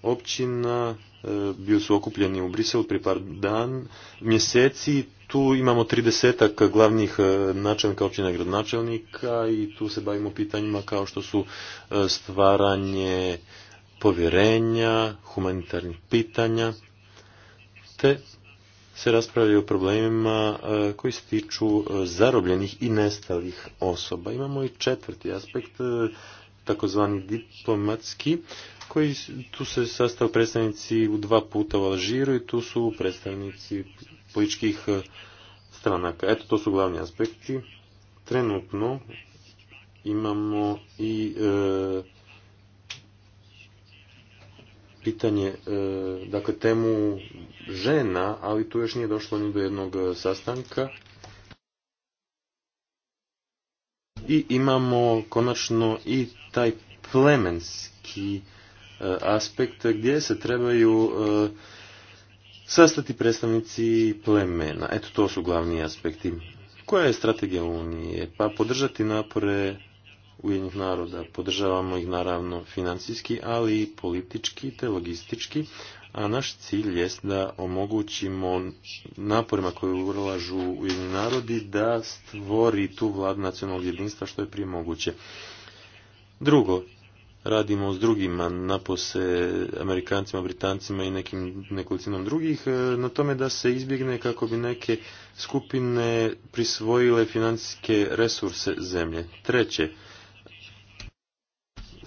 [SPEAKER 1] općina e, bio su okupljeni u brisel prije par dan, mjeseci. Tu imamo tridesetak glavnih e, načelnika općina i gradonačelnika i tu se bavimo pitanjima kao što su e, stvaranje povjerenja, humanitarnih pitanja, te se raspravljaju o problemima koji se tiču zarobljenih i nestalih osoba. Imamo i četvrti aspekt takozvani diplomatski, koji tu se sastao predstavnici u dva puta u Alžiru i tu su predstavnici političkih e, stranaka. Eto, to su glavni aspekti. Trenutno imamo i e, pitanje, e, dakle temu žena, ali tu još nije došlo ni do jednog sastanka i imamo konačno i taj plemenski e, aspekt gdje se trebaju e, sastati predstavnici plemena. Eto, to su glavni aspekti. Koja je strategija Unije? Pa podržati napore Ujedinjenih naroda. Podržavamo ih naravno financijski, ali i politički te logistički, a naš cilj jest da omogućimo naporima koje ulažu Ujedinjeni narodi da stvori tu vladu nacionalnog jedinstva što je prije moguće. Drugo, radimo s drugima, napose Amerikancima, Britancima i nekim nekolicinom drugih, e, na tome da se izbjegne kako bi neke skupine prisvojile financijske resurse zemlje. Treće,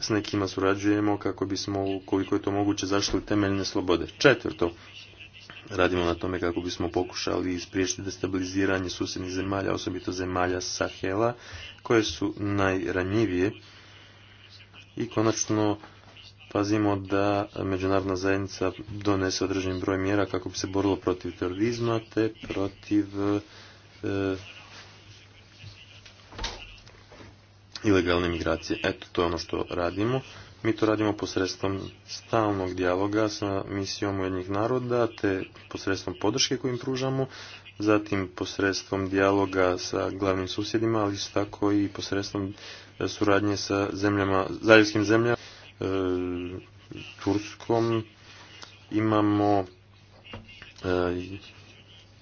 [SPEAKER 1] s nekima surađujemo kako bismo, koliko je to moguće, zaštili temeljne slobode. Četvrto, radimo na tome kako bismo pokušali ispriješiti destabiliziranje susjednih zemalja, osobito zemalja Sahela, koje su najranjivije. I konačno, pazimo da međunarodna zajednica donese određeni broj mjera kako bi se borilo protiv terorizma te protiv e, ilegalne migracije. Eto, to je ono što radimo. Mi to radimo posredstvom stalnog dijaloga sa misijom Ujednjih naroda, te posredstvom podrške koju im pružamo, zatim posredstvom dijaloga sa glavnim susjedima, ali isto tako i posredstvom e, suradnje sa zemljama, zaljevskim zemljama, e, Turskom. Imamo, e,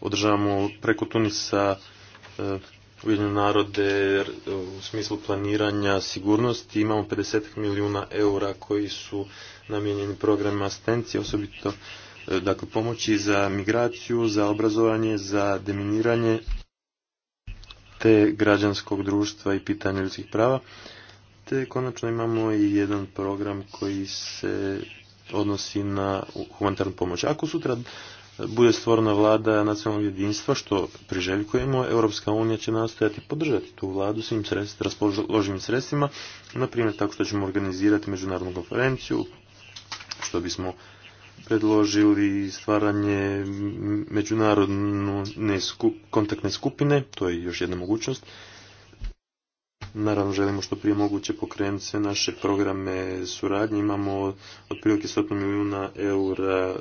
[SPEAKER 1] održavamo preko Tunisa Ujedinjene narode u smislu planiranja sigurnosti. Imamo 50 milijuna eura koji su namijenjeni programima asistencije, osobito e, dakle, pomoći za migraciju, za obrazovanje, za deminiranje te građanskog društva i pitanja ljudskih prava. Te konačno imamo i jedan program koji se odnosi na humanitarnu pomoć. Ako sutra bude stvorena vlada nacionalnog jedinstva, što priželjkujemo, Europska unija će nastojati podržati tu vladu svim sredstvima raspoloživim sredstvima, na primjer tako što ćemo organizirati međunarodnu konferenciju, što bismo predložili stvaranje međunarodne kontaktne skupine, to je još jedna mogućnost, Naravno, želimo što prije moguće pokrenuti sve naše programe suradnje. Imamo otprilike 100 milijuna eura eh,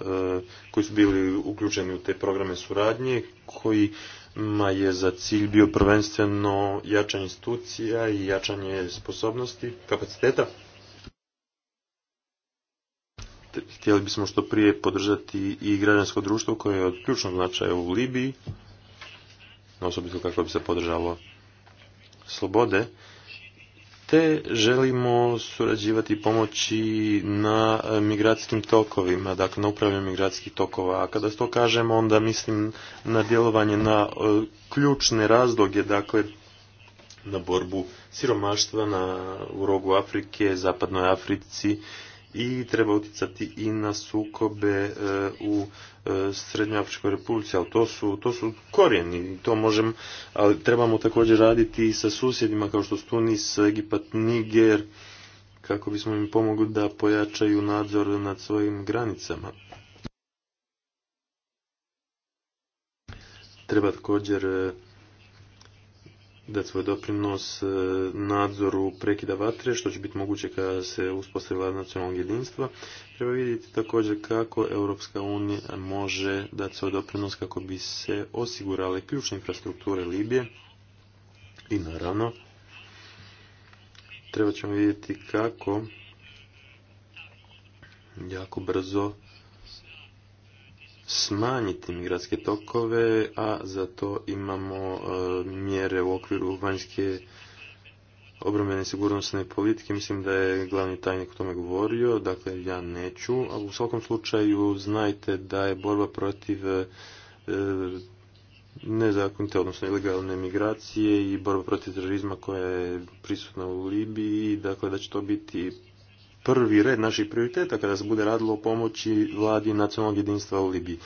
[SPEAKER 1] koji su bili uključeni u te programe suradnje, kojima je za cilj bio prvenstveno jačanje institucija i jačanje sposobnosti, kapaciteta. Htjeli bismo što prije podržati i građansko društvo koje je od ključnog značaja u Libiji, osobito kako bi se podržalo slobode, te želimo surađivati pomoći na migracijskim tokovima, dakle na upravljanju migracijskih tokova. A kada to kažemo, onda mislim na djelovanje na e, ključne razloge, dakle na borbu siromaštva na, u rogu Afrike, zapadnoj Africi i treba utjecati i na sukobe e, u e, Srednjoafričkoj republici, ali to su, to su korijeni, to možemo, ali trebamo također raditi i sa susjedima kao što su Tunis, Egipat, Niger, kako bismo im pomogli da pojačaju nadzor nad svojim granicama. Treba također e, dati svoj doprinos e, nadzoru prekida vatre, što će biti moguće kada se uspostavi vlada nacionalnog jedinstva. Treba vidjeti također kako Europska unija može dati svoj doprinos kako bi se osigurale ključne infrastrukture Libije i naravno treba ćemo vidjeti kako jako brzo smanjiti migratske tokove, a za to imamo e, mjere u okviru vanjske obrambene sigurnosne politike. Mislim da je glavni tajnik o tome govorio, dakle ja neću, ali u svakom slučaju znajte da je borba protiv e, nezakonite, odnosno ilegalne migracije i borba protiv terorizma koja je prisutna u Libiji, dakle da će to biti prvi red naših prioriteta kada se bude radilo o pomoći vladi nacionalnog jedinstva u Libiji.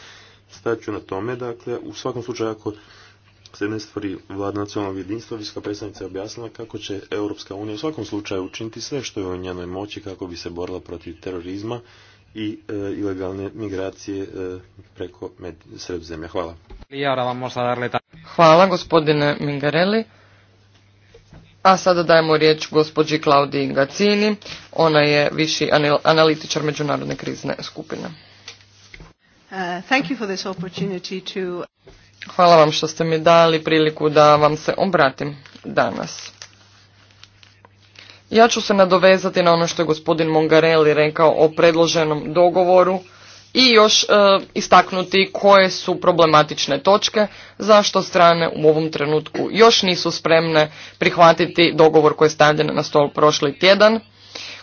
[SPEAKER 1] Staću na tome, dakle, u svakom slučaju ako se ne stvori vlada nacionalnog jedinstva, visoka predstavnica je objasnila kako će Europska unija u svakom slučaju učiniti sve što je u njenoj moći kako bi se borila protiv terorizma i e, ilegalne migracije e, preko sredozemlja. Hvala.
[SPEAKER 3] Hvala gospodine Mingarelli. A sada dajemo riječ gospođi Klaudiji Gacini, ona je viši analitičar međunarodne krizne skupine. Uh, Hvala vam što ste mi dali priliku da vam se obratim danas. Ja ću se nadovezati na ono što je gospodin Mongarelli rekao o predloženom dogovoru i još e, istaknuti koje su problematične točke zašto strane u ovom trenutku još nisu spremne prihvatiti dogovor koji je stavljen na stol prošli tjedan,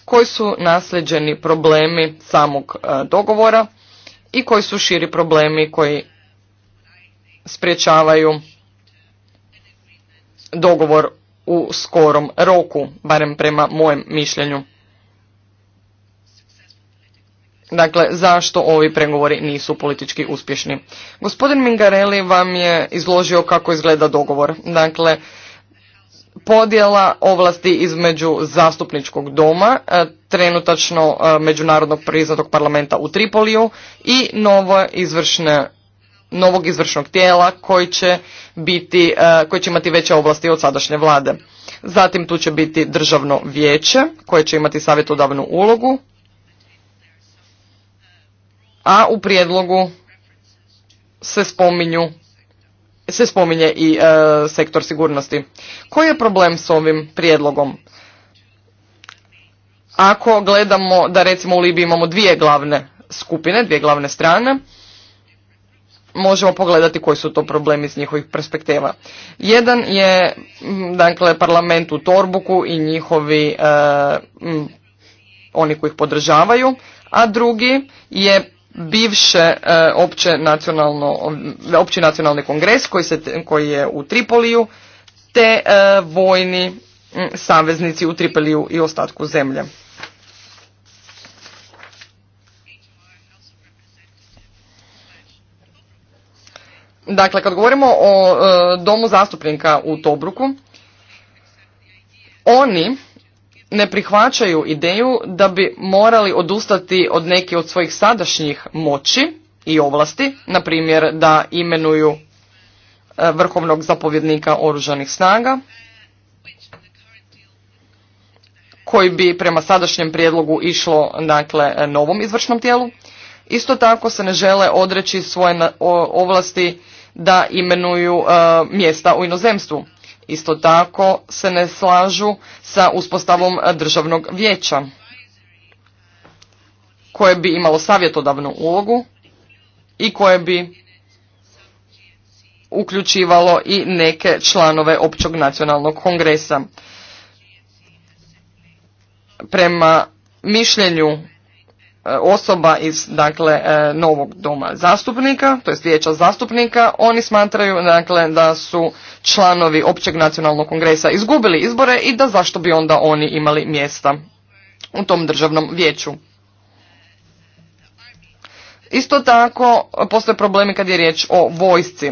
[SPEAKER 3] koji su nasljeđeni problemi samog e, dogovora i koji su širi problemi koji sprječavaju dogovor u skorom roku, barem prema mojem mišljenju. Dakle, zašto ovi pregovori nisu politički uspješni? Gospodin Mingarelli vam je izložio kako izgleda dogovor. Dakle, podjela ovlasti između zastupničkog doma, e, trenutačno e, međunarodnog priznatog parlamenta u Tripoliju i novo novog izvršnog tijela koji će, biti, e, koji će imati veće ovlasti od sadašnje vlade. Zatim tu će biti državno vijeće koje će imati savjetodavnu ulogu a u prijedlogu se spominju se spominje i e, sektor sigurnosti. Koji je problem s ovim prijedlogom? Ako gledamo da recimo u Libiji imamo dvije glavne skupine, dvije glavne strane, možemo pogledati koji su to problemi iz njihovih perspektiva. Jedan je dakle parlament u Torbuku i njihovi e, oni koji ih podržavaju, a drugi je bivše eh, opće nacionalno, opći nacionalni kongres koji, se, koji je u Tripoliju te eh, vojni mm, saveznici u Tripoliju i ostatku zemlje. Dakle, kad govorimo o eh, domu zastupnika u Tobruku, oni ne prihvaćaju ideju da bi morali odustati od neke od svojih sadašnjih moći i ovlasti, na primjer da imenuju e, vrhovnog zapovjednika oružanih snaga, koji bi prema sadašnjem prijedlogu išlo dakle, novom izvršnom tijelu. Isto tako se ne žele odreći svoje ovlasti da imenuju e, mjesta u inozemstvu. Isto tako se ne slažu sa uspostavom državnog vijeća koje bi imalo savjetodavnu ulogu i koje bi uključivalo i neke članove općog nacionalnog kongresa. Prema mišljenju E, osoba iz dakle e, novog doma zastupnika, to jest vijeća zastupnika, oni smatraju dakle da su članovi općeg nacionalnog kongresa izgubili izbore i da zašto bi onda oni imali mjesta u tom državnom vijeću. Isto tako postoje problemi kad je riječ o vojsci.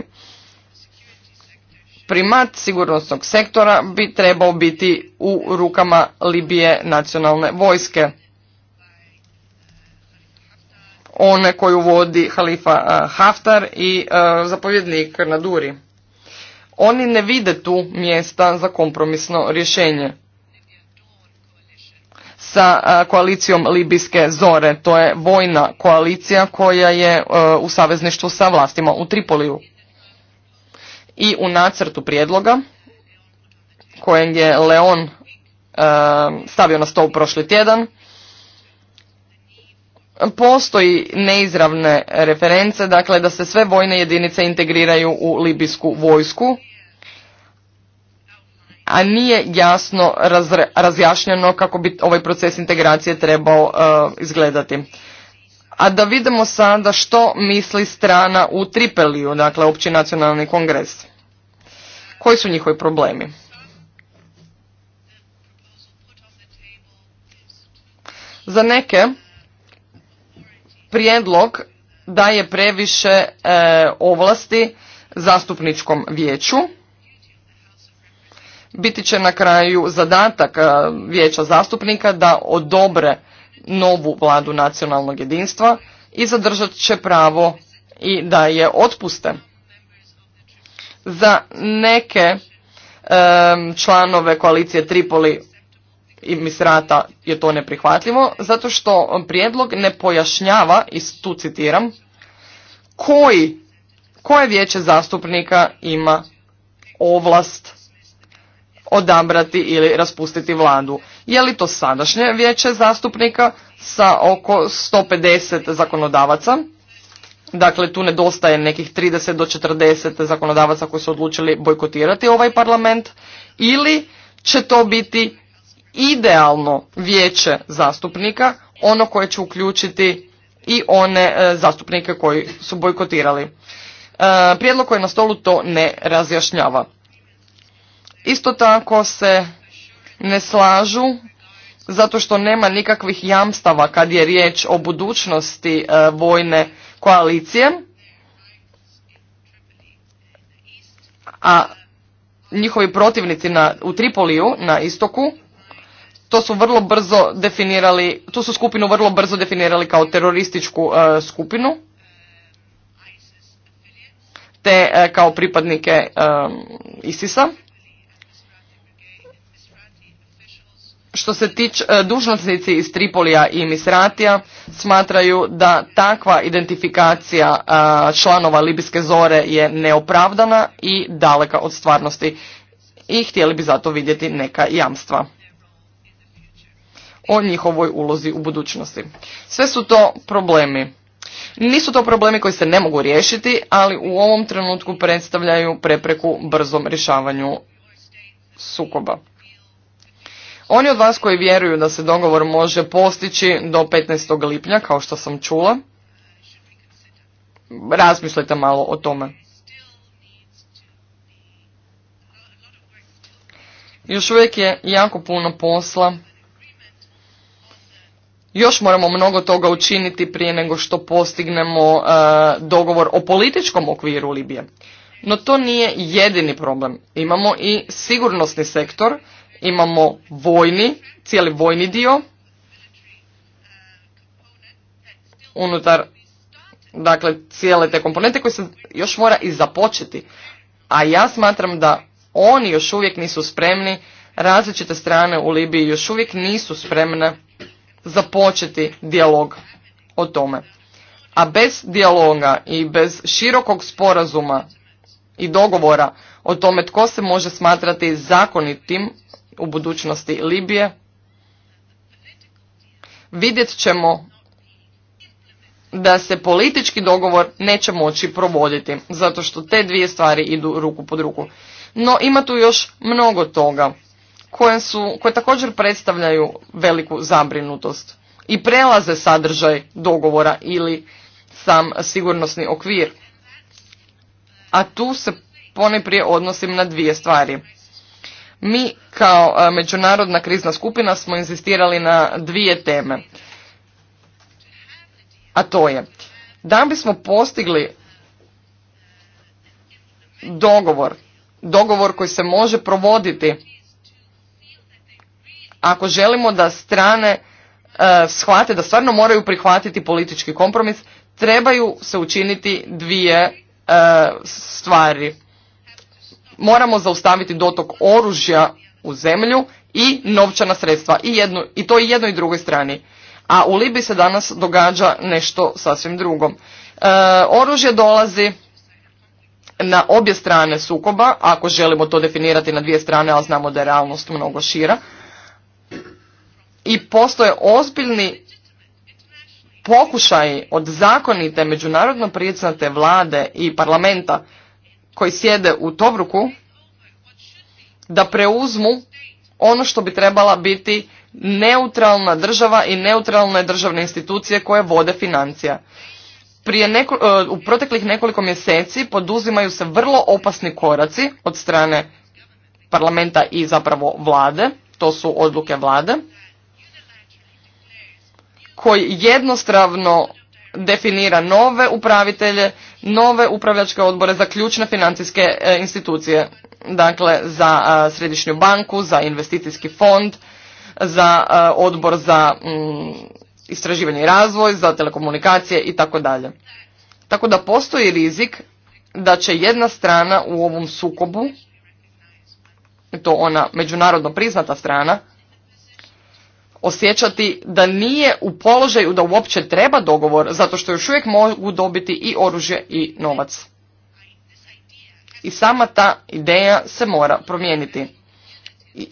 [SPEAKER 3] Primat sigurnosnog sektora bi trebao biti u rukama Libije nacionalne vojske one koju vodi Halifa Haftar i zapovjednik Naduri. Oni ne vide tu mjesta za kompromisno rješenje sa koalicijom Libijske zore. To je vojna koalicija koja je u savezništvu sa vlastima u Tripoliju. I u nacrtu prijedloga kojem je Leon stavio na stol prošli tjedan, postoji neizravne reference, dakle da se sve vojne jedinice integriraju u libijsku vojsku, a nije jasno razjašnjeno kako bi ovaj proces integracije trebao e, izgledati. A da vidimo sada što misli strana u Tripeliju, dakle opći nacionalni kongres. Koji su njihovi problemi? Za neke prijedlog daje previše e, ovlasti zastupničkom vijeću. Biti će na kraju zadatak e, vijeća zastupnika da odobre novu vladu nacionalnog jedinstva i zadržat će pravo i da je otpuste. Za neke e, članove koalicije Tripoli i misrata je to neprihvatljivo, zato što prijedlog ne pojašnjava, i tu citiram, koji, koje vijeće zastupnika ima ovlast odabrati ili raspustiti vladu. Je li to sadašnje vijeće zastupnika sa oko 150 zakonodavaca? Dakle, tu nedostaje nekih 30 do 40 zakonodavaca koji su odlučili bojkotirati ovaj parlament ili će to biti idealno vijeće zastupnika, ono koje će uključiti i one e, zastupnike koji su bojkotirali. E, prijedlog koji je na stolu to ne razjašnjava. Isto tako se ne slažu zato što nema nikakvih jamstava kad je riječ o budućnosti e, vojne koalicije, a njihovi protivnici na, u Tripoliju na istoku to su vrlo brzo definirali, tu su skupinu vrlo brzo definirali kao terorističku e, skupinu, te e, kao pripadnike e, ISISA. a Što se tiče uh, dužnosnici iz Tripolija i Misratija, smatraju da takva identifikacija članova Libijske zore je neopravdana i daleka od stvarnosti i htjeli bi zato vidjeti neka jamstva o njihovoj ulozi u budućnosti. Sve su to problemi. Nisu to problemi koji se ne mogu riješiti, ali u ovom trenutku predstavljaju prepreku brzom rješavanju sukoba. Oni od vas koji vjeruju da se dogovor može postići do 15. lipnja, kao što sam čula, razmislite malo o tome. Još uvijek je jako puno posla još moramo mnogo toga učiniti prije nego što postignemo e, dogovor o političkom okviru Libije. No to nije jedini problem. Imamo i sigurnosni sektor, imamo vojni, cijeli vojni dio unutar dakle cijele te komponente koje se još mora i započeti. A ja smatram da oni još uvijek nisu spremni, različite strane u Libiji još uvijek nisu spremne započeti dijalog o tome. A bez dijaloga i bez širokog sporazuma i dogovora o tome tko se može smatrati zakonitim u budućnosti Libije, vidjet ćemo da se politički dogovor neće moći provoditi, zato što te dvije stvari idu ruku pod ruku. No ima tu još mnogo toga koje, su, koje također predstavljaju veliku zabrinutost i prelaze sadržaj dogovora ili sam sigurnosni okvir. A tu se poneprije odnosim na dvije stvari. Mi kao e, međunarodna krizna skupina smo insistirali na dvije teme. A to je, da bismo postigli dogovor, dogovor koji se može provoditi ako želimo da strane e, shvate da stvarno moraju prihvatiti politički kompromis, trebaju se učiniti dvije e, stvari. Moramo zaustaviti dotok oružja u zemlju i novčana sredstva i, jedno, i to i jednoj i drugoj strani. A u Libiji se danas događa nešto sasvim drugo. E, oružje dolazi na obje strane sukoba, ako želimo to definirati na dvije strane, ali znamo da je realnost mnogo šira i postoje ozbiljni pokušaji od zakonite međunarodno priznate vlade i parlamenta koji sjede u Tobruku da preuzmu ono što bi trebala biti neutralna država i neutralne državne institucije koje vode financija. Prije e, u proteklih nekoliko mjeseci poduzimaju se vrlo opasni koraci od strane parlamenta i zapravo vlade, to su odluke vlade, koji jednostavno definira nove upravitelje, nove upravljačke odbore za ključne financijske e, institucije, dakle za e, središnju banku, za investicijski fond, za e, odbor za mm, istraživanje i razvoj, za telekomunikacije i tako dalje. Tako da postoji rizik da će jedna strana u ovom sukobu, to ona međunarodno priznata strana, osjećati da nije u položaju da uopće treba dogovor, zato što još uvijek mogu dobiti i oružje i novac. I sama ta ideja se mora promijeniti.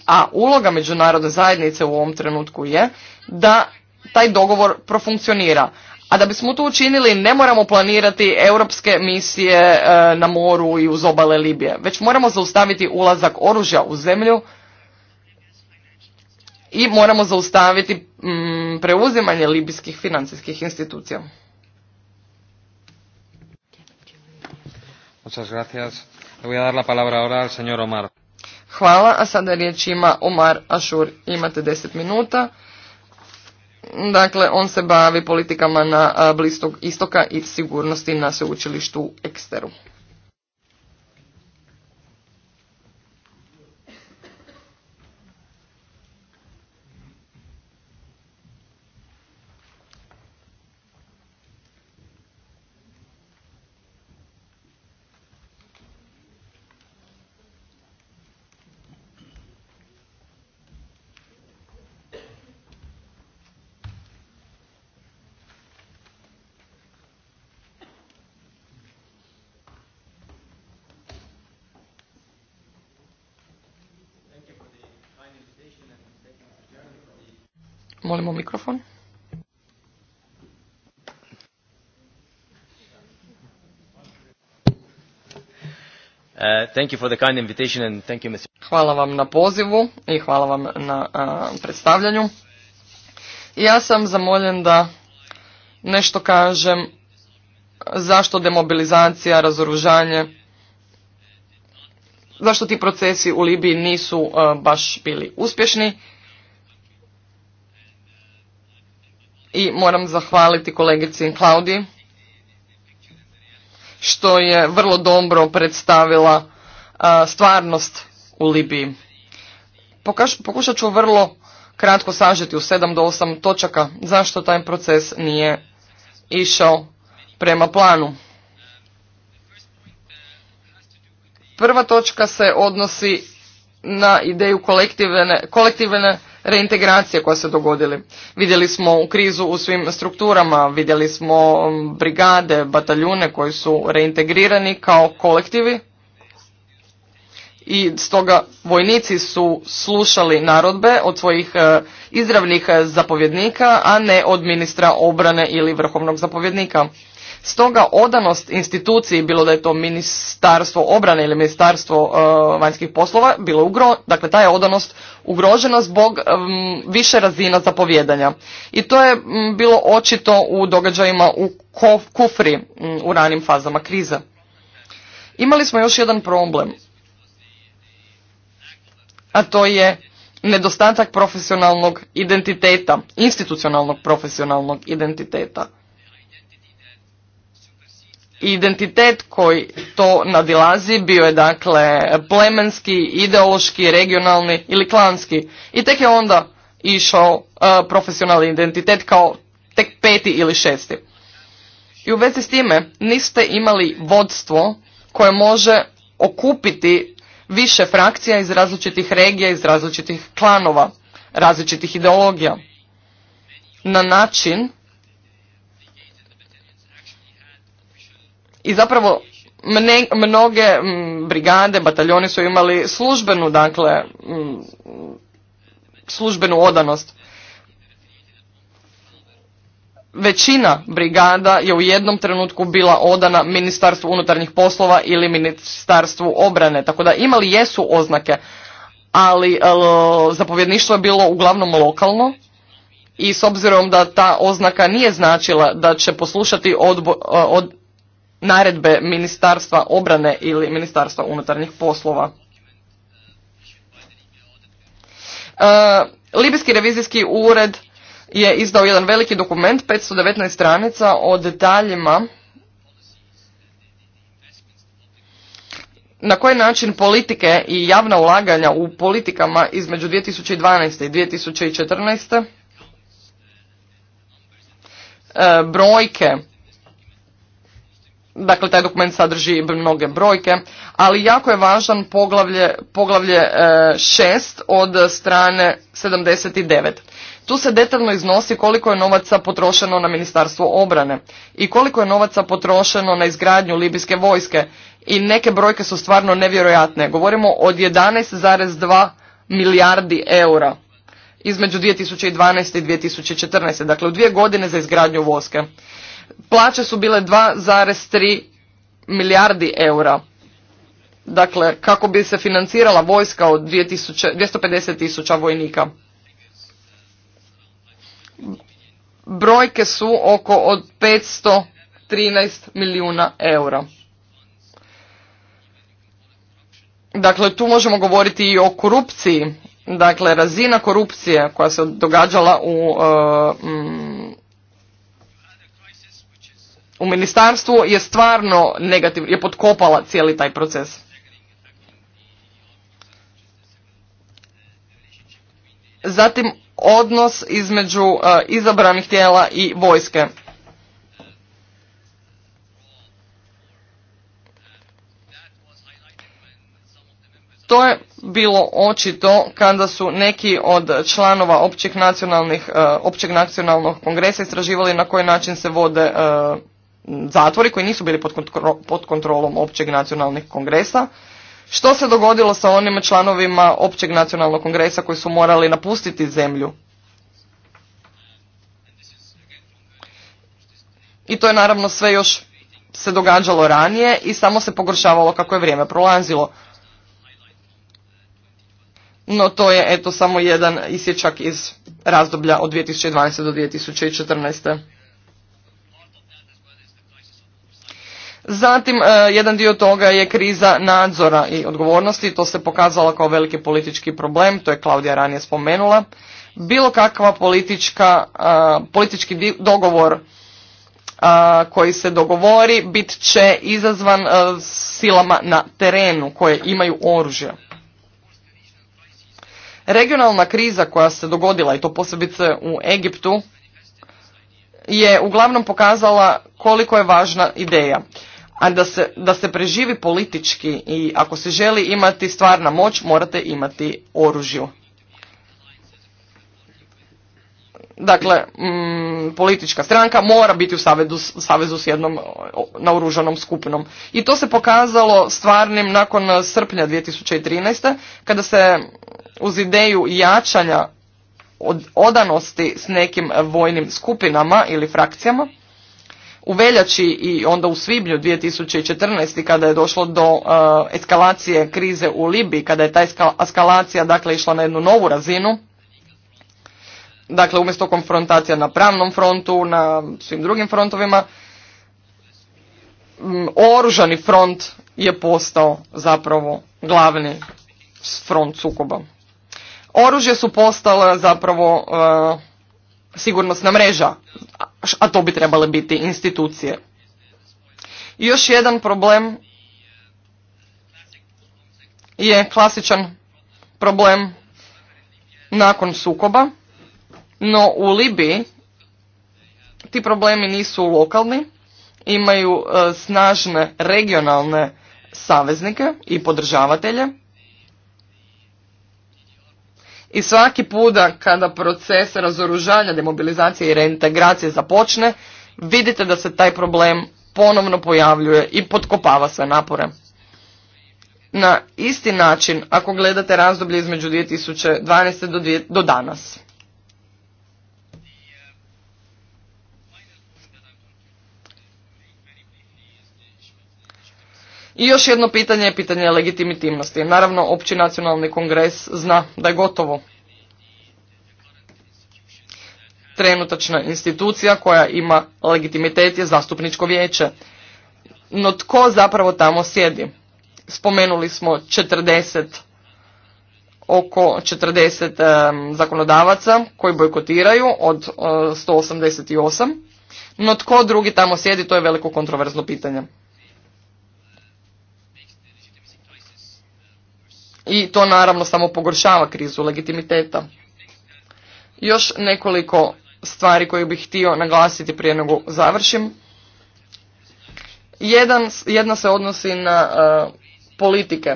[SPEAKER 3] A uloga međunarodne zajednice u ovom trenutku je da taj dogovor profunkcionira. A da bismo to učinili ne moramo planirati europske misije e, na moru i uz obale Libije, već moramo zaustaviti ulazak oružja u zemlju i moramo zaustaviti mm, preuzimanje libijskih financijskih institucija. Hvala, a sada riječ ima Omar Ashur. Imate 10 minuta. Dakle, on se bavi politikama na Blistog istoka i sigurnosti na sveučilištu Eksteru.
[SPEAKER 2] thank you for the kind invitation and thank you,
[SPEAKER 3] Hvala vam na pozivu i hvala vam na predstavljanju. Ja sam zamoljen da nešto kažem zašto demobilizacija, razoružanje, zašto ti procesi u Libiji nisu baš bili uspješni. I moram zahvaliti kolegici Claudi što je vrlo dobro predstavila stvarnost u Libiji. pokušat ću vrlo kratko sažeti u 7 do 8 točaka zašto taj proces nije išao prema planu. Prva točka se odnosi na ideju kolektivne, kolektivne reintegracije koja se dogodili. Vidjeli smo u krizu u svim strukturama, vidjeli smo brigade, bataljune koji su reintegrirani kao kolektivi i stoga vojnici su slušali narodbe od svojih e, izravnih e, zapovjednika, a ne od ministra obrane ili vrhovnog zapovjednika. Stoga odanost instituciji, bilo da je to ministarstvo obrane ili ministarstvo e, vanjskih poslova, bilo ugro, dakle ta je odanost ugrožena zbog više razina zapovjedanja. I to je bilo očito u događajima u Kufri u ranim fazama krize. Imali smo još jedan problem a to je nedostatak profesionalnog identiteta, institucionalnog profesionalnog identiteta. Identitet koji to nadilazi bio je dakle plemenski, ideološki, regionalni ili klanski i tek je onda išao e, profesionalni identitet kao tek peti ili šesti. I u vezi s time niste imali vodstvo koje može okupiti više frakcija iz različitih regija, iz različitih klanova, različitih ideologija. Na način i zapravo mnoge brigade, bataljoni su imali službenu, dakle, službenu odanost većina brigada je u jednom trenutku bila odana Ministarstvu unutarnjih poslova ili Ministarstvu obrane, tako da imali jesu oznake, ali e, zapovjedništvo je bilo uglavnom lokalno i s obzirom da ta oznaka nije značila da će poslušati e, od naredbe Ministarstva obrane ili Ministarstva unutarnjih poslova. E, Libijski revizijski ured je izdao jedan veliki dokument, 519 stranica o detaljima na koji način politike i javna ulaganja u politikama između 2012. i 2014. E, brojke Dakle, taj dokument sadrži mnoge brojke, ali jako je važan poglavlje, poglavlje 6 e, od strane 79. Tu se detaljno iznosi koliko je novaca potrošeno na Ministarstvo obrane i koliko je novaca potrošeno na izgradnju libijske vojske i neke brojke su stvarno nevjerojatne. Govorimo od 11,2 milijardi eura između 2012. i 2014. Dakle, u dvije godine za izgradnju vojske plaće su bile 2,3 milijardi eura. Dakle, kako bi se financirala vojska od 250 tisuća vojnika. Brojke su oko od 513 milijuna eura. Dakle, tu možemo govoriti i o korupciji. Dakle, razina korupcije koja se događala u e, u ministarstvu je stvarno negativ, je potkopala cijeli taj proces. Zatim odnos između e, izabranih tijela i vojske. To je bilo očito kada su neki od članova općeg nacionalnih, e, općeg nacionalnog kongresa istraživali na koji način se vode e, zatvori koji nisu bili pod, pod kontrolom općeg nacionalnih kongresa. Što se dogodilo sa onim članovima općeg nacionalnog kongresa koji su morali napustiti zemlju? I to je naravno sve još se događalo ranije i samo se pogoršavalo kako je vrijeme prolazilo. No to je eto samo jedan isječak iz razdoblja od 2012. do 2014. Zatim, e, jedan dio toga je kriza nadzora i odgovornosti, to se pokazalo kao veliki politički problem, to je Klaudija ranije spomenula. Bilo kakva politička, e, politički dogovor e, koji se dogovori bit će izazvan silama na terenu koje imaju oružje. Regionalna kriza koja se dogodila i to posebice u Egiptu je uglavnom pokazala koliko je važna ideja a da se, da se preživi politički i ako se želi imati stvarna moć morate imati oružju. Dakle, mm, politička stranka mora biti u savezu, savezu s jednom naoružanom skupinom. I to se pokazalo stvarnim nakon srpnja 2013. kada se uz ideju jačanja od, odanosti s nekim vojnim skupinama ili frakcijama u veljači i onda u svibnju 2014. kada je došlo do e, eskalacije krize u Libiji, kada je ta eskalacija dakle išla na jednu novu razinu, dakle umjesto konfrontacija na pravnom frontu, na svim drugim frontovima, oružani front je postao zapravo glavni front sukoba. Oružje su postale zapravo e, sigurnosna mreža, a to bi trebale biti institucije. još jedan problem je klasičan problem nakon sukoba, no u Libiji ti problemi nisu lokalni, imaju e, snažne regionalne saveznike i podržavatelje i svaki puta kada proces razoružanja, demobilizacije i reintegracije započne, vidite da se taj problem ponovno pojavljuje i potkopava sve napore. Na isti način ako gledate razdoblje između 2012. do danas. I još jedno pitanje je pitanje legitimitivnosti. Naravno, opći nacionalni kongres zna da je gotovo. Trenutačna institucija koja ima legitimitet je zastupničko vijeće. No tko zapravo tamo sjedi? Spomenuli smo 40 oko 40 zakonodavaca koji bojkotiraju od 188, e, no tko drugi tamo sjedi, to je veliko kontroverzno pitanje. I to naravno samo pogoršava krizu legitimiteta. Još nekoliko stvari koje bih htio naglasiti prije nego završim. Jedan, jedna se odnosi na e, politike.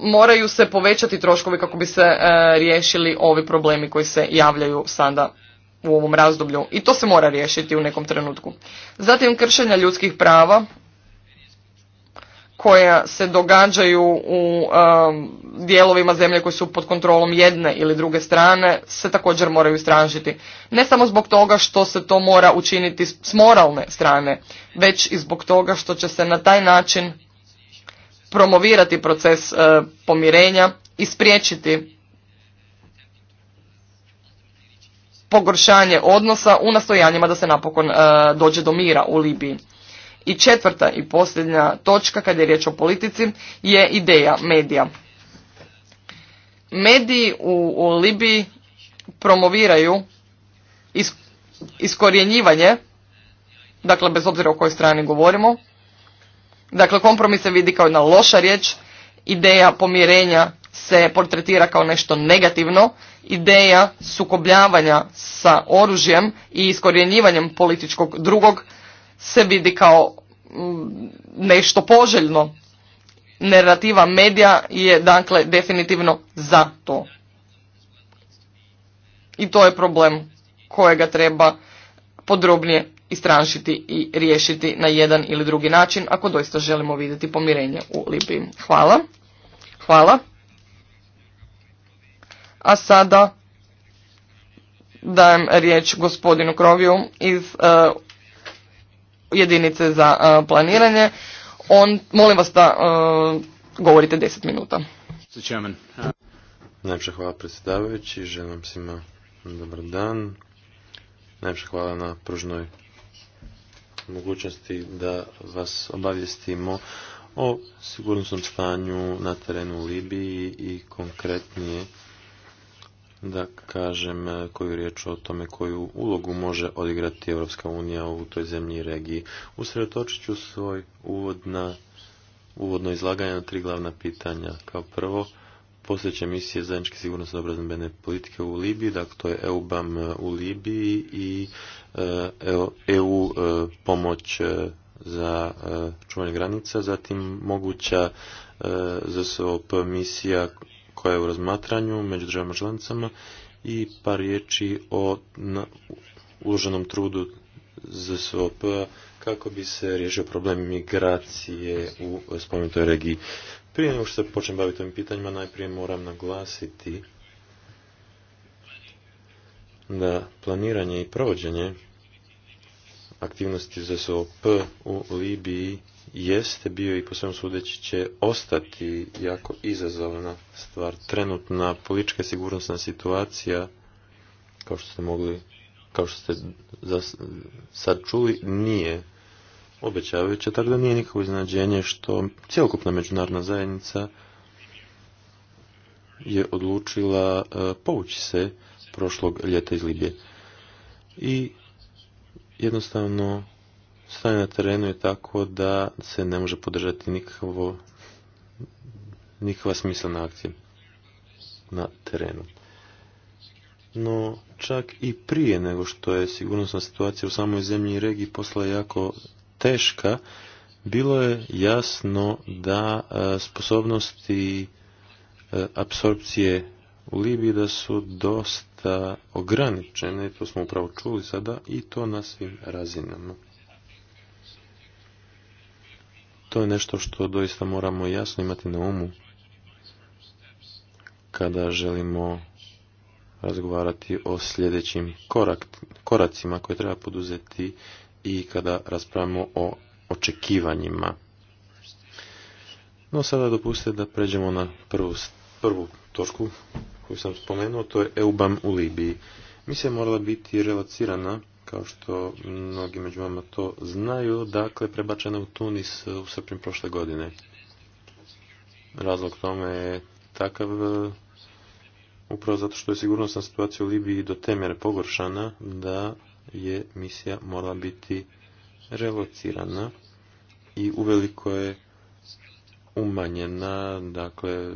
[SPEAKER 3] Moraju se povećati troškovi kako bi se e, riješili ovi problemi koji se javljaju sada u ovom razdoblju. I to se mora riješiti u nekom trenutku. Zatim kršenja ljudskih prava koja se događaju u um, dijelovima zemlje koji su pod kontrolom jedne ili druge strane se također moraju istražiti. Ne samo zbog toga što se to mora učiniti s moralne strane, već i zbog toga što će se na taj način promovirati proces uh, pomirenja i spriječiti pogoršanje odnosa u nastojanjima da se napokon uh, dođe do mira u Libiji. I četvrta i posljednja točka kad je riječ o politici je ideja medija. Mediji u, Libiji promoviraju is, iskorjenjivanje, dakle bez obzira o kojoj strani govorimo, dakle kompromis se vidi kao jedna loša riječ, ideja pomirenja se portretira kao nešto negativno, ideja sukobljavanja sa oružjem i iskorjenjivanjem političkog drugog se vidi kao mm, nešto poželjno. Narativa medija je dakle definitivno za to. I to je problem kojega treba podrobnije istražiti i riješiti na jedan ili drugi način ako doista želimo vidjeti pomirenje u Libiji. Hvala. Hvala. A sada dajem riječ gospodinu Kroviju iz eh, jedinice za e, planiranje. On, molim vas da e, govorite 10 minuta.
[SPEAKER 1] Uh, Najpša hvala predsjedavajući, želim svima dobar dan. Najpša hvala na pružnoj mogućnosti da vas obavijestimo o sigurnosnom stanju na terenu u Libiji i konkretnije da kažem e, koju riječ o tome koju ulogu može odigrati Europska unija u toj zemlji regiji. Usredotočit ću svoj uvod uvodno izlaganje na tri glavna pitanja. Kao prvo, postojeće misije zajedničke i obrazbene politike u Libiji, dakle to je EUBAM e, u Libiji i EU e pomoć za čuvanje granica, zatim moguća ZSOP misija koja je u razmatranju među državama članicama i par riječi o uloženom trudu ZSOP p-a kako bi se riješio problem migracije u spomenutoj regiji. Prije nego što se počnem baviti ovim pitanjima, najprije moram naglasiti da planiranje i provođenje aktivnosti ZSOP u Libiji jeste bio i po svemu sudeći će ostati jako izazovna stvar. Trenutna politička sigurnosna situacija, kao što ste mogli, kao što ste sad čuli, nije obećavajuća, tako da nije nikakvo iznenađenje što cjelokupna međunarodna zajednica je odlučila e, povući se prošlog ljeta iz Libije. I jednostavno stanje na terenu je tako da se ne može podržati nikakvo, nikakva na akcija na terenu. No, čak i prije nego što je sigurnosna situacija u samoj zemlji i regiji postala jako teška, bilo je jasno da e, sposobnosti e, apsorpcije u Libiji da su dosta ograničene, to smo upravo čuli sada, i to na svim razinama. To je nešto što doista moramo jasno imati na umu kada želimo razgovarati o sljedećim korak, koracima koje treba poduzeti i kada raspravimo o očekivanjima. No sada dopustite da pređemo na prvu, prvu točku koju sam spomenuo, to je EUBAM u Libiji. se morala biti relacirana kao što mnogi među vama to znaju, dakle prebačena u Tunis u srpnju prošle godine. Razlog tome je takav e, upravo zato što je sigurnosna situacija u Libiji do te mjere pogoršana da je misija morala biti relocirana i uveliko je umanjena, dakle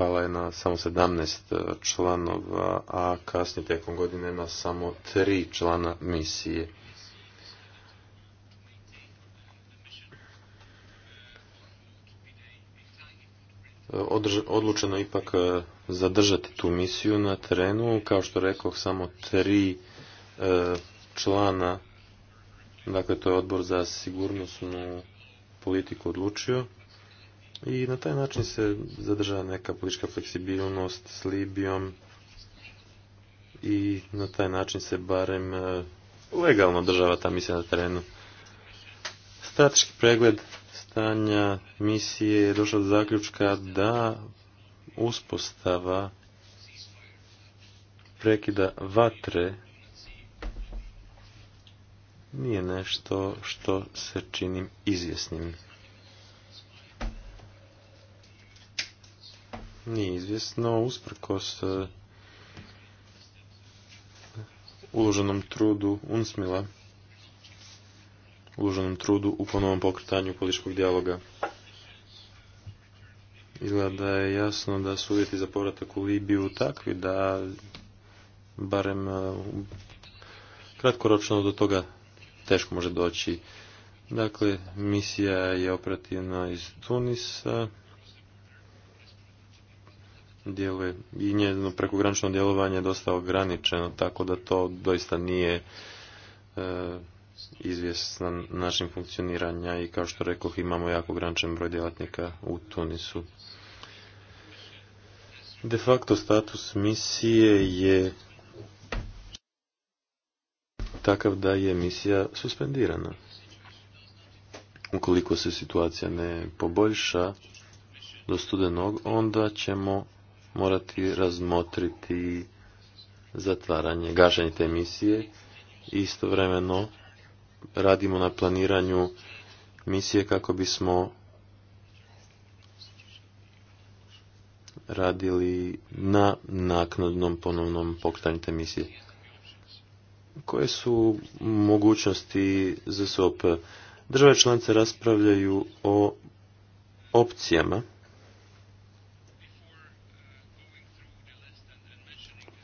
[SPEAKER 1] pala je na samo 17 e, članova, a kasnije tijekom godine na samo 3 člana misije. E, odlučeno ipak e, zadržati tu misiju na terenu, kao što rekao, samo tri člana, dakle to je odbor za sigurnosnu politiku odlučio. I na taj način se zadržava neka politička fleksibilnost s Libijom i na taj način se barem e, legalno država ta misija na terenu. Strateški pregled stanja misije je došao do zaključka da uspostava prekida vatre nije nešto što se činim izvjesnim. nije izvjesno, usprkos e, uloženom trudu UNSMILA, uloženom trudu u ponovnom pokretanju političkog dijaloga. Izgleda da je jasno da su uvjeti za povratak u Libiju takvi da barem e, kratkoročno do toga teško može doći. Dakle, misija je operativna iz Tunisa, djeluje i njeno prekogranično djelovanje je dosta ograničeno, tako da to doista nije e, izvjestan našim funkcioniranja i kao što rekoh imamo jako ograničen broj djelatnika u Tunisu. De facto status misije je takav da je misija suspendirana. Ukoliko se situacija ne poboljša do studenog, onda ćemo morati razmotriti zatvaranje, gašanje te misije. Istovremeno radimo na planiranju misije kako bismo radili na naknadnom ponovnom pokretanju te misije. Koje su mogućnosti za SOP? Države članice raspravljaju o opcijama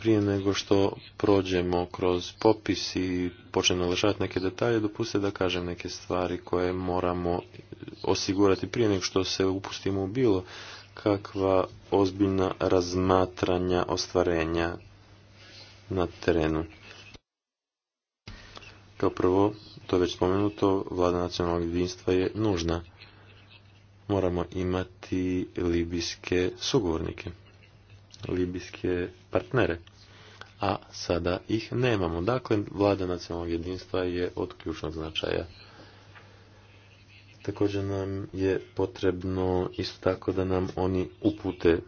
[SPEAKER 1] prije nego što prođemo kroz popis i počnemo naglašavati neke detalje, dopustite da kažem neke stvari koje moramo osigurati prije nego što se upustimo u bilo kakva ozbiljna razmatranja ostvarenja na terenu. Kao prvo, to je već spomenuto, vlada nacionalnog jedinstva je nužna. Moramo imati libijske sugovornike, libijske partnere a sada ih nemamo. Dakle, vlada nacionalnog jedinstva je od ključnog značaja. Također nam je potrebno isto tako da nam oni upute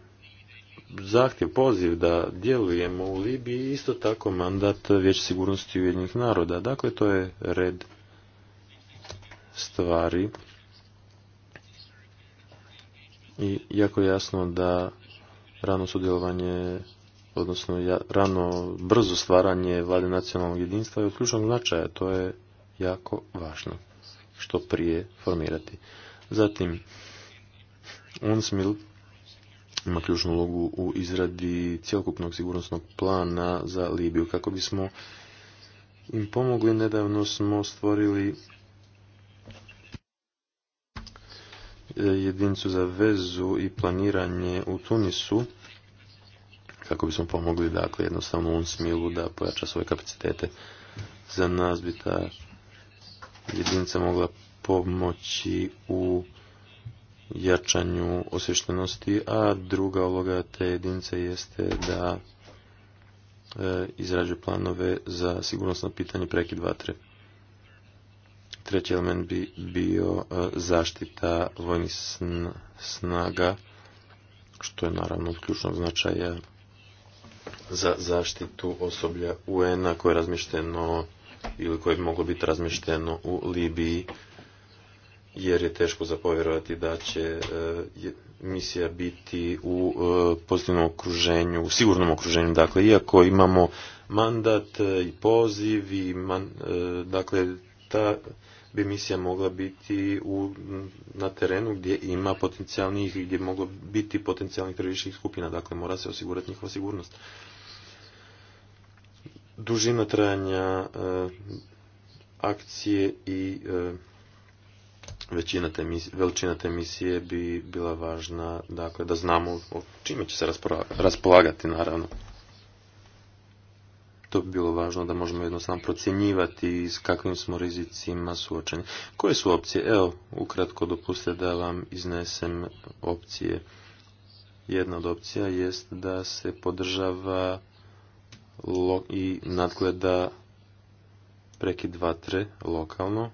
[SPEAKER 1] zahtjev, poziv da djelujemo u Libiji, isto tako mandat Vijeća sigurnosti Ujedinjenih naroda. Dakle, to je red stvari i jako jasno da rano sudjelovanje odnosno rano, brzo stvaranje vlade nacionalnog jedinstva je od ključnog značaja. To je jako važno što prije formirati. Zatim, UNSMIL ima ključnu ulogu u izradi cjelokupnog sigurnosnog plana za Libiju. Kako bismo im pomogli, nedavno smo stvorili e, jedincu za vezu i planiranje u Tunisu kako bismo pomogli dakle jednostavno ovom smilu da pojača svoje kapacitete. Za nas bi ta jedinica mogla pomoći u jačanju osještenosti a druga uloga te jedinice jeste da e, izrađuje planove za sigurnosno pitanje prekid vatre. Treći element bi bio e, zaštita vojnih snaga, što je naravno od ključnog značaja za zaštitu osoblja UN-a koje je razmišteno ili koje bi moglo biti razmišteno u Libiji jer je teško zapovjerovati da će eh, misija biti u eh, pozitivnom okruženju, u sigurnom okruženju. Dakle, iako imamo mandat eh, i poziv i dakle, ta bi misija mogla biti u, na terenu gdje ima potencijalnih, gdje moglo biti potencijalnih terorističkih skupina. Dakle, mora se osigurati njihova sigurnost dužina trajanja e, akcije i e, veličina te misije bi bila važna, dakle da znamo o čime će se raspolagati naravno. To bi bilo važno da možemo jednostavno procjenjivati s kakvim smo rizicima suočeni. Koje su opcije? Evo, ukratko dopustite da vam iznesem opcije. Jedna od opcija jest da se podržava i nadgleda prekid vatre lokalno,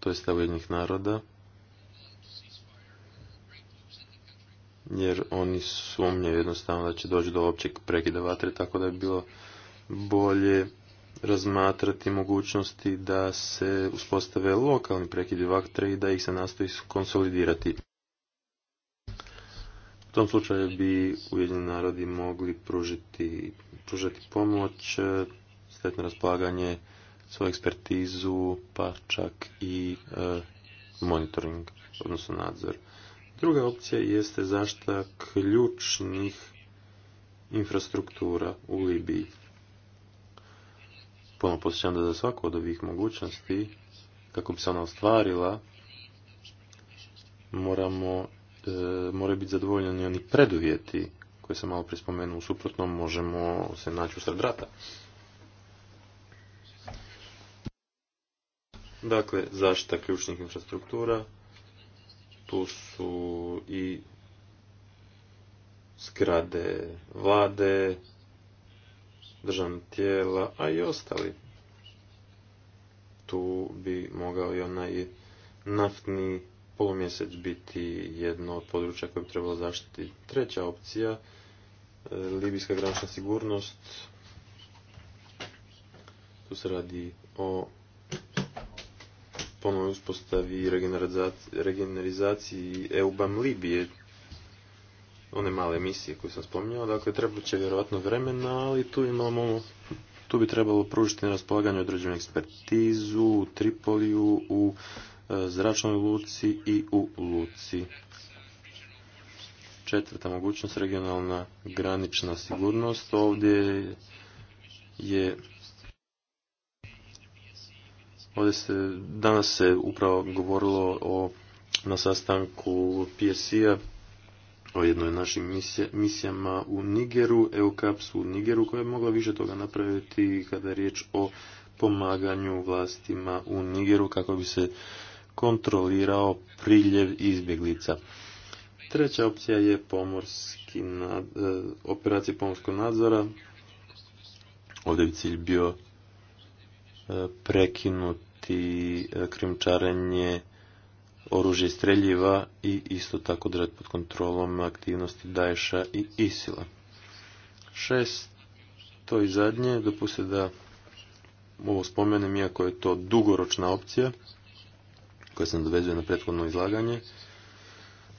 [SPEAKER 1] to je stav jednih naroda, jer oni sumnjaju jednostavno da će doći do općeg prekida vatre, tako da bi bilo bolje razmatrati mogućnosti da se uspostave lokalni prekidi vatre i da ih se nastoji konsolidirati tom slučaju bi Ujedinjeni narodi mogli pružiti, pružati pomoć, stretno raspolaganje svoju ekspertizu, pa čak i e, monitoring, odnosno nadzor. Druga opcija jeste zaštita ključnih infrastruktura u Libiji. pomo posjećam da za svaku od ovih mogućnosti, kako bi se ona ostvarila, moramo E, moraju biti zadovoljeni oni preduvjeti koje sam malo prije spomenuo, u suprotnom možemo se naći u sred rata. Dakle, zaštita ključnih infrastruktura, tu su i skrade vlade, državne tijela, a i ostali. Tu bi mogao i onaj naftni polumjesec biti jedno od područja koje bi trebalo zaštiti. Treća opcija, e, libijska granična sigurnost, tu se radi o ponovnoj uspostavi i regionalizaciji EUBAM Libije, one male misije koje sam spominjao, dakle treba će vjerojatno vremena, ali tu imamo tu bi trebalo pružiti na raspolaganju određenu ekspertizu u Tripoliju, u zračnoj luci i u luci. Četvrta mogućnost, regionalna granična sigurnost. Ovdje je Ovdje se, danas se upravo govorilo o, na sastanku PSI-a o jednoj našim misijama u Nigeru, EU u u Nigeru, koja je mogla više toga napraviti kada je riječ o pomaganju vlastima u Nigeru kako bi se kontrolirao priljev izbjeglica. Treća opcija je pomorski nad, e, pomorskog nadzora. Ovdje bi cilj bio e, prekinuti e, krimčarenje oružje streljiva i isto tako držati pod kontrolom aktivnosti Daesha i Isila. Šest, to i zadnje, dopustite da ovo spomenem, iako je to dugoročna opcija, koje se nadovezuje na prethodno izlaganje.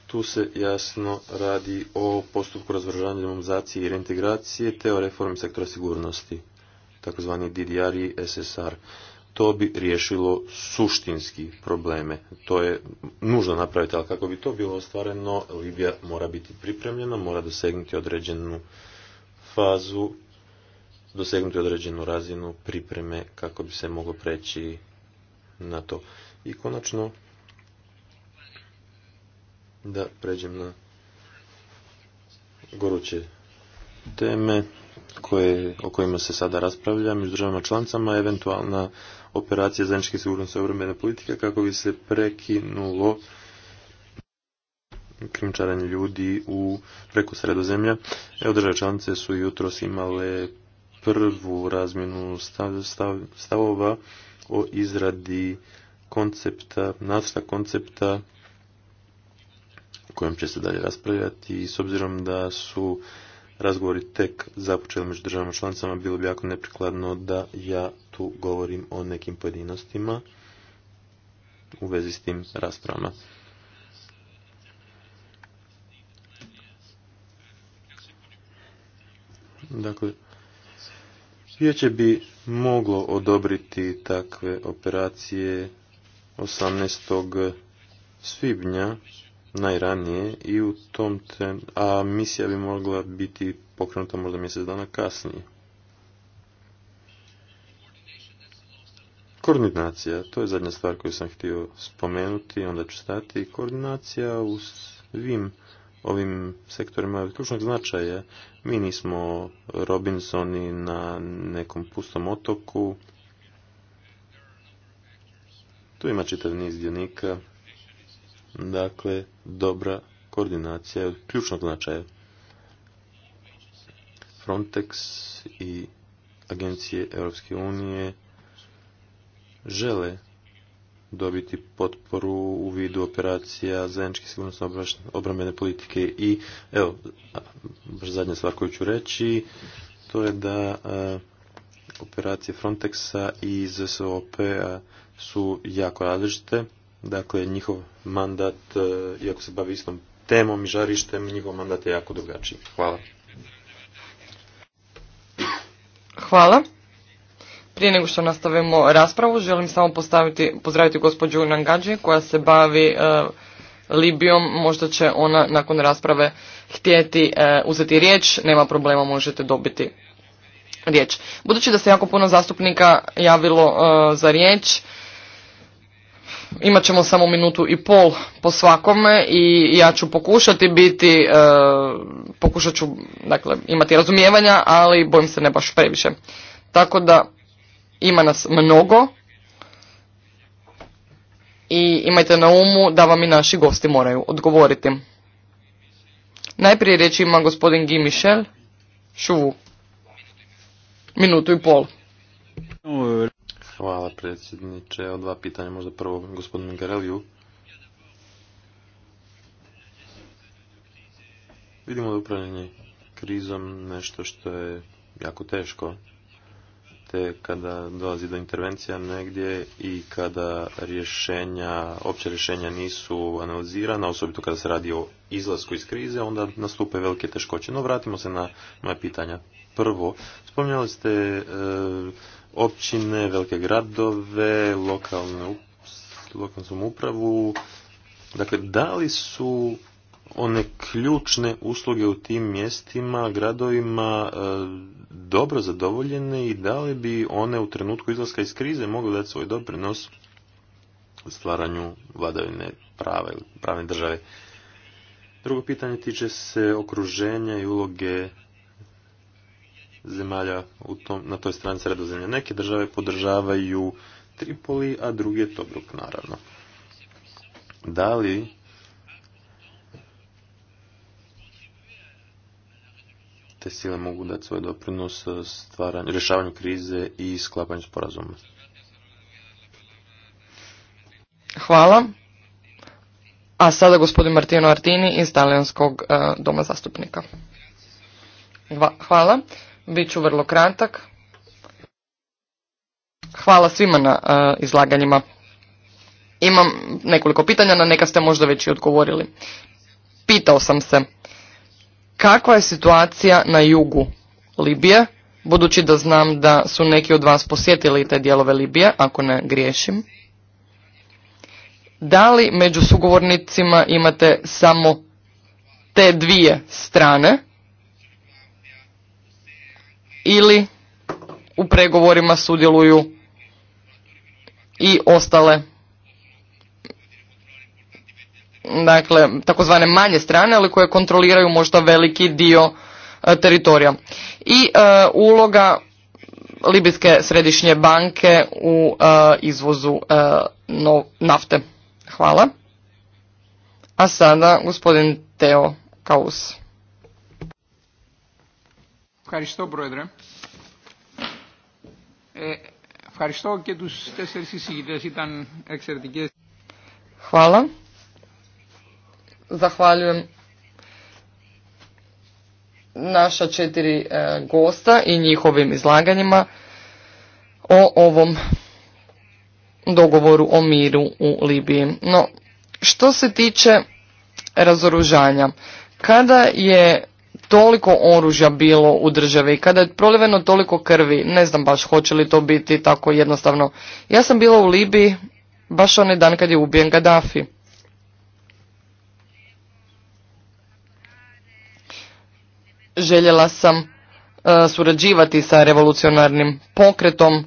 [SPEAKER 1] Tu se jasno radi o postupku razvržanja demonizacije i reintegracije te o reformi sektora sigurnosti, takozvani DDR i SSR. To bi riješilo suštinski probleme. To je nužno napraviti, ali kako bi to bilo ostvareno, Libija mora biti pripremljena, mora dosegnuti određenu fazu, dosegnuti određenu razinu pripreme kako bi se moglo preći na to. I konačno, da pređem na goruće teme koje, o kojima se sada raspravlja među državama člancama. eventualna operacija zajedničke sigurnosti obrambene politike kako bi se prekinulo krimčaranje ljudi u preko sredozemlja. Evo države članice su jutros imale prvu razmjenu stavova o izradi koncepta, nacrta koncepta o kojem će se dalje raspravljati i s obzirom da su razgovori tek započeli među državama članicama, bilo bi jako neprikladno da ja tu govorim o nekim pojedinostima u vezi s tim raspravama. Dakle, vijeće bi moglo odobriti takve operacije 18. svibnja najranije i u tom a misija bi mogla biti pokrenuta možda mjesec dana kasnije. Koordinacija, to je zadnja stvar koju sam htio spomenuti, onda ću stati. Koordinacija u svim ovim sektorima je ključnog značaja. Mi nismo Robinsoni na nekom pustom otoku, tu ima čitav niz dionika, dakle, dobra koordinacija je od ključnog značaja. Frontex i agencije Europske unije žele dobiti potporu u vidu operacija zajedničke sigurnosno obrambene politike i evo, baš zadnja stvar koju ću reći, to je da operacije Frontexa i zsop su jako različite. Dakle, njihov mandat, e, iako se bavi istom temom i žarištem, njihov mandat je jako drugačiji. Hvala.
[SPEAKER 3] Hvala. Prije nego što nastavimo raspravu, želim samo postaviti, pozdraviti gospođu Nangađi, koja se bavi e, Libijom. Možda će ona nakon rasprave htjeti e, uzeti riječ, nema problema, možete dobiti riječ. Budući da se jako puno zastupnika javilo za riječ, imat ćemo samo minutu i pol po svakome i ja ću pokušati biti, e, pokušat ću dakle, imati razumijevanja, ali bojim se ne baš previše. Tako da ima nas mnogo i imajte na umu da vam i naši gosti moraju odgovoriti. Najprije riječ ima gospodin Guy Michel, Šuvu, minutu i pol.
[SPEAKER 1] Hvala predsjedniče. Evo dva pitanja, možda prvo gospodinu Gareliju. Vidimo da upravljanje krizom nešto što je jako teško. Te kada dolazi do intervencija negdje i kada rješenja, opće rješenja nisu analizirana, osobito kada se radi o izlasku iz krize, onda nastupe velike teškoće. No vratimo se na moja pitanja. Prvo, spominjali ste e, općine, velike gradove, lokalnu, lokalnu samoupravu. Dakle, da li su one ključne usluge u tim mjestima, gradovima e, dobro zadovoljene i da li bi one u trenutku izlaska iz krize mogle dati svoj doprinos stvaranju vladavine prava ili pravne države. Drugo pitanje tiče se okruženja i uloge zemalja u tom, na toj strani sredozemlja. Neke države podržavaju Tripoli, a druge Tobruk, naravno. Da li te sile mogu dati svoj doprinos stvaranju, rješavanju krize i sklapanju sporazuma?
[SPEAKER 3] Hvala. A sada gospodin Martino Artini iz Talijanskog eh, doma zastupnika. Hvala ću vrlo kratak. Hvala svima na e, izlaganjima. Imam nekoliko pitanja, na neka ste možda već i odgovorili. Pitao sam se, kakva je situacija na jugu Libije, budući da znam da su neki od vas posjetili te dijelove Libije, ako ne griješim. Da li među sugovornicima imate samo te dvije strane ili u pregovorima sudjeluju i ostale dakle takozvane manje strane, ali koje kontroliraju možda veliki dio e, teritorija. I e, uloga Libijske središnje banke u e, izvozu no, nafte. Hvala. A sada gospodin Teo Kaus. Ευχαριστώ, Πρόεδρε. Hvala. Zahvaljujem naša četiri e, gosta i njihovim izlaganjima o ovom dogovoru o miru u Libiji. No, što se tiče razoružanja, kada je toliko oružja bilo u državi, kada je proliveno toliko krvi, ne znam baš hoće li to biti tako jednostavno. Ja sam bila u Libiji baš onaj dan kad je ubijen Gaddafi. Željela sam e, surađivati sa revolucionarnim pokretom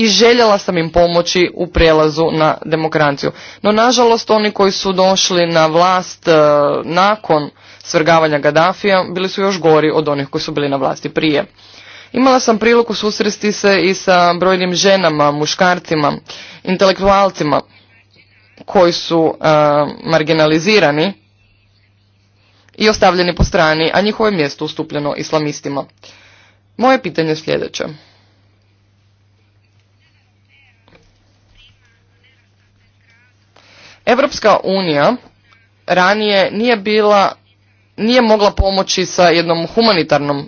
[SPEAKER 3] i željela sam im pomoći u prijelazu na demokraciju. No nažalost oni koji su došli na vlast e, nakon svrgavanja Gaddafija bili su još gori od onih koji su bili na vlasti prije. Imala sam priliku susresti se i sa brojnim ženama, muškarcima, intelektualcima koji su e, marginalizirani i ostavljeni po strani, a njihovo je mjesto ustupljeno islamistima. Moje pitanje je sljedeće. Europska unija ranije nije bila nije mogla pomoći sa jednom humanitarnom uh,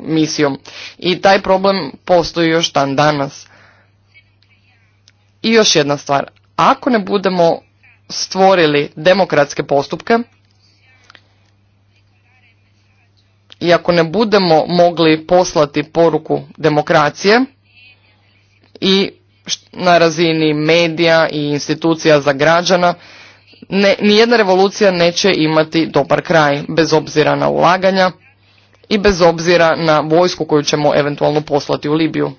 [SPEAKER 3] misijom i taj problem postoji još dan danas. I još jedna stvar, ako ne budemo stvorili demokratske postupke i ako ne budemo mogli poslati poruku demokracije i na razini medija i institucija za građana, ne, nijedna revolucija neće imati dobar kraj, bez obzira na ulaganja i bez obzira na vojsku koju ćemo eventualno poslati u Libiju.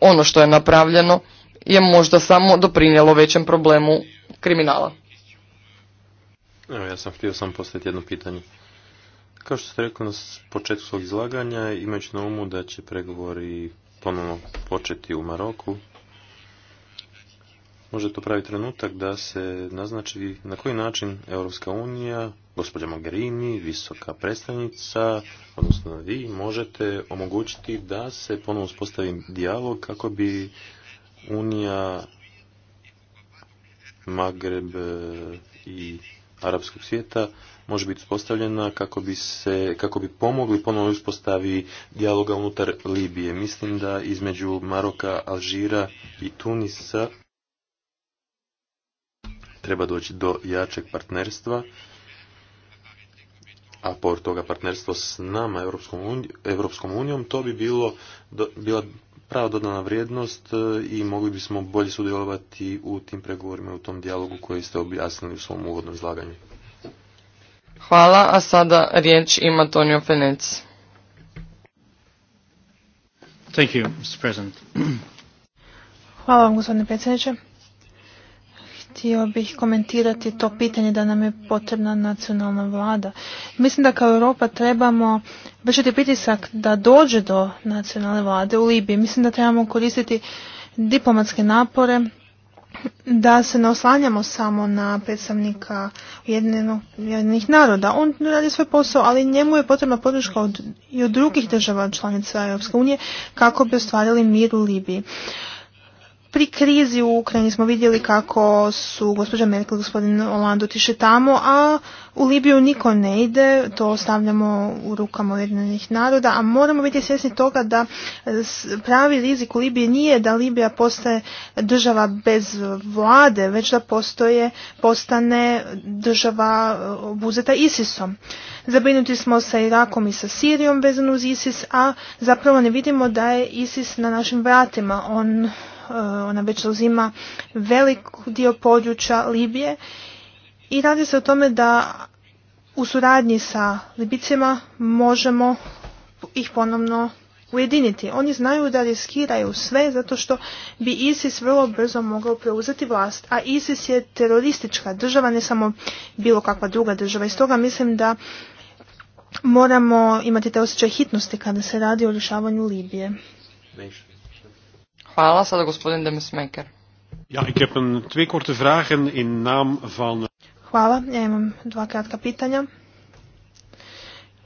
[SPEAKER 3] Ono što je napravljeno je možda samo doprinijelo većem problemu kriminala.
[SPEAKER 1] Evo, ja sam htio sam postaviti jedno pitanje. Kao što ste rekli na početku svog izlaganja, imajući na umu da će pregovori ponovno početi u Maroku, Može to pravi trenutak da se naznači na koji način Europska unija, gospođa Mogherini, visoka predstavnica, odnosno vi, možete omogućiti da se ponovno uspostavi dijalog kako bi Unija, Magreb eh, i Arapskog svijeta može biti uspostavljena kako bi, se, kako bi pomogli ponovno uspostavi dijaloga unutar Libije. Mislim da između Maroka, Alžira i Tunisa treba doći do jačeg partnerstva a por toga partnerstvo s nama, Europskom unijom, to bi bilo, do, bila prava dodana vrijednost e, i mogli bismo bolje sudjelovati u tim pregovorima, u tom dijalogu koji ste objasnili u svom uvodnom izlaganju.
[SPEAKER 3] Hvala, a sada riječ ima Tonio Fenec. Thank you, Mr.
[SPEAKER 2] Hvala vam, gospodine predsjedniče. Htio bih komentirati to pitanje da nam je potrebna nacionalna vlada. Mislim da kao Europa trebamo vršiti pritisak da dođe do nacionalne vlade u Libiji. Mislim da trebamo koristiti diplomatske napore da se ne oslanjamo samo na predstavnika jednih naroda. On radi svoj posao, ali njemu je potrebna podrška i od drugih država članica Europske unije kako bi ostvarili mir u Libiji. Pri krizi u Ukrajini smo vidjeli kako su gospođa Merkel i gospodin Hollande otišli tamo, a u Libiju niko ne ide, to ostavljamo u rukama Ujedinjenih naroda, a moramo biti svjesni toga da pravi rizik u Libiji nije da Libija postaje država bez vlade, već da postoje, postane država e, obuzeta ISISom. Zabrinuti smo sa Irakom i sa Sirijom vezano uz ISIS, a zapravo ne vidimo da je ISIS na našim vratima. On Eh, ona već uzima velik dio područja Libije i radi se o tome da u suradnji sa Libicima možemo ih ponovno ujediniti. Oni znaju da riskiraju sve zato što bi ISIS vrlo brzo mogao preuzeti vlast, a ISIS je teroristička država, ne samo bilo kakva druga država. I stoga mislim da moramo imati te osjećaj hitnosti kada se radi o rješavanju Libije.
[SPEAKER 3] Hvala, sada gospodin Demesmeker. Ja,
[SPEAKER 1] ik heb een, twee korte vragen in naam van...
[SPEAKER 2] Hvala, ja imam dva kratka pitanja.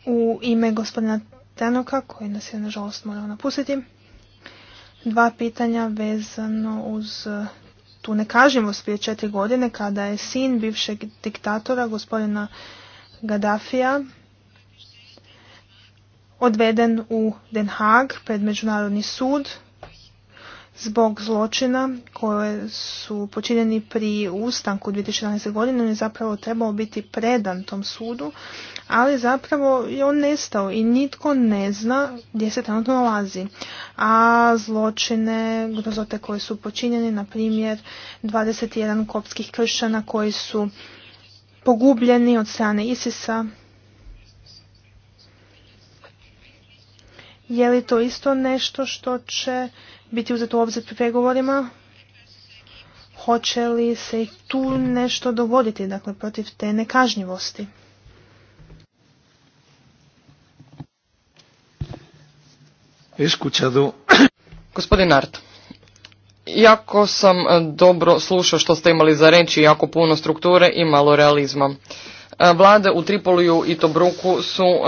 [SPEAKER 2] U ime gospodina Tenoka, koji nas je nažalost morao napustiti, dva pitanja vezano uz tu nekažnjivost prije četiri godine kada je sin bivšeg diktatora gospodina Gaddafija odveden u Den Haag pred Međunarodni sud zbog zločina koje su počinjeni pri ustanku 2011. godine. On je zapravo trebao biti predan tom sudu, ali zapravo je on nestao i nitko ne zna gdje se trenutno nalazi. A zločine, grozote koje su počinjeni, na primjer 21 kopskih kršćana koji su pogubljeni od strane Isisa Je li to isto nešto što će biti uzeto u obzir pri pregovorima? Hoće li se i tu nešto dovoditi, dakle, protiv te nekažnjivosti?
[SPEAKER 3] Escuchado. Gospodin Art, jako sam dobro slušao što ste imali za reći, jako puno strukture i malo realizma. E, vlade u Tripoliju i Tobruku su e,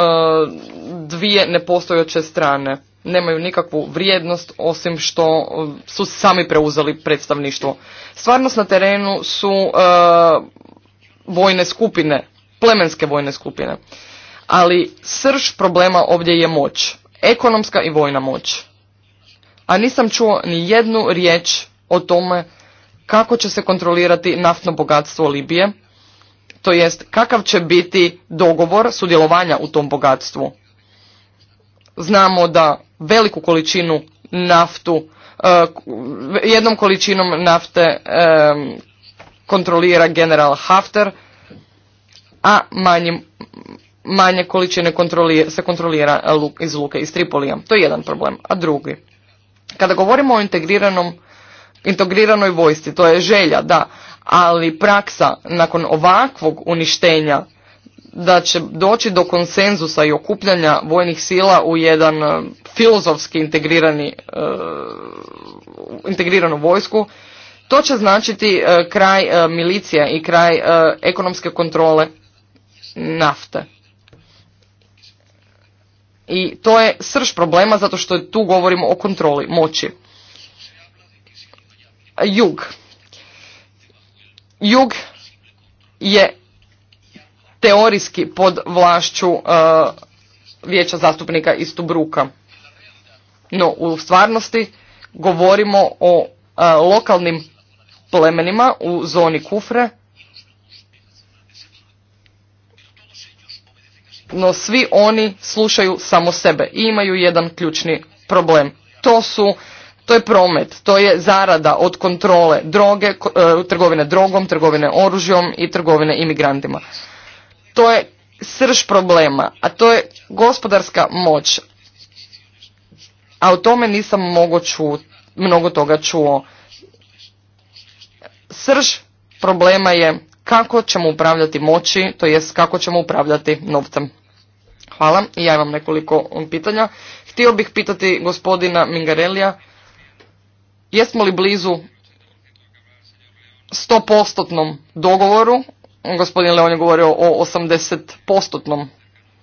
[SPEAKER 3] dvije nepostojeće strane. Nemaju nikakvu vrijednost osim što e, su sami preuzeli predstavništvo. Stvarnost na terenu su vojne skupine, plemenske vojne skupine. Ali srž problema ovdje je moć. Ekonomska i vojna moć. A nisam čuo ni jednu riječ o tome kako će se kontrolirati naftno bogatstvo Libije, to jest kakav će biti dogovor sudjelovanja u tom bogatstvu. Znamo da veliku količinu naftu, e, jednom količinom nafte e, kontrolira general Hafter, a manje, količine kontrolira, se kontrolira iz luke iz Tripolija. To je jedan problem. A drugi, kada govorimo o integriranom integriranoj vojsci, to je želja, da, ali praksa nakon ovakvog uništenja da će doći do konsenzusa i okupljanja vojnih sila u jedan e, filozofski integrirani, e, integriranu vojsku, to će značiti e, kraj milicija i kraj ekonomske kontrole nafte. I to je srž problema zato što tu govorimo o kontroli moći. Jug Jug je teorijski pod vlašću e, vijeća zastupnika iz Tubruka. No, u stvarnosti govorimo o e, lokalnim plemenima u zoni Kufre, no svi oni slušaju samo sebe i imaju jedan ključni problem. To su to je promet, to je zarada od kontrole droge, e, trgovine drogom, trgovine oružjom i trgovine imigrantima. To je srž problema, a to je gospodarska moć. A o tome nisam mogo ču, mnogo toga čuo. Srž problema je kako ćemo upravljati moći, to jest kako ćemo upravljati novcem. Hvala i ja imam nekoliko pitanja. Htio bih pitati gospodina Mingarelija Jesmo li blizu 100% dogovoru? Gospodin Leon je govorio o 80%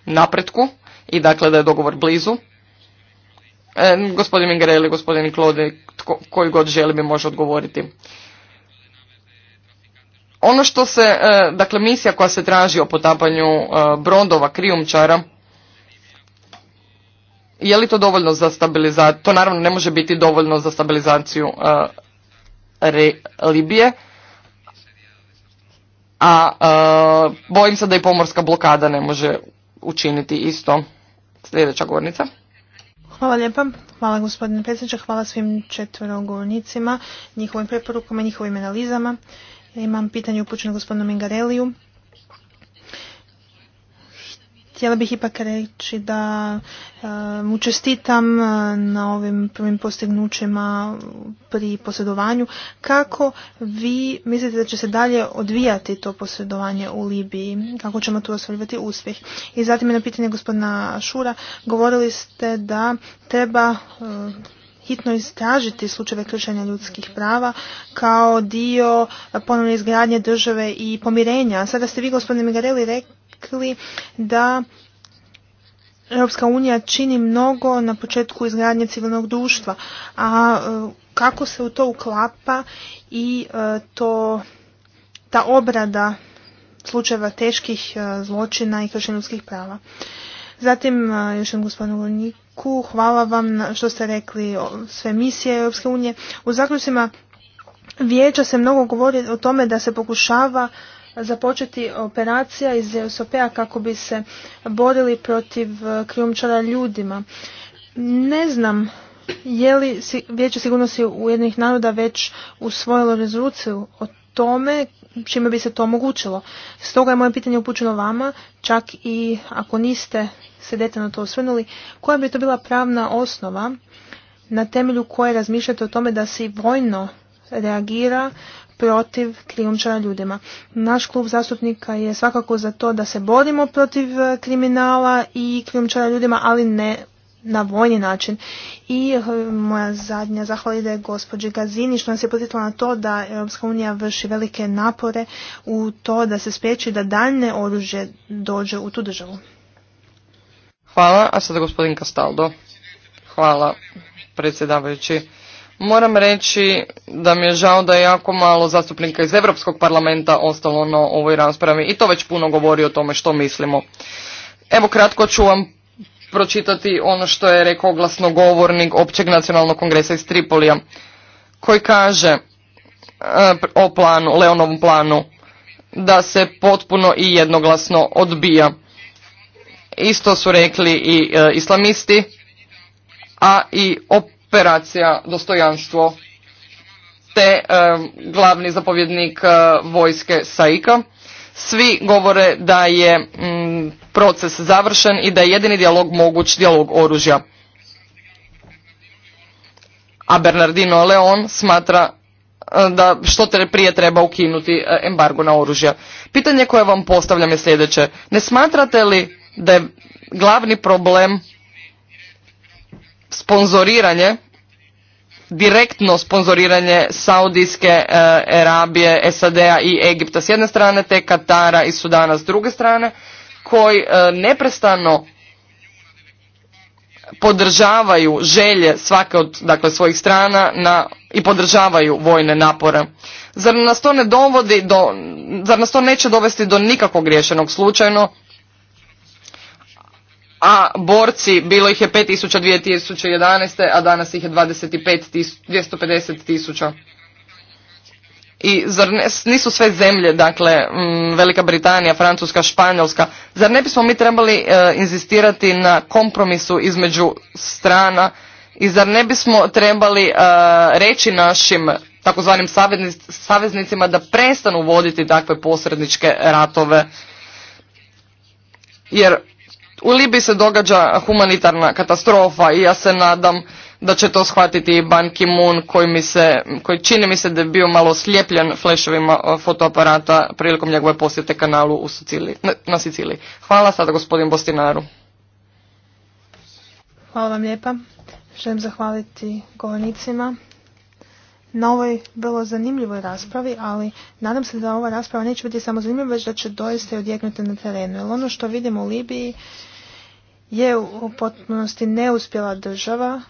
[SPEAKER 3] napretku i dakle da je dogovor blizu. E, gospodin Mingere ili gospodin Klode, koji god želi mi može odgovoriti. Ono što se, e, dakle misija koja se traži o potapanju e, brodova, krijumčara, je li to dovoljno za stabilizaciju? To naravno ne može biti dovoljno za stabilizaciju uh, Libije, a uh, bojim se da i pomorska blokada ne može učiniti isto. Sljedeća govornica.
[SPEAKER 2] Hvala lijepa. Hvala gospodine predsjedniče. Hvala svim četvrogovornicima, njihovim preporukama, njihovim analizama. imam pitanje upućeno gospodinu Mingareliju. Htjela bih ipak reći da eh, mu čestitam eh, na ovim prvim postignućima pri posjedovanju. Kako vi mislite da će se dalje odvijati to posjedovanje u Libiji? Kako ćemo tu osvrljivati uspjeh? I zatim je na pitanje gospodina Šura. Govorili ste da treba eh, hitno istražiti slučajeve kršenja ljudskih prava kao dio ponovne izgradnje države i pomirenja. Sada ste vi, gospodine Migareli, rekli rekli da Europska unija čini mnogo na početku izgradnje civilnog društva, a e, kako se u to uklapa i e, to ta obrada slučajeva teških e, zločina i kršenja ljudskih prava. Zatim, još jednom gospodinu Vojniku, hvala vam što ste rekli o sve misije Europske unije. U zaključima vijeća se mnogo govori o tome da se pokušava započeti operacija iz esop kako bi se borili protiv e, krijumčara ljudima. Ne znam je li Vijeće sigurnosti jednih naroda već usvojilo rezoluciju o tome čime bi se to omogućilo. Stoga je moje pitanje upućeno vama, čak i ako niste se detaljno to osvrnuli, koja bi to bila pravna osnova na temelju koje razmišljate o tome da se vojno reagira protiv krijumčara ljudima. Naš klub zastupnika je svakako za to da se borimo protiv e, kriminala i krijumčara ljudima, ali ne na vojni način. I e, moja zadnja zahvala ide gospođi Gazini što nas je potitla na to da Europska unija vrši velike napore u to da se spriječi da daljne oružje dođe u tu državu.
[SPEAKER 3] Hvala, a sada gospodin Kastaldo. Hvala, predsjedavajući. Moram reći da mi je žao da je jako malo zastupnika iz Europskog parlamenta ostalo na ovoj raspravi i to već puno govori o tome što mislimo. Evo kratko ću vam pročitati ono što je rekao glasnogovornik Općeg nacionalnog kongresa iz Tripolija koji kaže e, o planu, Leonovom planu da se potpuno i jednoglasno odbija. Isto su rekli i e, islamisti, a i o operacija dostojanstvo te glavni zapovjednik e, vojske Saika. Svi govore da je mm, proces završen i da je jedini dijalog moguć dijalog oružja. A Bernardino Leon smatra e, da što te prije treba ukinuti e, embargo na oružje. Pitanje koje vam postavljam je sljedeće. Ne smatrate li da je glavni problem sponzoriranje, direktno sponzoriranje Saudijske e, Arabije, SAD-a i Egipta s jedne strane, te Katara i Sudana s druge strane, koji e, neprestano podržavaju želje svake od dakle, svojih strana na, i podržavaju vojne napore. Zar nas to ne dovodi do, zar nas to neće dovesti do nikakvog rješenog slučajno, a borci, bilo ih je 5000 2011. a danas ih je 25 250 tisuća. I zar ne, nisu sve zemlje, dakle, mm, Velika Britanija, Francuska, Španjolska, zar ne bismo mi trebali e, inzistirati na kompromisu između strana i zar ne bismo trebali e, reći našim takozvanim saveznicima da prestanu voditi takve posredničke ratove? Jer u Libiji se događa humanitarna katastrofa i ja se nadam da će to shvatiti i Ban Ki-moon koji, mi se, koji čini mi se da je bio malo slijepljen flešovima e, fotoaparata prilikom njegove posjete kanalu u Siciliji, na Siciliji. Hvala sada gospodin Bostinaru.
[SPEAKER 2] Hvala vam lijepa. Želim zahvaliti govornicima na ovoj vrlo zanimljivoj raspravi, ali nadam se da ova rasprava neće biti samo zanimljiva, već da će doista i odjeknuti na terenu. Jer ono što vidimo u Libiji je u potpunosti neuspjela država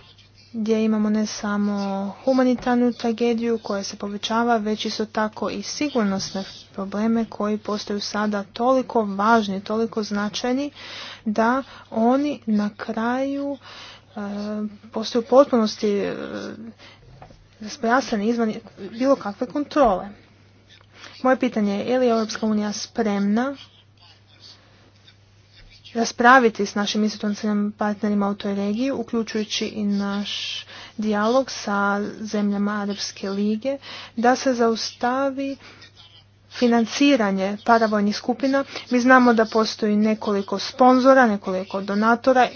[SPEAKER 2] gdje imamo ne samo humanitarnu tragediju koja se povećava, već isto tako i sigurnosne probleme koji postaju sada toliko važni, toliko značajni da oni na kraju e, postaju u potpunosti e, izvan bilo kakve kontrole. Moje pitanje je, je li Europska unija spremna raspraviti s našim institucionalnim partnerima u toj regiji, uključujući i naš dijalog sa zemljama Arabske lige, da se zaustavi financiranje paravojnih skupina. Mi znamo da postoji nekoliko sponzora, nekoliko donatora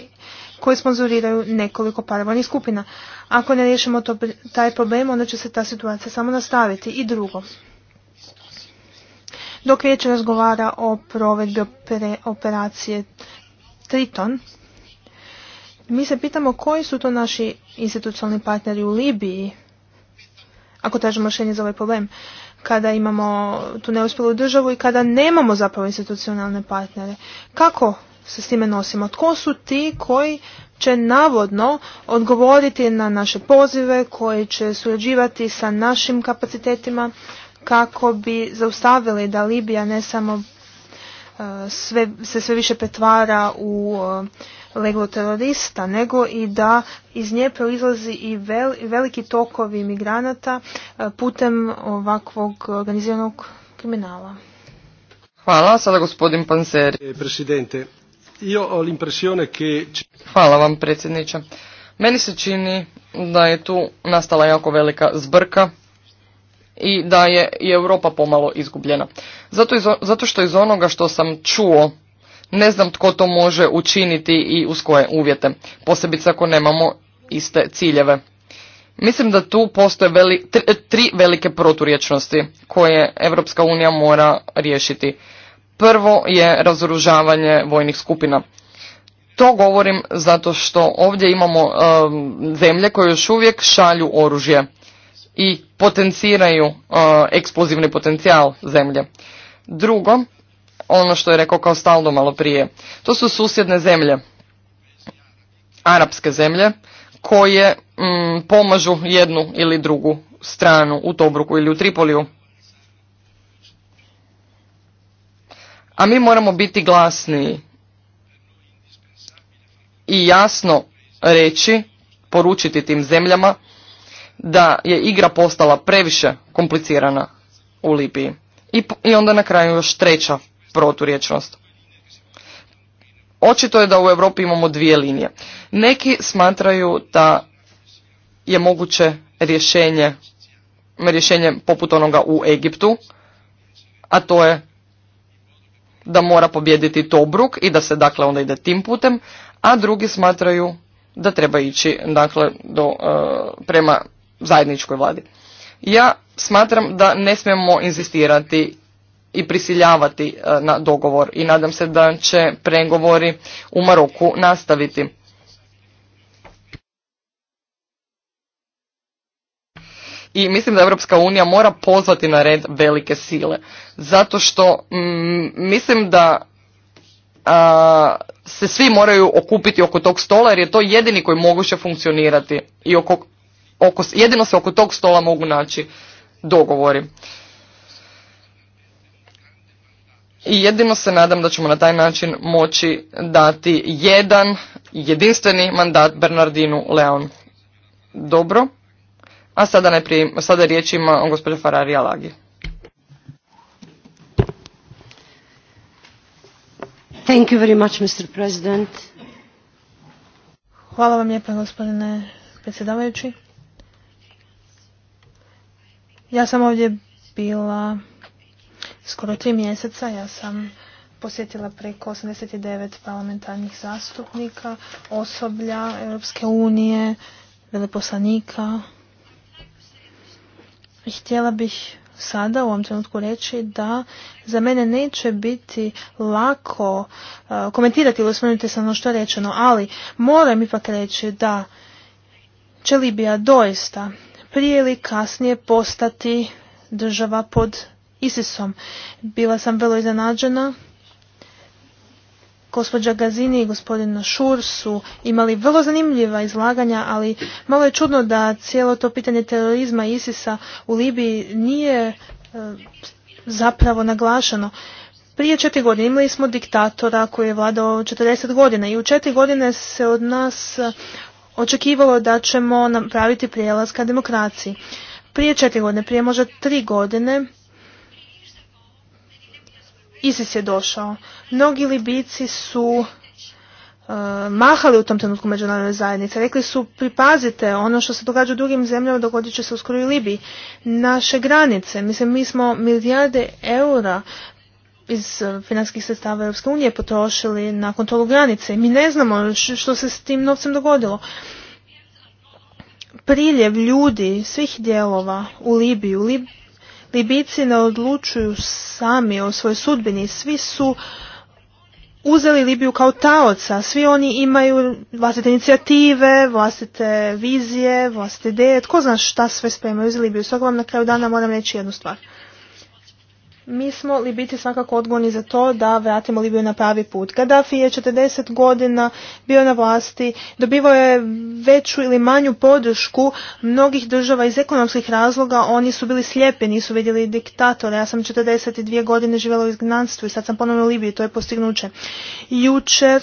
[SPEAKER 2] koji sponzoriraju nekoliko paravojnih skupina. Ako ne riješimo taj problem, onda će se ta situacija samo nastaviti. I drugo, dok već razgovara o provedbi operacije Triton, mi se pitamo koji su to naši institucionalni partneri u Libiji, ako tražimo rješenje za ovaj problem, kada imamo tu neuspjelu državu i kada nemamo zapravo institucionalne partnere. Kako se s time nosimo? Tko su ti koji će navodno odgovoriti na naše pozive, koji će surađivati sa našim kapacitetima, kako bi zaustavili da Libija ne samo e, sve, se sve više pretvara u e, leglo terorista, nego i da iz nje proizlazi i veliki tokovi migranata e, putem ovakvog organiziranog kriminala.
[SPEAKER 3] Hvala, sada gospodin Panseri. Presidente, io ho l'impressione che... Hvala vam, predsjedniče. Meni se čini da je tu nastala jako velika zbrka i da je i Europa pomalo izgubljena. Zato, zato što iz onoga što sam čuo ne znam tko to može učiniti i uz koje uvjete, posebice ako nemamo iste ciljeve. Mislim da tu postoje veli, tri, velike proturječnosti koje Europska unija mora riješiti. Prvo je razoružavanje vojnih skupina. To govorim zato što ovdje imamo um, zemlje koje još uvijek šalju oružje i potenciraju uh, eksplozivni potencijal zemlje. Drugo, ono što je rekao kao Staldo malo prije, to su susjedne zemlje, arapske zemlje, koje mm, pomažu jednu ili drugu stranu u Tobruku ili u Tripoliju. A mi moramo biti glasniji i jasno reći, poručiti tim zemljama da je igra postala previše komplicirana u Libiji. I, onda na kraju još treća proturječnost. Očito je da u Europi imamo dvije linije. Neki smatraju da je moguće rješenje, rješenje poput onoga u Egiptu, a to je da mora pobjediti Tobruk i da se dakle onda ide tim putem, a drugi smatraju da treba ići dakle do, e, prema zajedničkoj vladi. Ja smatram da ne smijemo inzistirati i prisiljavati e, na dogovor i nadam se da će pregovori u Maroku nastaviti. I mislim da Europska unija mora pozvati na red velike sile. Zato što mm, mislim da se svi moraju okupiti oko tog stola jer je to jedini koji moguće funkcionirati i oko oko, jedino se oko tog stola mogu naći dogovori. I jedino se nadam da ćemo na taj način moći dati jedan jedinstveni mandat Bernardinu Leon. Dobro. A sada, najprije, sada riječ ima gospođa Ferrari Alagi.
[SPEAKER 1] Thank you
[SPEAKER 2] very much, Mr. President. Hvala vam lijepa, gospodine predsjedavajući. Ja sam ovdje bila skoro tri mjeseca, ja sam posjetila preko 89 parlamentarnih zastupnika, osoblja Europske unije, I Htjela bih sada u ovom trenutku reći da za mene neće biti lako e, komentirati ili osvrnuti se na ono što je rečeno, ali moram ipak reći da će Libija doista prije ili kasnije postati država pod ISISom. Bila sam vrlo iznenađena. Gospođa Gazini i gospodin Šur su imali vrlo zanimljiva izlaganja, ali malo je čudno da cijelo to pitanje terorizma ISISA u Libiji nije e, zapravo naglašeno. Prije četiri godine imali smo diktatora koji je vladao 40 godina i u četiri godine se od nas očekivalo da ćemo napraviti prijelaz ka demokraciji. Prije četiri godine, prije možda tri godine, ISIS je došao. Mnogi Libici su e, mahali u tom trenutku međunarodne zajednice. Rekli su, pripazite, ono što se događa u drugim zemljama dogodit će se uskoro i Libiji. Naše granice, mislim, mi smo milijarde eura iz eh, financijskih sredstava Europske unije potrošili na kontrolu granice. Mi ne znamo što se s tim novcem dogodilo. Priljev ljudi svih dijelova u Libiju, Libijci ne odlučuju sami o svojoj sudbini, svi su uzeli Libiju kao taoca, svi oni imaju vlastite inicijative, vlastite vizije, vlastite ideje, tko zna šta sve spremaju iz Libiju. Stoga vam na kraju dana moram reći jednu stvar mi smo li biti svakako odgovorni za to da vratimo Libiju na pravi put. Gaddafi je 40 godina bio na vlasti, dobivao je veću ili manju podršku mnogih država iz ekonomskih razloga, oni su bili slijepi, nisu vidjeli diktatora. Ja sam 42 godine živjela u izgnanstvu i sad sam ponovno u Libiji, to je postignuće. Jučer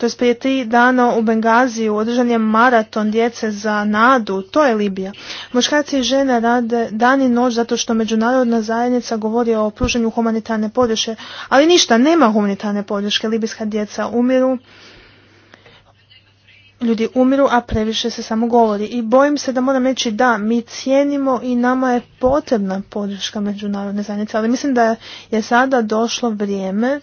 [SPEAKER 2] to je prije tri dana u Bengaziju održan je maraton djece za nadu, to je Libija. Muškarci i žene rade dan i noć zato što međunarodna zajednica govori o pružanju humanitarne podrške, ali ništa, nema humanitarne podrške, libijska djeca umiru, ljudi umiru, a previše se samo govori. I bojim se da moram reći da, mi cijenimo i nama je potrebna podrška međunarodne zajednice, ali mislim da je sada došlo vrijeme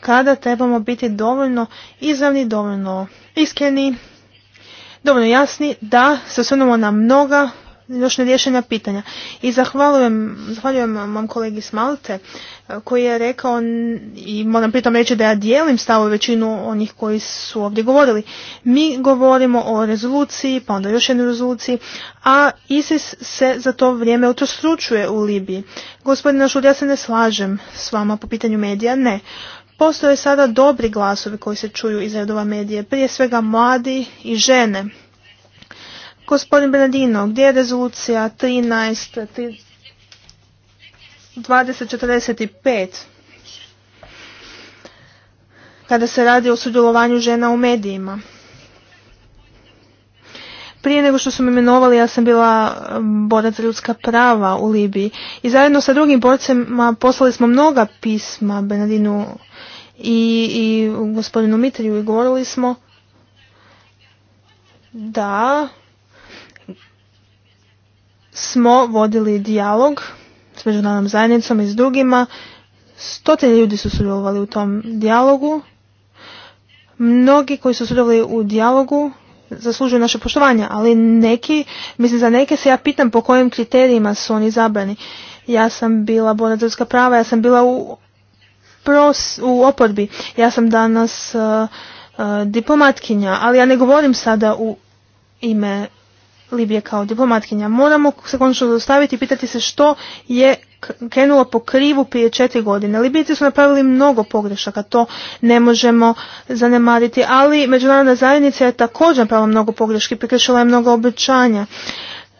[SPEAKER 2] kada trebamo biti dovoljno izravni, dovoljno iskreni, dovoljno jasni da se osvrnemo na mnoga još rješenja pitanja. I zahvaljujem, mom kolegi Smalte e, koji je rekao i moram pritom reći da ja dijelim stavu većinu onih koji su ovdje govorili. Mi govorimo o rezoluciji, pa onda još jednoj rezoluciji, a ISIS se za to vrijeme utrostručuje u Libiji. Gospodina Šud, ja se ne slažem s vama po pitanju medija, ne. Postoje sada dobri glasovi koji se čuju iz redova medije, prije svega mladi i žene Gospodin Bernardino, gdje je rezolucija 13, 2045? kada se radi o sudjelovanju žena u medijima. Prije nego što su me imenovali, ja sam bila borac za ljudska prava u Libiji i zajedno sa drugim borcima poslali smo mnoga pisma Bernardinu i, i gospodinu Mitriju i govorili smo da smo vodili dijalog s međunarodnom zajednicom i s drugima. Stotine ljudi su sudjelovali u tom dijalogu. Mnogi koji su sudjelovali u dijalogu zaslužuju naše poštovanje, ali neki, mislim za neke se ja pitam po kojim kriterijima su oni zabrani. Ja sam bila borna prava, ja sam bila u, pros, u oporbi, ja sam danas uh, uh, diplomatkinja, ali ja ne govorim sada u ime Libije kao diplomatkinja. Moramo se konačno dostaviti i pitati se što je krenulo po krivu prije četiri godine. Libijci su napravili mnogo pogrešaka, to ne možemo zanemariti, ali međunarodna zajednica je također napravila mnogo pogreški, prekršila je mnogo obećanja.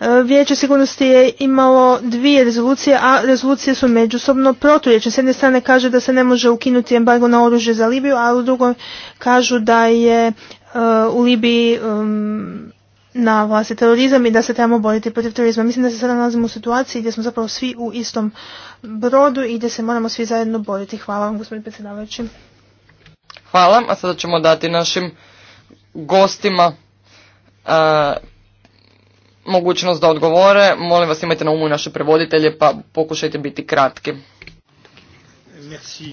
[SPEAKER 2] E, Vijeće sigurnosti je imalo dvije rezolucije, a rezolucije su međusobno proturječne. S jedne strane kaže da se ne može ukinuti embargo na oružje za Libiju, a u drugoj kažu da je e, u Libiji um, na vlasti terorizam i da se trebamo boriti protiv terorizma. Mislim da se sada nalazimo u situaciji gdje smo zapravo svi u istom brodu i gdje se moramo svi zajedno boriti. Hvala vam gospodine predsjedavajući.
[SPEAKER 3] Hvala, a sada ćemo dati našim gostima e, mogućnost da odgovore. Molim vas imajte na umu i naše prevoditelje pa pokušajte biti kratki.
[SPEAKER 2] Merci.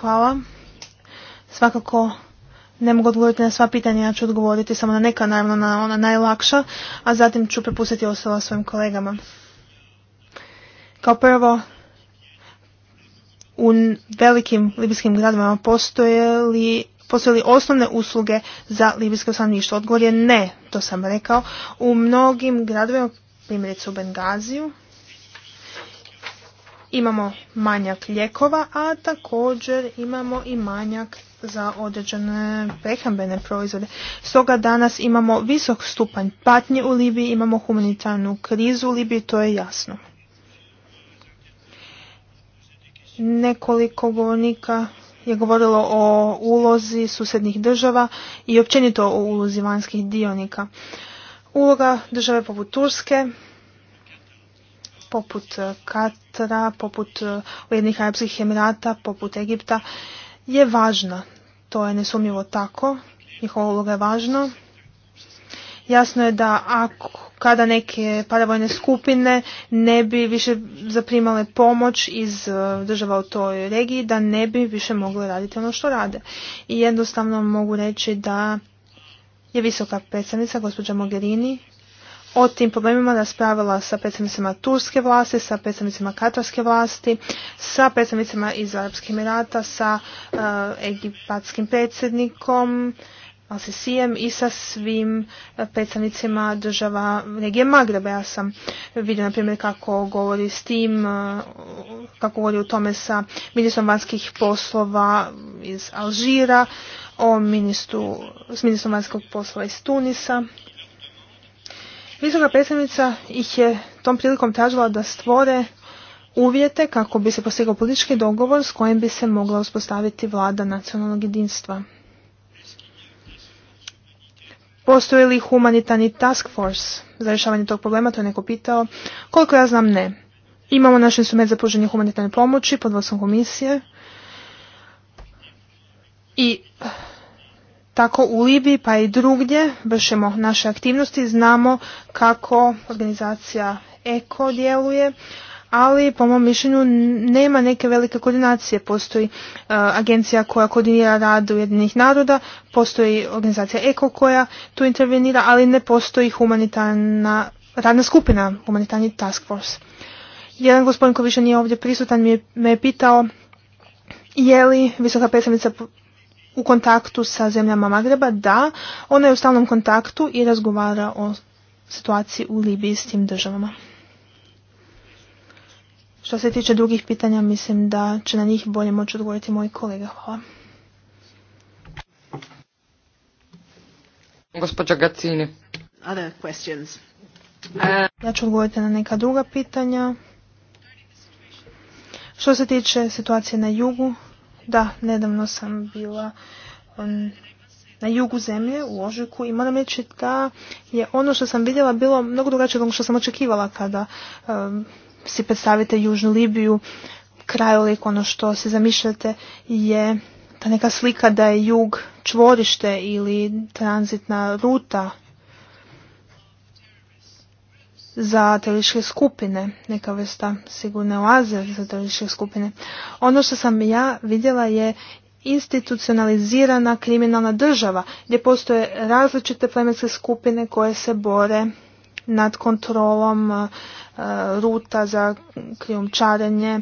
[SPEAKER 2] Hvala. Svakako ne mogu odgovoriti na sva pitanja, ja ću odgovoriti samo na neka, naravno na ona najlakša, a zatim ću prepustiti ostalo svojim kolegama. Kao prvo, u velikim libijskim gradovima postoje li Postoje li osnovne usluge za libijsko stanovništvo? Odgovor je ne, to sam rekao. U mnogim gradovima, primjerice u Bengaziju, imamo manjak ljekova, a također imamo i manjak za određene prehrambene proizvode. Stoga danas imamo visok stupanj patnje u Libiji, imamo humanitarnu krizu u Libiji, to je jasno. Nekoliko govornika je govorilo o ulozi susjednih država i općenito o ulozi vanjskih dionika. Uloga države poput Turske, poput e, Katra, poput e, ujednih Arabskih Emirata, poput Egipta je važna. To je nesumnjivo tako. Njihova uloga je važno. Jasno je da ako, kada neke paravojne skupine ne bi više zaprimale pomoć iz e, država u toj regiji, da ne bi više mogle raditi ono što rade. I jednostavno mogu reći da je visoka predstavnica gospođa Mogherini o tim problemima raspravila sa predstavnicima turske vlasti, sa predstavnicima katarske vlasti, sa predstavnicima iz Arabskih Emirata, sa uh, egipatskim predsjednikom, Asisijem i sa svim eh, predstavnicima država regije Magreba. Ja sam vidio na primjer kako govori s tim, eh, kako govori u tome sa ministrom vanjskih poslova iz Alžira, o ministru, s ministrom vanjskog poslova iz Tunisa. Visoka predstavnica ih je tom prilikom tražila da stvore uvjete kako bi se postigao politički dogovor s kojim bi se mogla uspostaviti vlada nacionalnog jedinstva. Postoji li humanitarni task force za rješavanje tog problema, to je neko pitao. Koliko ja znam, ne. Imamo naš instrument za pružanje humanitarne pomoći pod vodstvom komisije i tako u Libiji pa i drugdje vršemo naše aktivnosti, znamo kako organizacija EKO djeluje, ali po mom mišljenju nema neke velike koordinacije. Postoji eh, agencija koja koordinira rad Ujedinih naroda, postoji organizacija EKO koja tu intervenira, ali ne postoji humanitarna radna skupina, humanitarni task force. Jedan gospodin koji više nije ovdje prisutan mi me je pitao je li visoka predstavnica u kontaktu sa zemljama Magreba, da, ona je u stalnom kontaktu i razgovara o situaciji u Libiji s tim državama. Što se tiče drugih pitanja, mislim da će na njih bolje moći odgovoriti moj kolega. Hvala. Uh, ja ću odgovoriti na neka druga pitanja. Što se tiče situacije na jugu da, nedavno sam bila um, na jugu zemlje u Ožiku i moram reći da je ono što sam vidjela bilo mnogo drugačije od što sam očekivala kada um, si predstavite Južnu Libiju, krajolik, ono što se zamišljate je ta neka slika da je jug čvorište ili tranzitna ruta za teoričke skupine, neka vrsta sigurne oaze za teoričke skupine. Ono što sam ja vidjela je institucionalizirana kriminalna država gdje postoje različite plemenske skupine koje se bore nad kontrolom e, ruta za krijumčarenje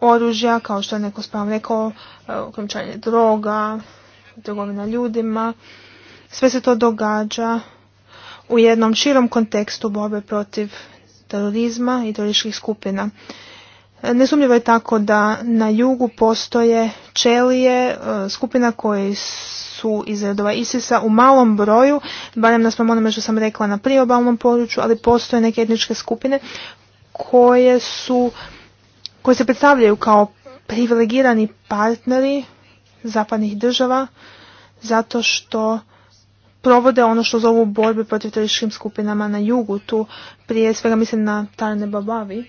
[SPEAKER 2] oružja, kao što je neko spravo rekao, e, krijumčarenje droga, trgovina ljudima. Sve se to događa u jednom širom kontekstu borbe protiv terorizma i terorističkih skupina. E, Nesumljivo je tako da na jugu postoje čelije e, skupina koje su iz redova isis u malom broju, barem nas onome što sam rekla na priobalnom području, ali postoje neke etničke skupine koje su koje se predstavljaju kao privilegirani partneri zapadnih država zato što provode ono što zovu borbe protiv terorističkim skupinama na jugu. Tu prije svega mislim na Tarne Babavi.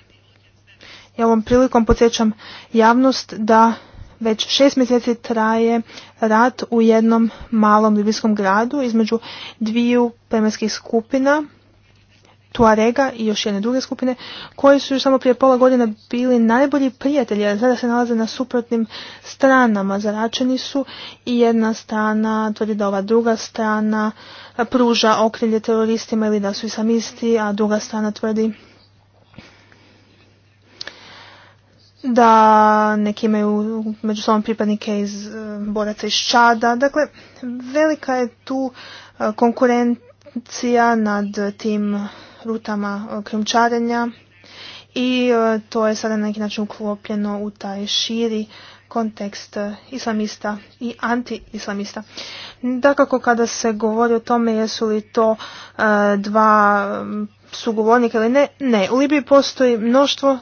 [SPEAKER 2] Ja ovom prilikom podsjećam javnost da već šest mjeseci traje rat u jednom malom libijskom gradu između dviju plemenskih skupina Tuarega i još jedne druge skupine koji su još samo prije pola godina bili najbolji prijatelji, a sada se nalaze na suprotnim stranama. Zaračeni su i jedna strana tvrdi da ova druga strana pruža okrilje teroristima ili da su isti, a druga strana tvrdi da neki imaju među sobom pripadnike iz e, boraca iz Čada. Dakle, velika je tu e, konkurencija nad tim rutama e, krumčarenja i e, to je sada na neki način uklopljeno u taj širi kontekst e, islamista i anti-islamista. Dakako kada se govori o tome jesu li to dva sugovornika ili ne, ne. U Libiji postoji mnoštvo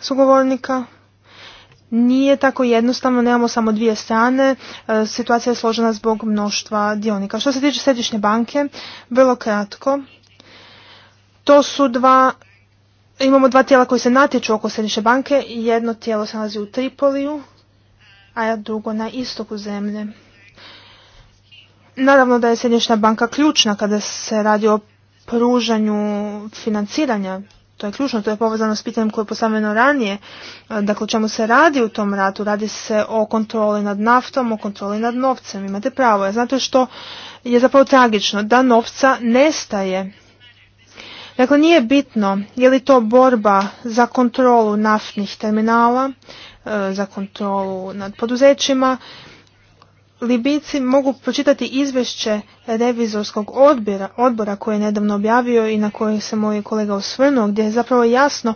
[SPEAKER 2] sugovornika. Nije tako jednostavno, nemamo samo dvije strane, situacija je složena zbog mnoštva dionika. Što se tiče središnje banke, vrlo kratko, to su dva, imamo dva tijela koji se natječu oko središnje banke. Jedno tijelo se nalazi u Tripoliju, a drugo na istoku zemlje. Naravno da je središnja banka ključna kada se radi o pružanju financiranja. To je ključno, to je povezano s pitanjem koje je postavljeno ranije. Dakle, o čemu se radi u tom ratu? Radi se o kontroli nad naftom, o kontroli nad novcem. Imate pravo. Ja znate što je zapravo tragično? Da novca nestaje Dakle, nije bitno je li to borba za kontrolu naftnih terminala, e, za kontrolu nad poduzećima, libici mogu pročitati izvješće revizorskog odbira, odbora koje je nedavno objavio i na koje se moj kolega osvrnuo, gdje zapravo jasno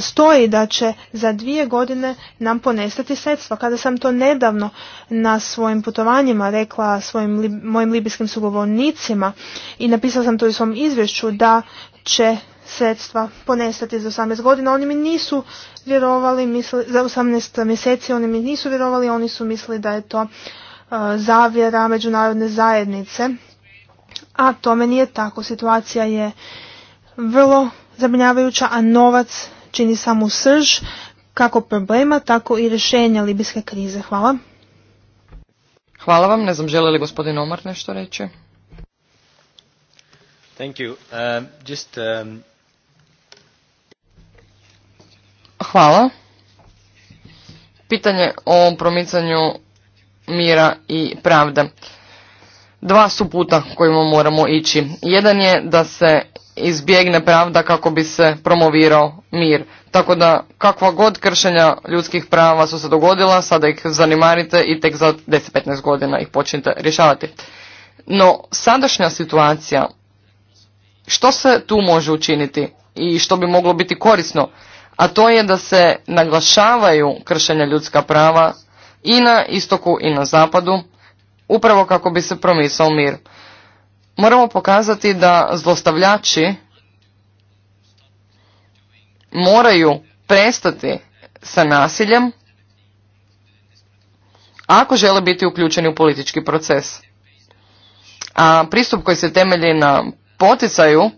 [SPEAKER 2] stoji da će za dvije godine nam ponestati sredstva. Kada sam to nedavno na svojim putovanjima rekla svojim mojim libijskim sugovornicima i napisala sam to u svom izvješću da će sredstva ponestati za 18 godina. Oni mi nisu vjerovali, misli, za 18 mjeseci oni mi nisu vjerovali, oni su mislili da je to zavjera međunarodne zajednice, a tome nije tako. Situacija je vrlo zabrinjavajuća, a novac čini samo srž kako problema, tako i rješenja
[SPEAKER 3] libijske krize. Hvala. Hvala vam. Ne znam, žele li gospodin Omar nešto reći?
[SPEAKER 1] Thank you. Uh, just, um,
[SPEAKER 3] Hvala. Pitanje o promicanju mira i pravde. Dva su puta kojima moramo ići. Jedan je da se izbjegne pravda kako bi se promovirao mir. Tako da kakva god kršenja ljudskih prava su se dogodila, sada ih zanimarite i tek za 10-15 godina ih počnite rješavati. No, sadašnja situacija, što se tu može učiniti i što bi moglo biti korisno, a to je da se naglašavaju kršenja ljudska prava i na istoku i na zapadu, upravo kako bi se promisao mir. Moramo pokazati da zlostavljači moraju prestati sa nasiljem ako žele biti uključeni u politički proces. A pristup koji se temelji na poticaju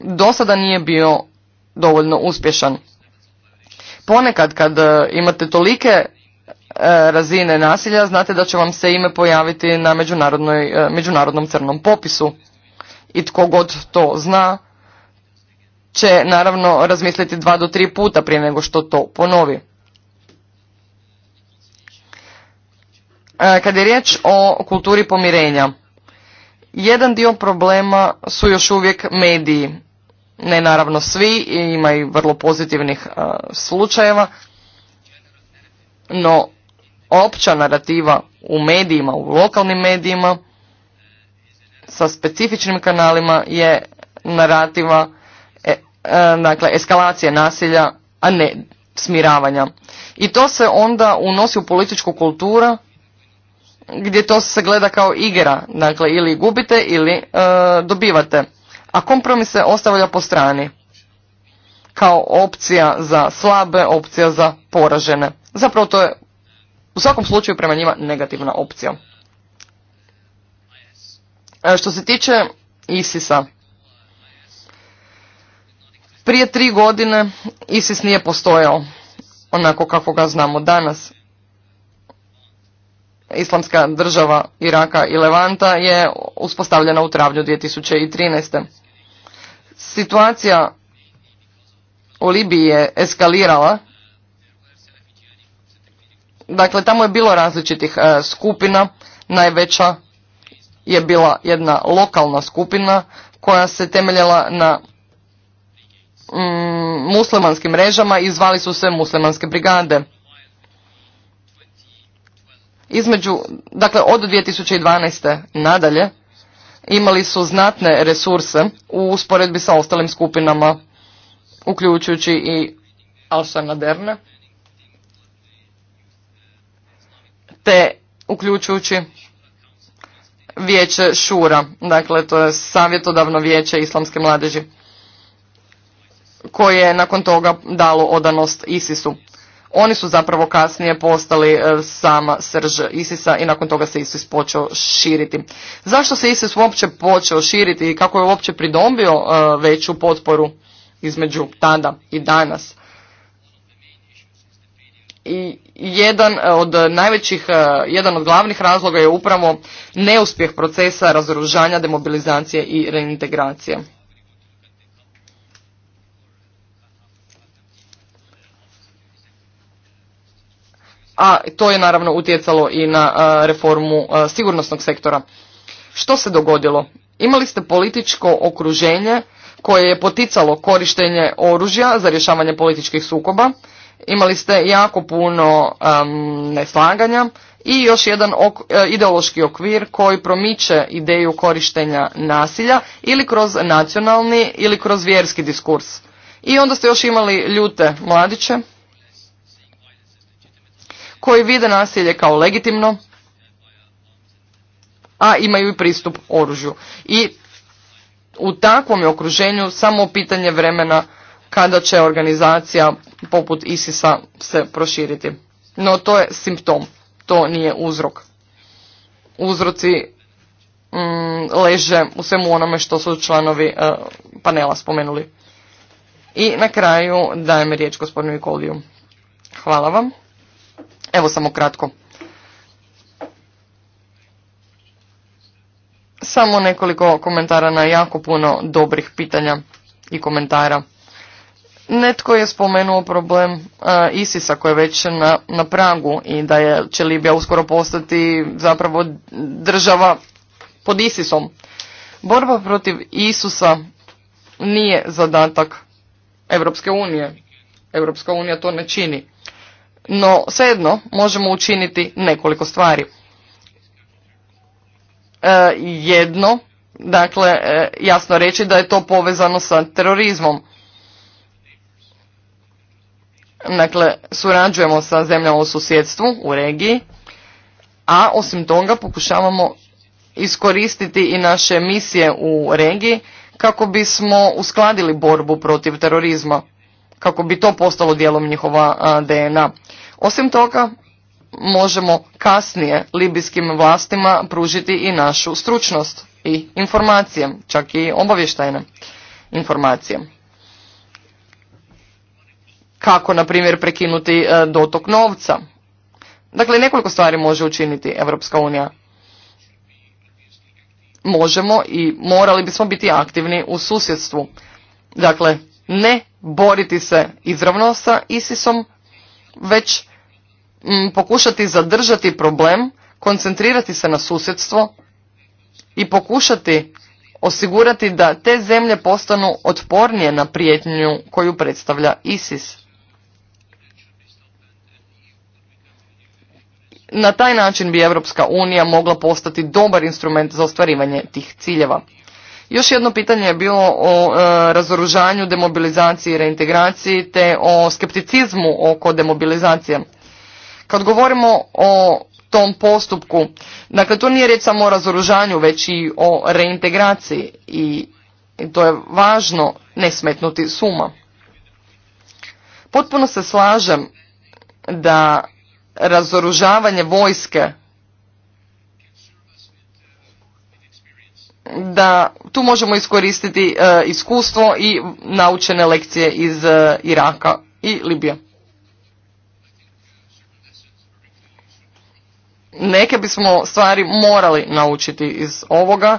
[SPEAKER 3] do sada nije bio dovoljno uspješan. Ponekad kad e, imate tolike E, razine nasilja, znate da će vam se ime pojaviti na e, međunarodnom crnom popisu. I tko god to zna, će naravno razmisliti dva do tri puta prije nego što to ponovi. E, kad je riječ o kulturi pomirenja, jedan dio problema su još uvijek mediji. Ne naravno svi, ima i vrlo pozitivnih slučajeva, no opća narativa u medijima, u lokalnim medijima, sa specifičnim kanalima je narativa e, e, dakle, eskalacije nasilja, a ne smiravanja. I to se onda unosi u političku kulturu gdje to se gleda kao igra, dakle ili gubite ili e, dobivate, a kompromis se ostavlja po strani kao opcija za slabe, opcija za poražene. Zapravo to je u svakom slučaju prema njima negativna opcija. E, što se tiče ISIS-a, prije tri godine ISIS nije postojao onako kako ga znamo danas. Islamska država Iraka i Levanta je uspostavljena u travnju 2013. Situacija u Libiji je eskalirala Dakle, tamo je bilo različitih e, skupina. Najveća je bila jedna lokalna skupina koja se temeljila na mm, muslimanskim mrežama i zvali su se muslimanske brigade. Između, dakle, od 2012. nadalje imali su znatne resurse u usporedbi sa ostalim skupinama, uključujući i al naderne. te uključujući vijeće Šura, dakle to je savjetodavno vijeće islamske mladeži, koje je nakon toga dalo odanost Isisu. Oni su zapravo kasnije postali e, sama srž Isisa i nakon toga se Isis počeo širiti. Zašto se Isis uopće počeo širiti i kako je uopće pridobio e, veću potporu između tada i danas? i jedan e, od najvećih, e, jedan od glavnih razloga je upravo neuspjeh procesa razoružanja, demobilizacije i reintegracije. A to je naravno utjecalo i na e, reformu sigurnosnog sektora. Što se dogodilo? Imali ste političko okruženje koje je poticalo korištenje oružja za rješavanje političkih sukoba, Imali ste jako puno neslaganja i još jedan e, ideološki okvir koji promiče ideju korištenja nasilja ili kroz nacionalni ili kroz vjerski diskurs. I onda ste još imali ljute mladiće koji vide nasilje kao legitimno, a imaju i pristup oružju. I u takvom je okruženju samo pitanje vremena kada će organizacija poput ISIS-a se proširiti. No to je simptom, to nije uzrok. Uzroci mm, leže u svemu onome što su članovi e, panela spomenuli. I na kraju dajem riječ gospodinu Nikoliju. Hvala vam. Evo samo kratko. Samo nekoliko komentara na jako puno dobrih pitanja i komentara. Netko je spomenuo problem uh, e, isis koji je već na, na pragu i da je, će Libija uskoro postati zapravo država pod Isisom. Borba protiv Isusa nije zadatak Europske unije. Europska unija to ne čini. No, sedno možemo učiniti nekoliko stvari. E, jedno, dakle, e, jasno reći da je to povezano sa terorizmom. Dakle, surađujemo sa zemljama u susjedstvu, u regiji, a osim toga pokušavamo iskoristiti i naše misije u regiji kako bismo uskladili borbu protiv terorizma, kako bi to postalo dijelom njihova DNA. Osim toga, možemo kasnije libijskim vlastima pružiti i našu stručnost i informacije, čak i obavještajne informacije kako, na primjer, prekinuti e, dotok novca. Dakle, nekoliko stvari može učiniti Europska unija. Možemo i morali bismo biti aktivni u susjedstvu. Dakle, ne boriti se izravno sa ISISom, već pokušati zadržati problem, koncentrirati se na susjedstvo i pokušati osigurati da te zemlje postanu otpornije na prijetnju koju predstavlja ISIS. Na taj način bi Europska unija mogla postati dobar instrument za ostvarivanje tih ciljeva. Još jedno pitanje je bilo o e, razoružanju, demobilizaciji i reintegraciji te o skepticizmu oko demobilizacije. Kad govorimo o tom postupku, dakle to nije riječ samo o razoružanju već i o reintegraciji i to je važno ne smetnuti suma. Potpuno se slažem da razoružavanje vojske da tu možemo iskoristiti e, iskustvo i naučene lekcije iz e, Iraka i Libije. Neke bismo stvari morali naučiti iz ovoga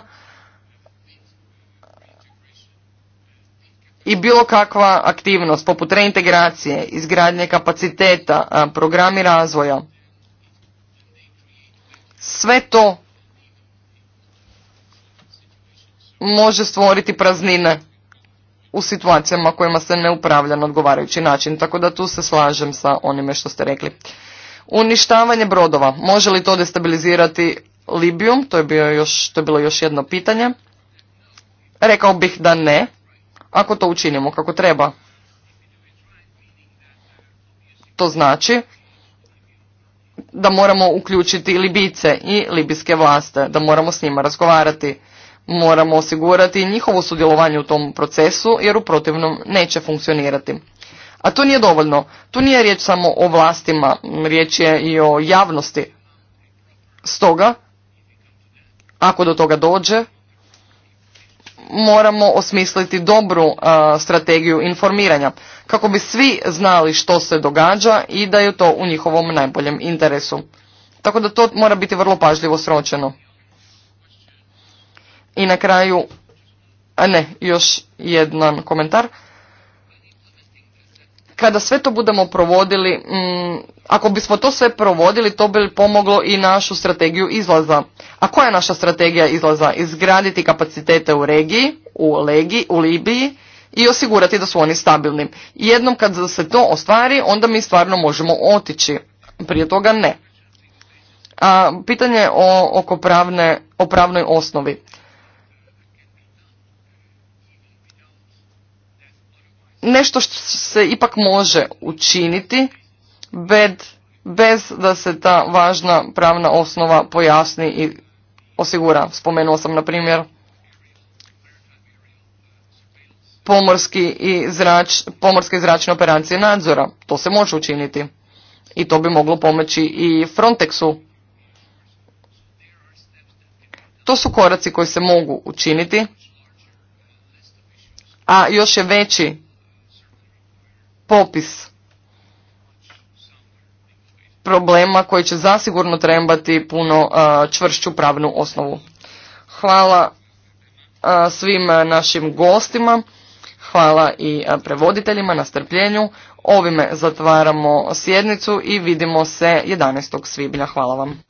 [SPEAKER 3] i bilo kakva aktivnost poput reintegracije, izgradnje kapaciteta, programi razvoja. Sve to može stvoriti praznine u situacijama kojima se ne upravlja na odgovarajući način, tako da tu se slažem sa onime što ste rekli. Uništavanje brodova, može li to destabilizirati Libiju? To je, još, to je bilo još jedno pitanje. Rekao bih da ne, ako to učinimo kako treba. To znači da moramo uključiti Libice i libijske vlaste, da moramo s njima razgovarati. Moramo osigurati njihovo sudjelovanje u tom procesu jer u protivnom neće funkcionirati. A to nije dovoljno. Tu nije riječ samo o vlastima, riječ je i o javnosti. Stoga, ako do toga dođe, moramo osmisliti dobru e, strategiju informiranja kako bi svi znali što se događa i da je to u njihovom najboljem interesu. Tako da to mora biti vrlo pažljivo sročeno. I na kraju, a ne, još jedan komentar. Kada sve to budemo provodili, mm, ako bismo to sve provodili, to bi pomoglo i našu strategiju izlaza. A koja je naša strategija izlaza? Izgraditi kapacitete u regiji, u, Legi, u Libiji i osigurati da su oni stabilni. Jednom kad se to ostvari, onda mi stvarno možemo otići. Prije toga ne. A, pitanje o, oko pravne, o pravnoj osnovi. nešto što se ipak može učiniti bez da se ta važna pravna osnova pojasni i osigura. Spomenuo sam, na primjer, pomorski i pomorske zračne operacije nadzora. To se može učiniti. I to bi moglo pomoći i Frontexu. To su koraci koji se mogu učiniti. A još je veći popis problema koji će zasigurno trebati puno čvršću pravnu osnovu. Hvala svim našim gostima, hvala i prevoditeljima na strpljenju. Ovime zatvaramo sjednicu i vidimo se 11. svibnja. Hvala vam.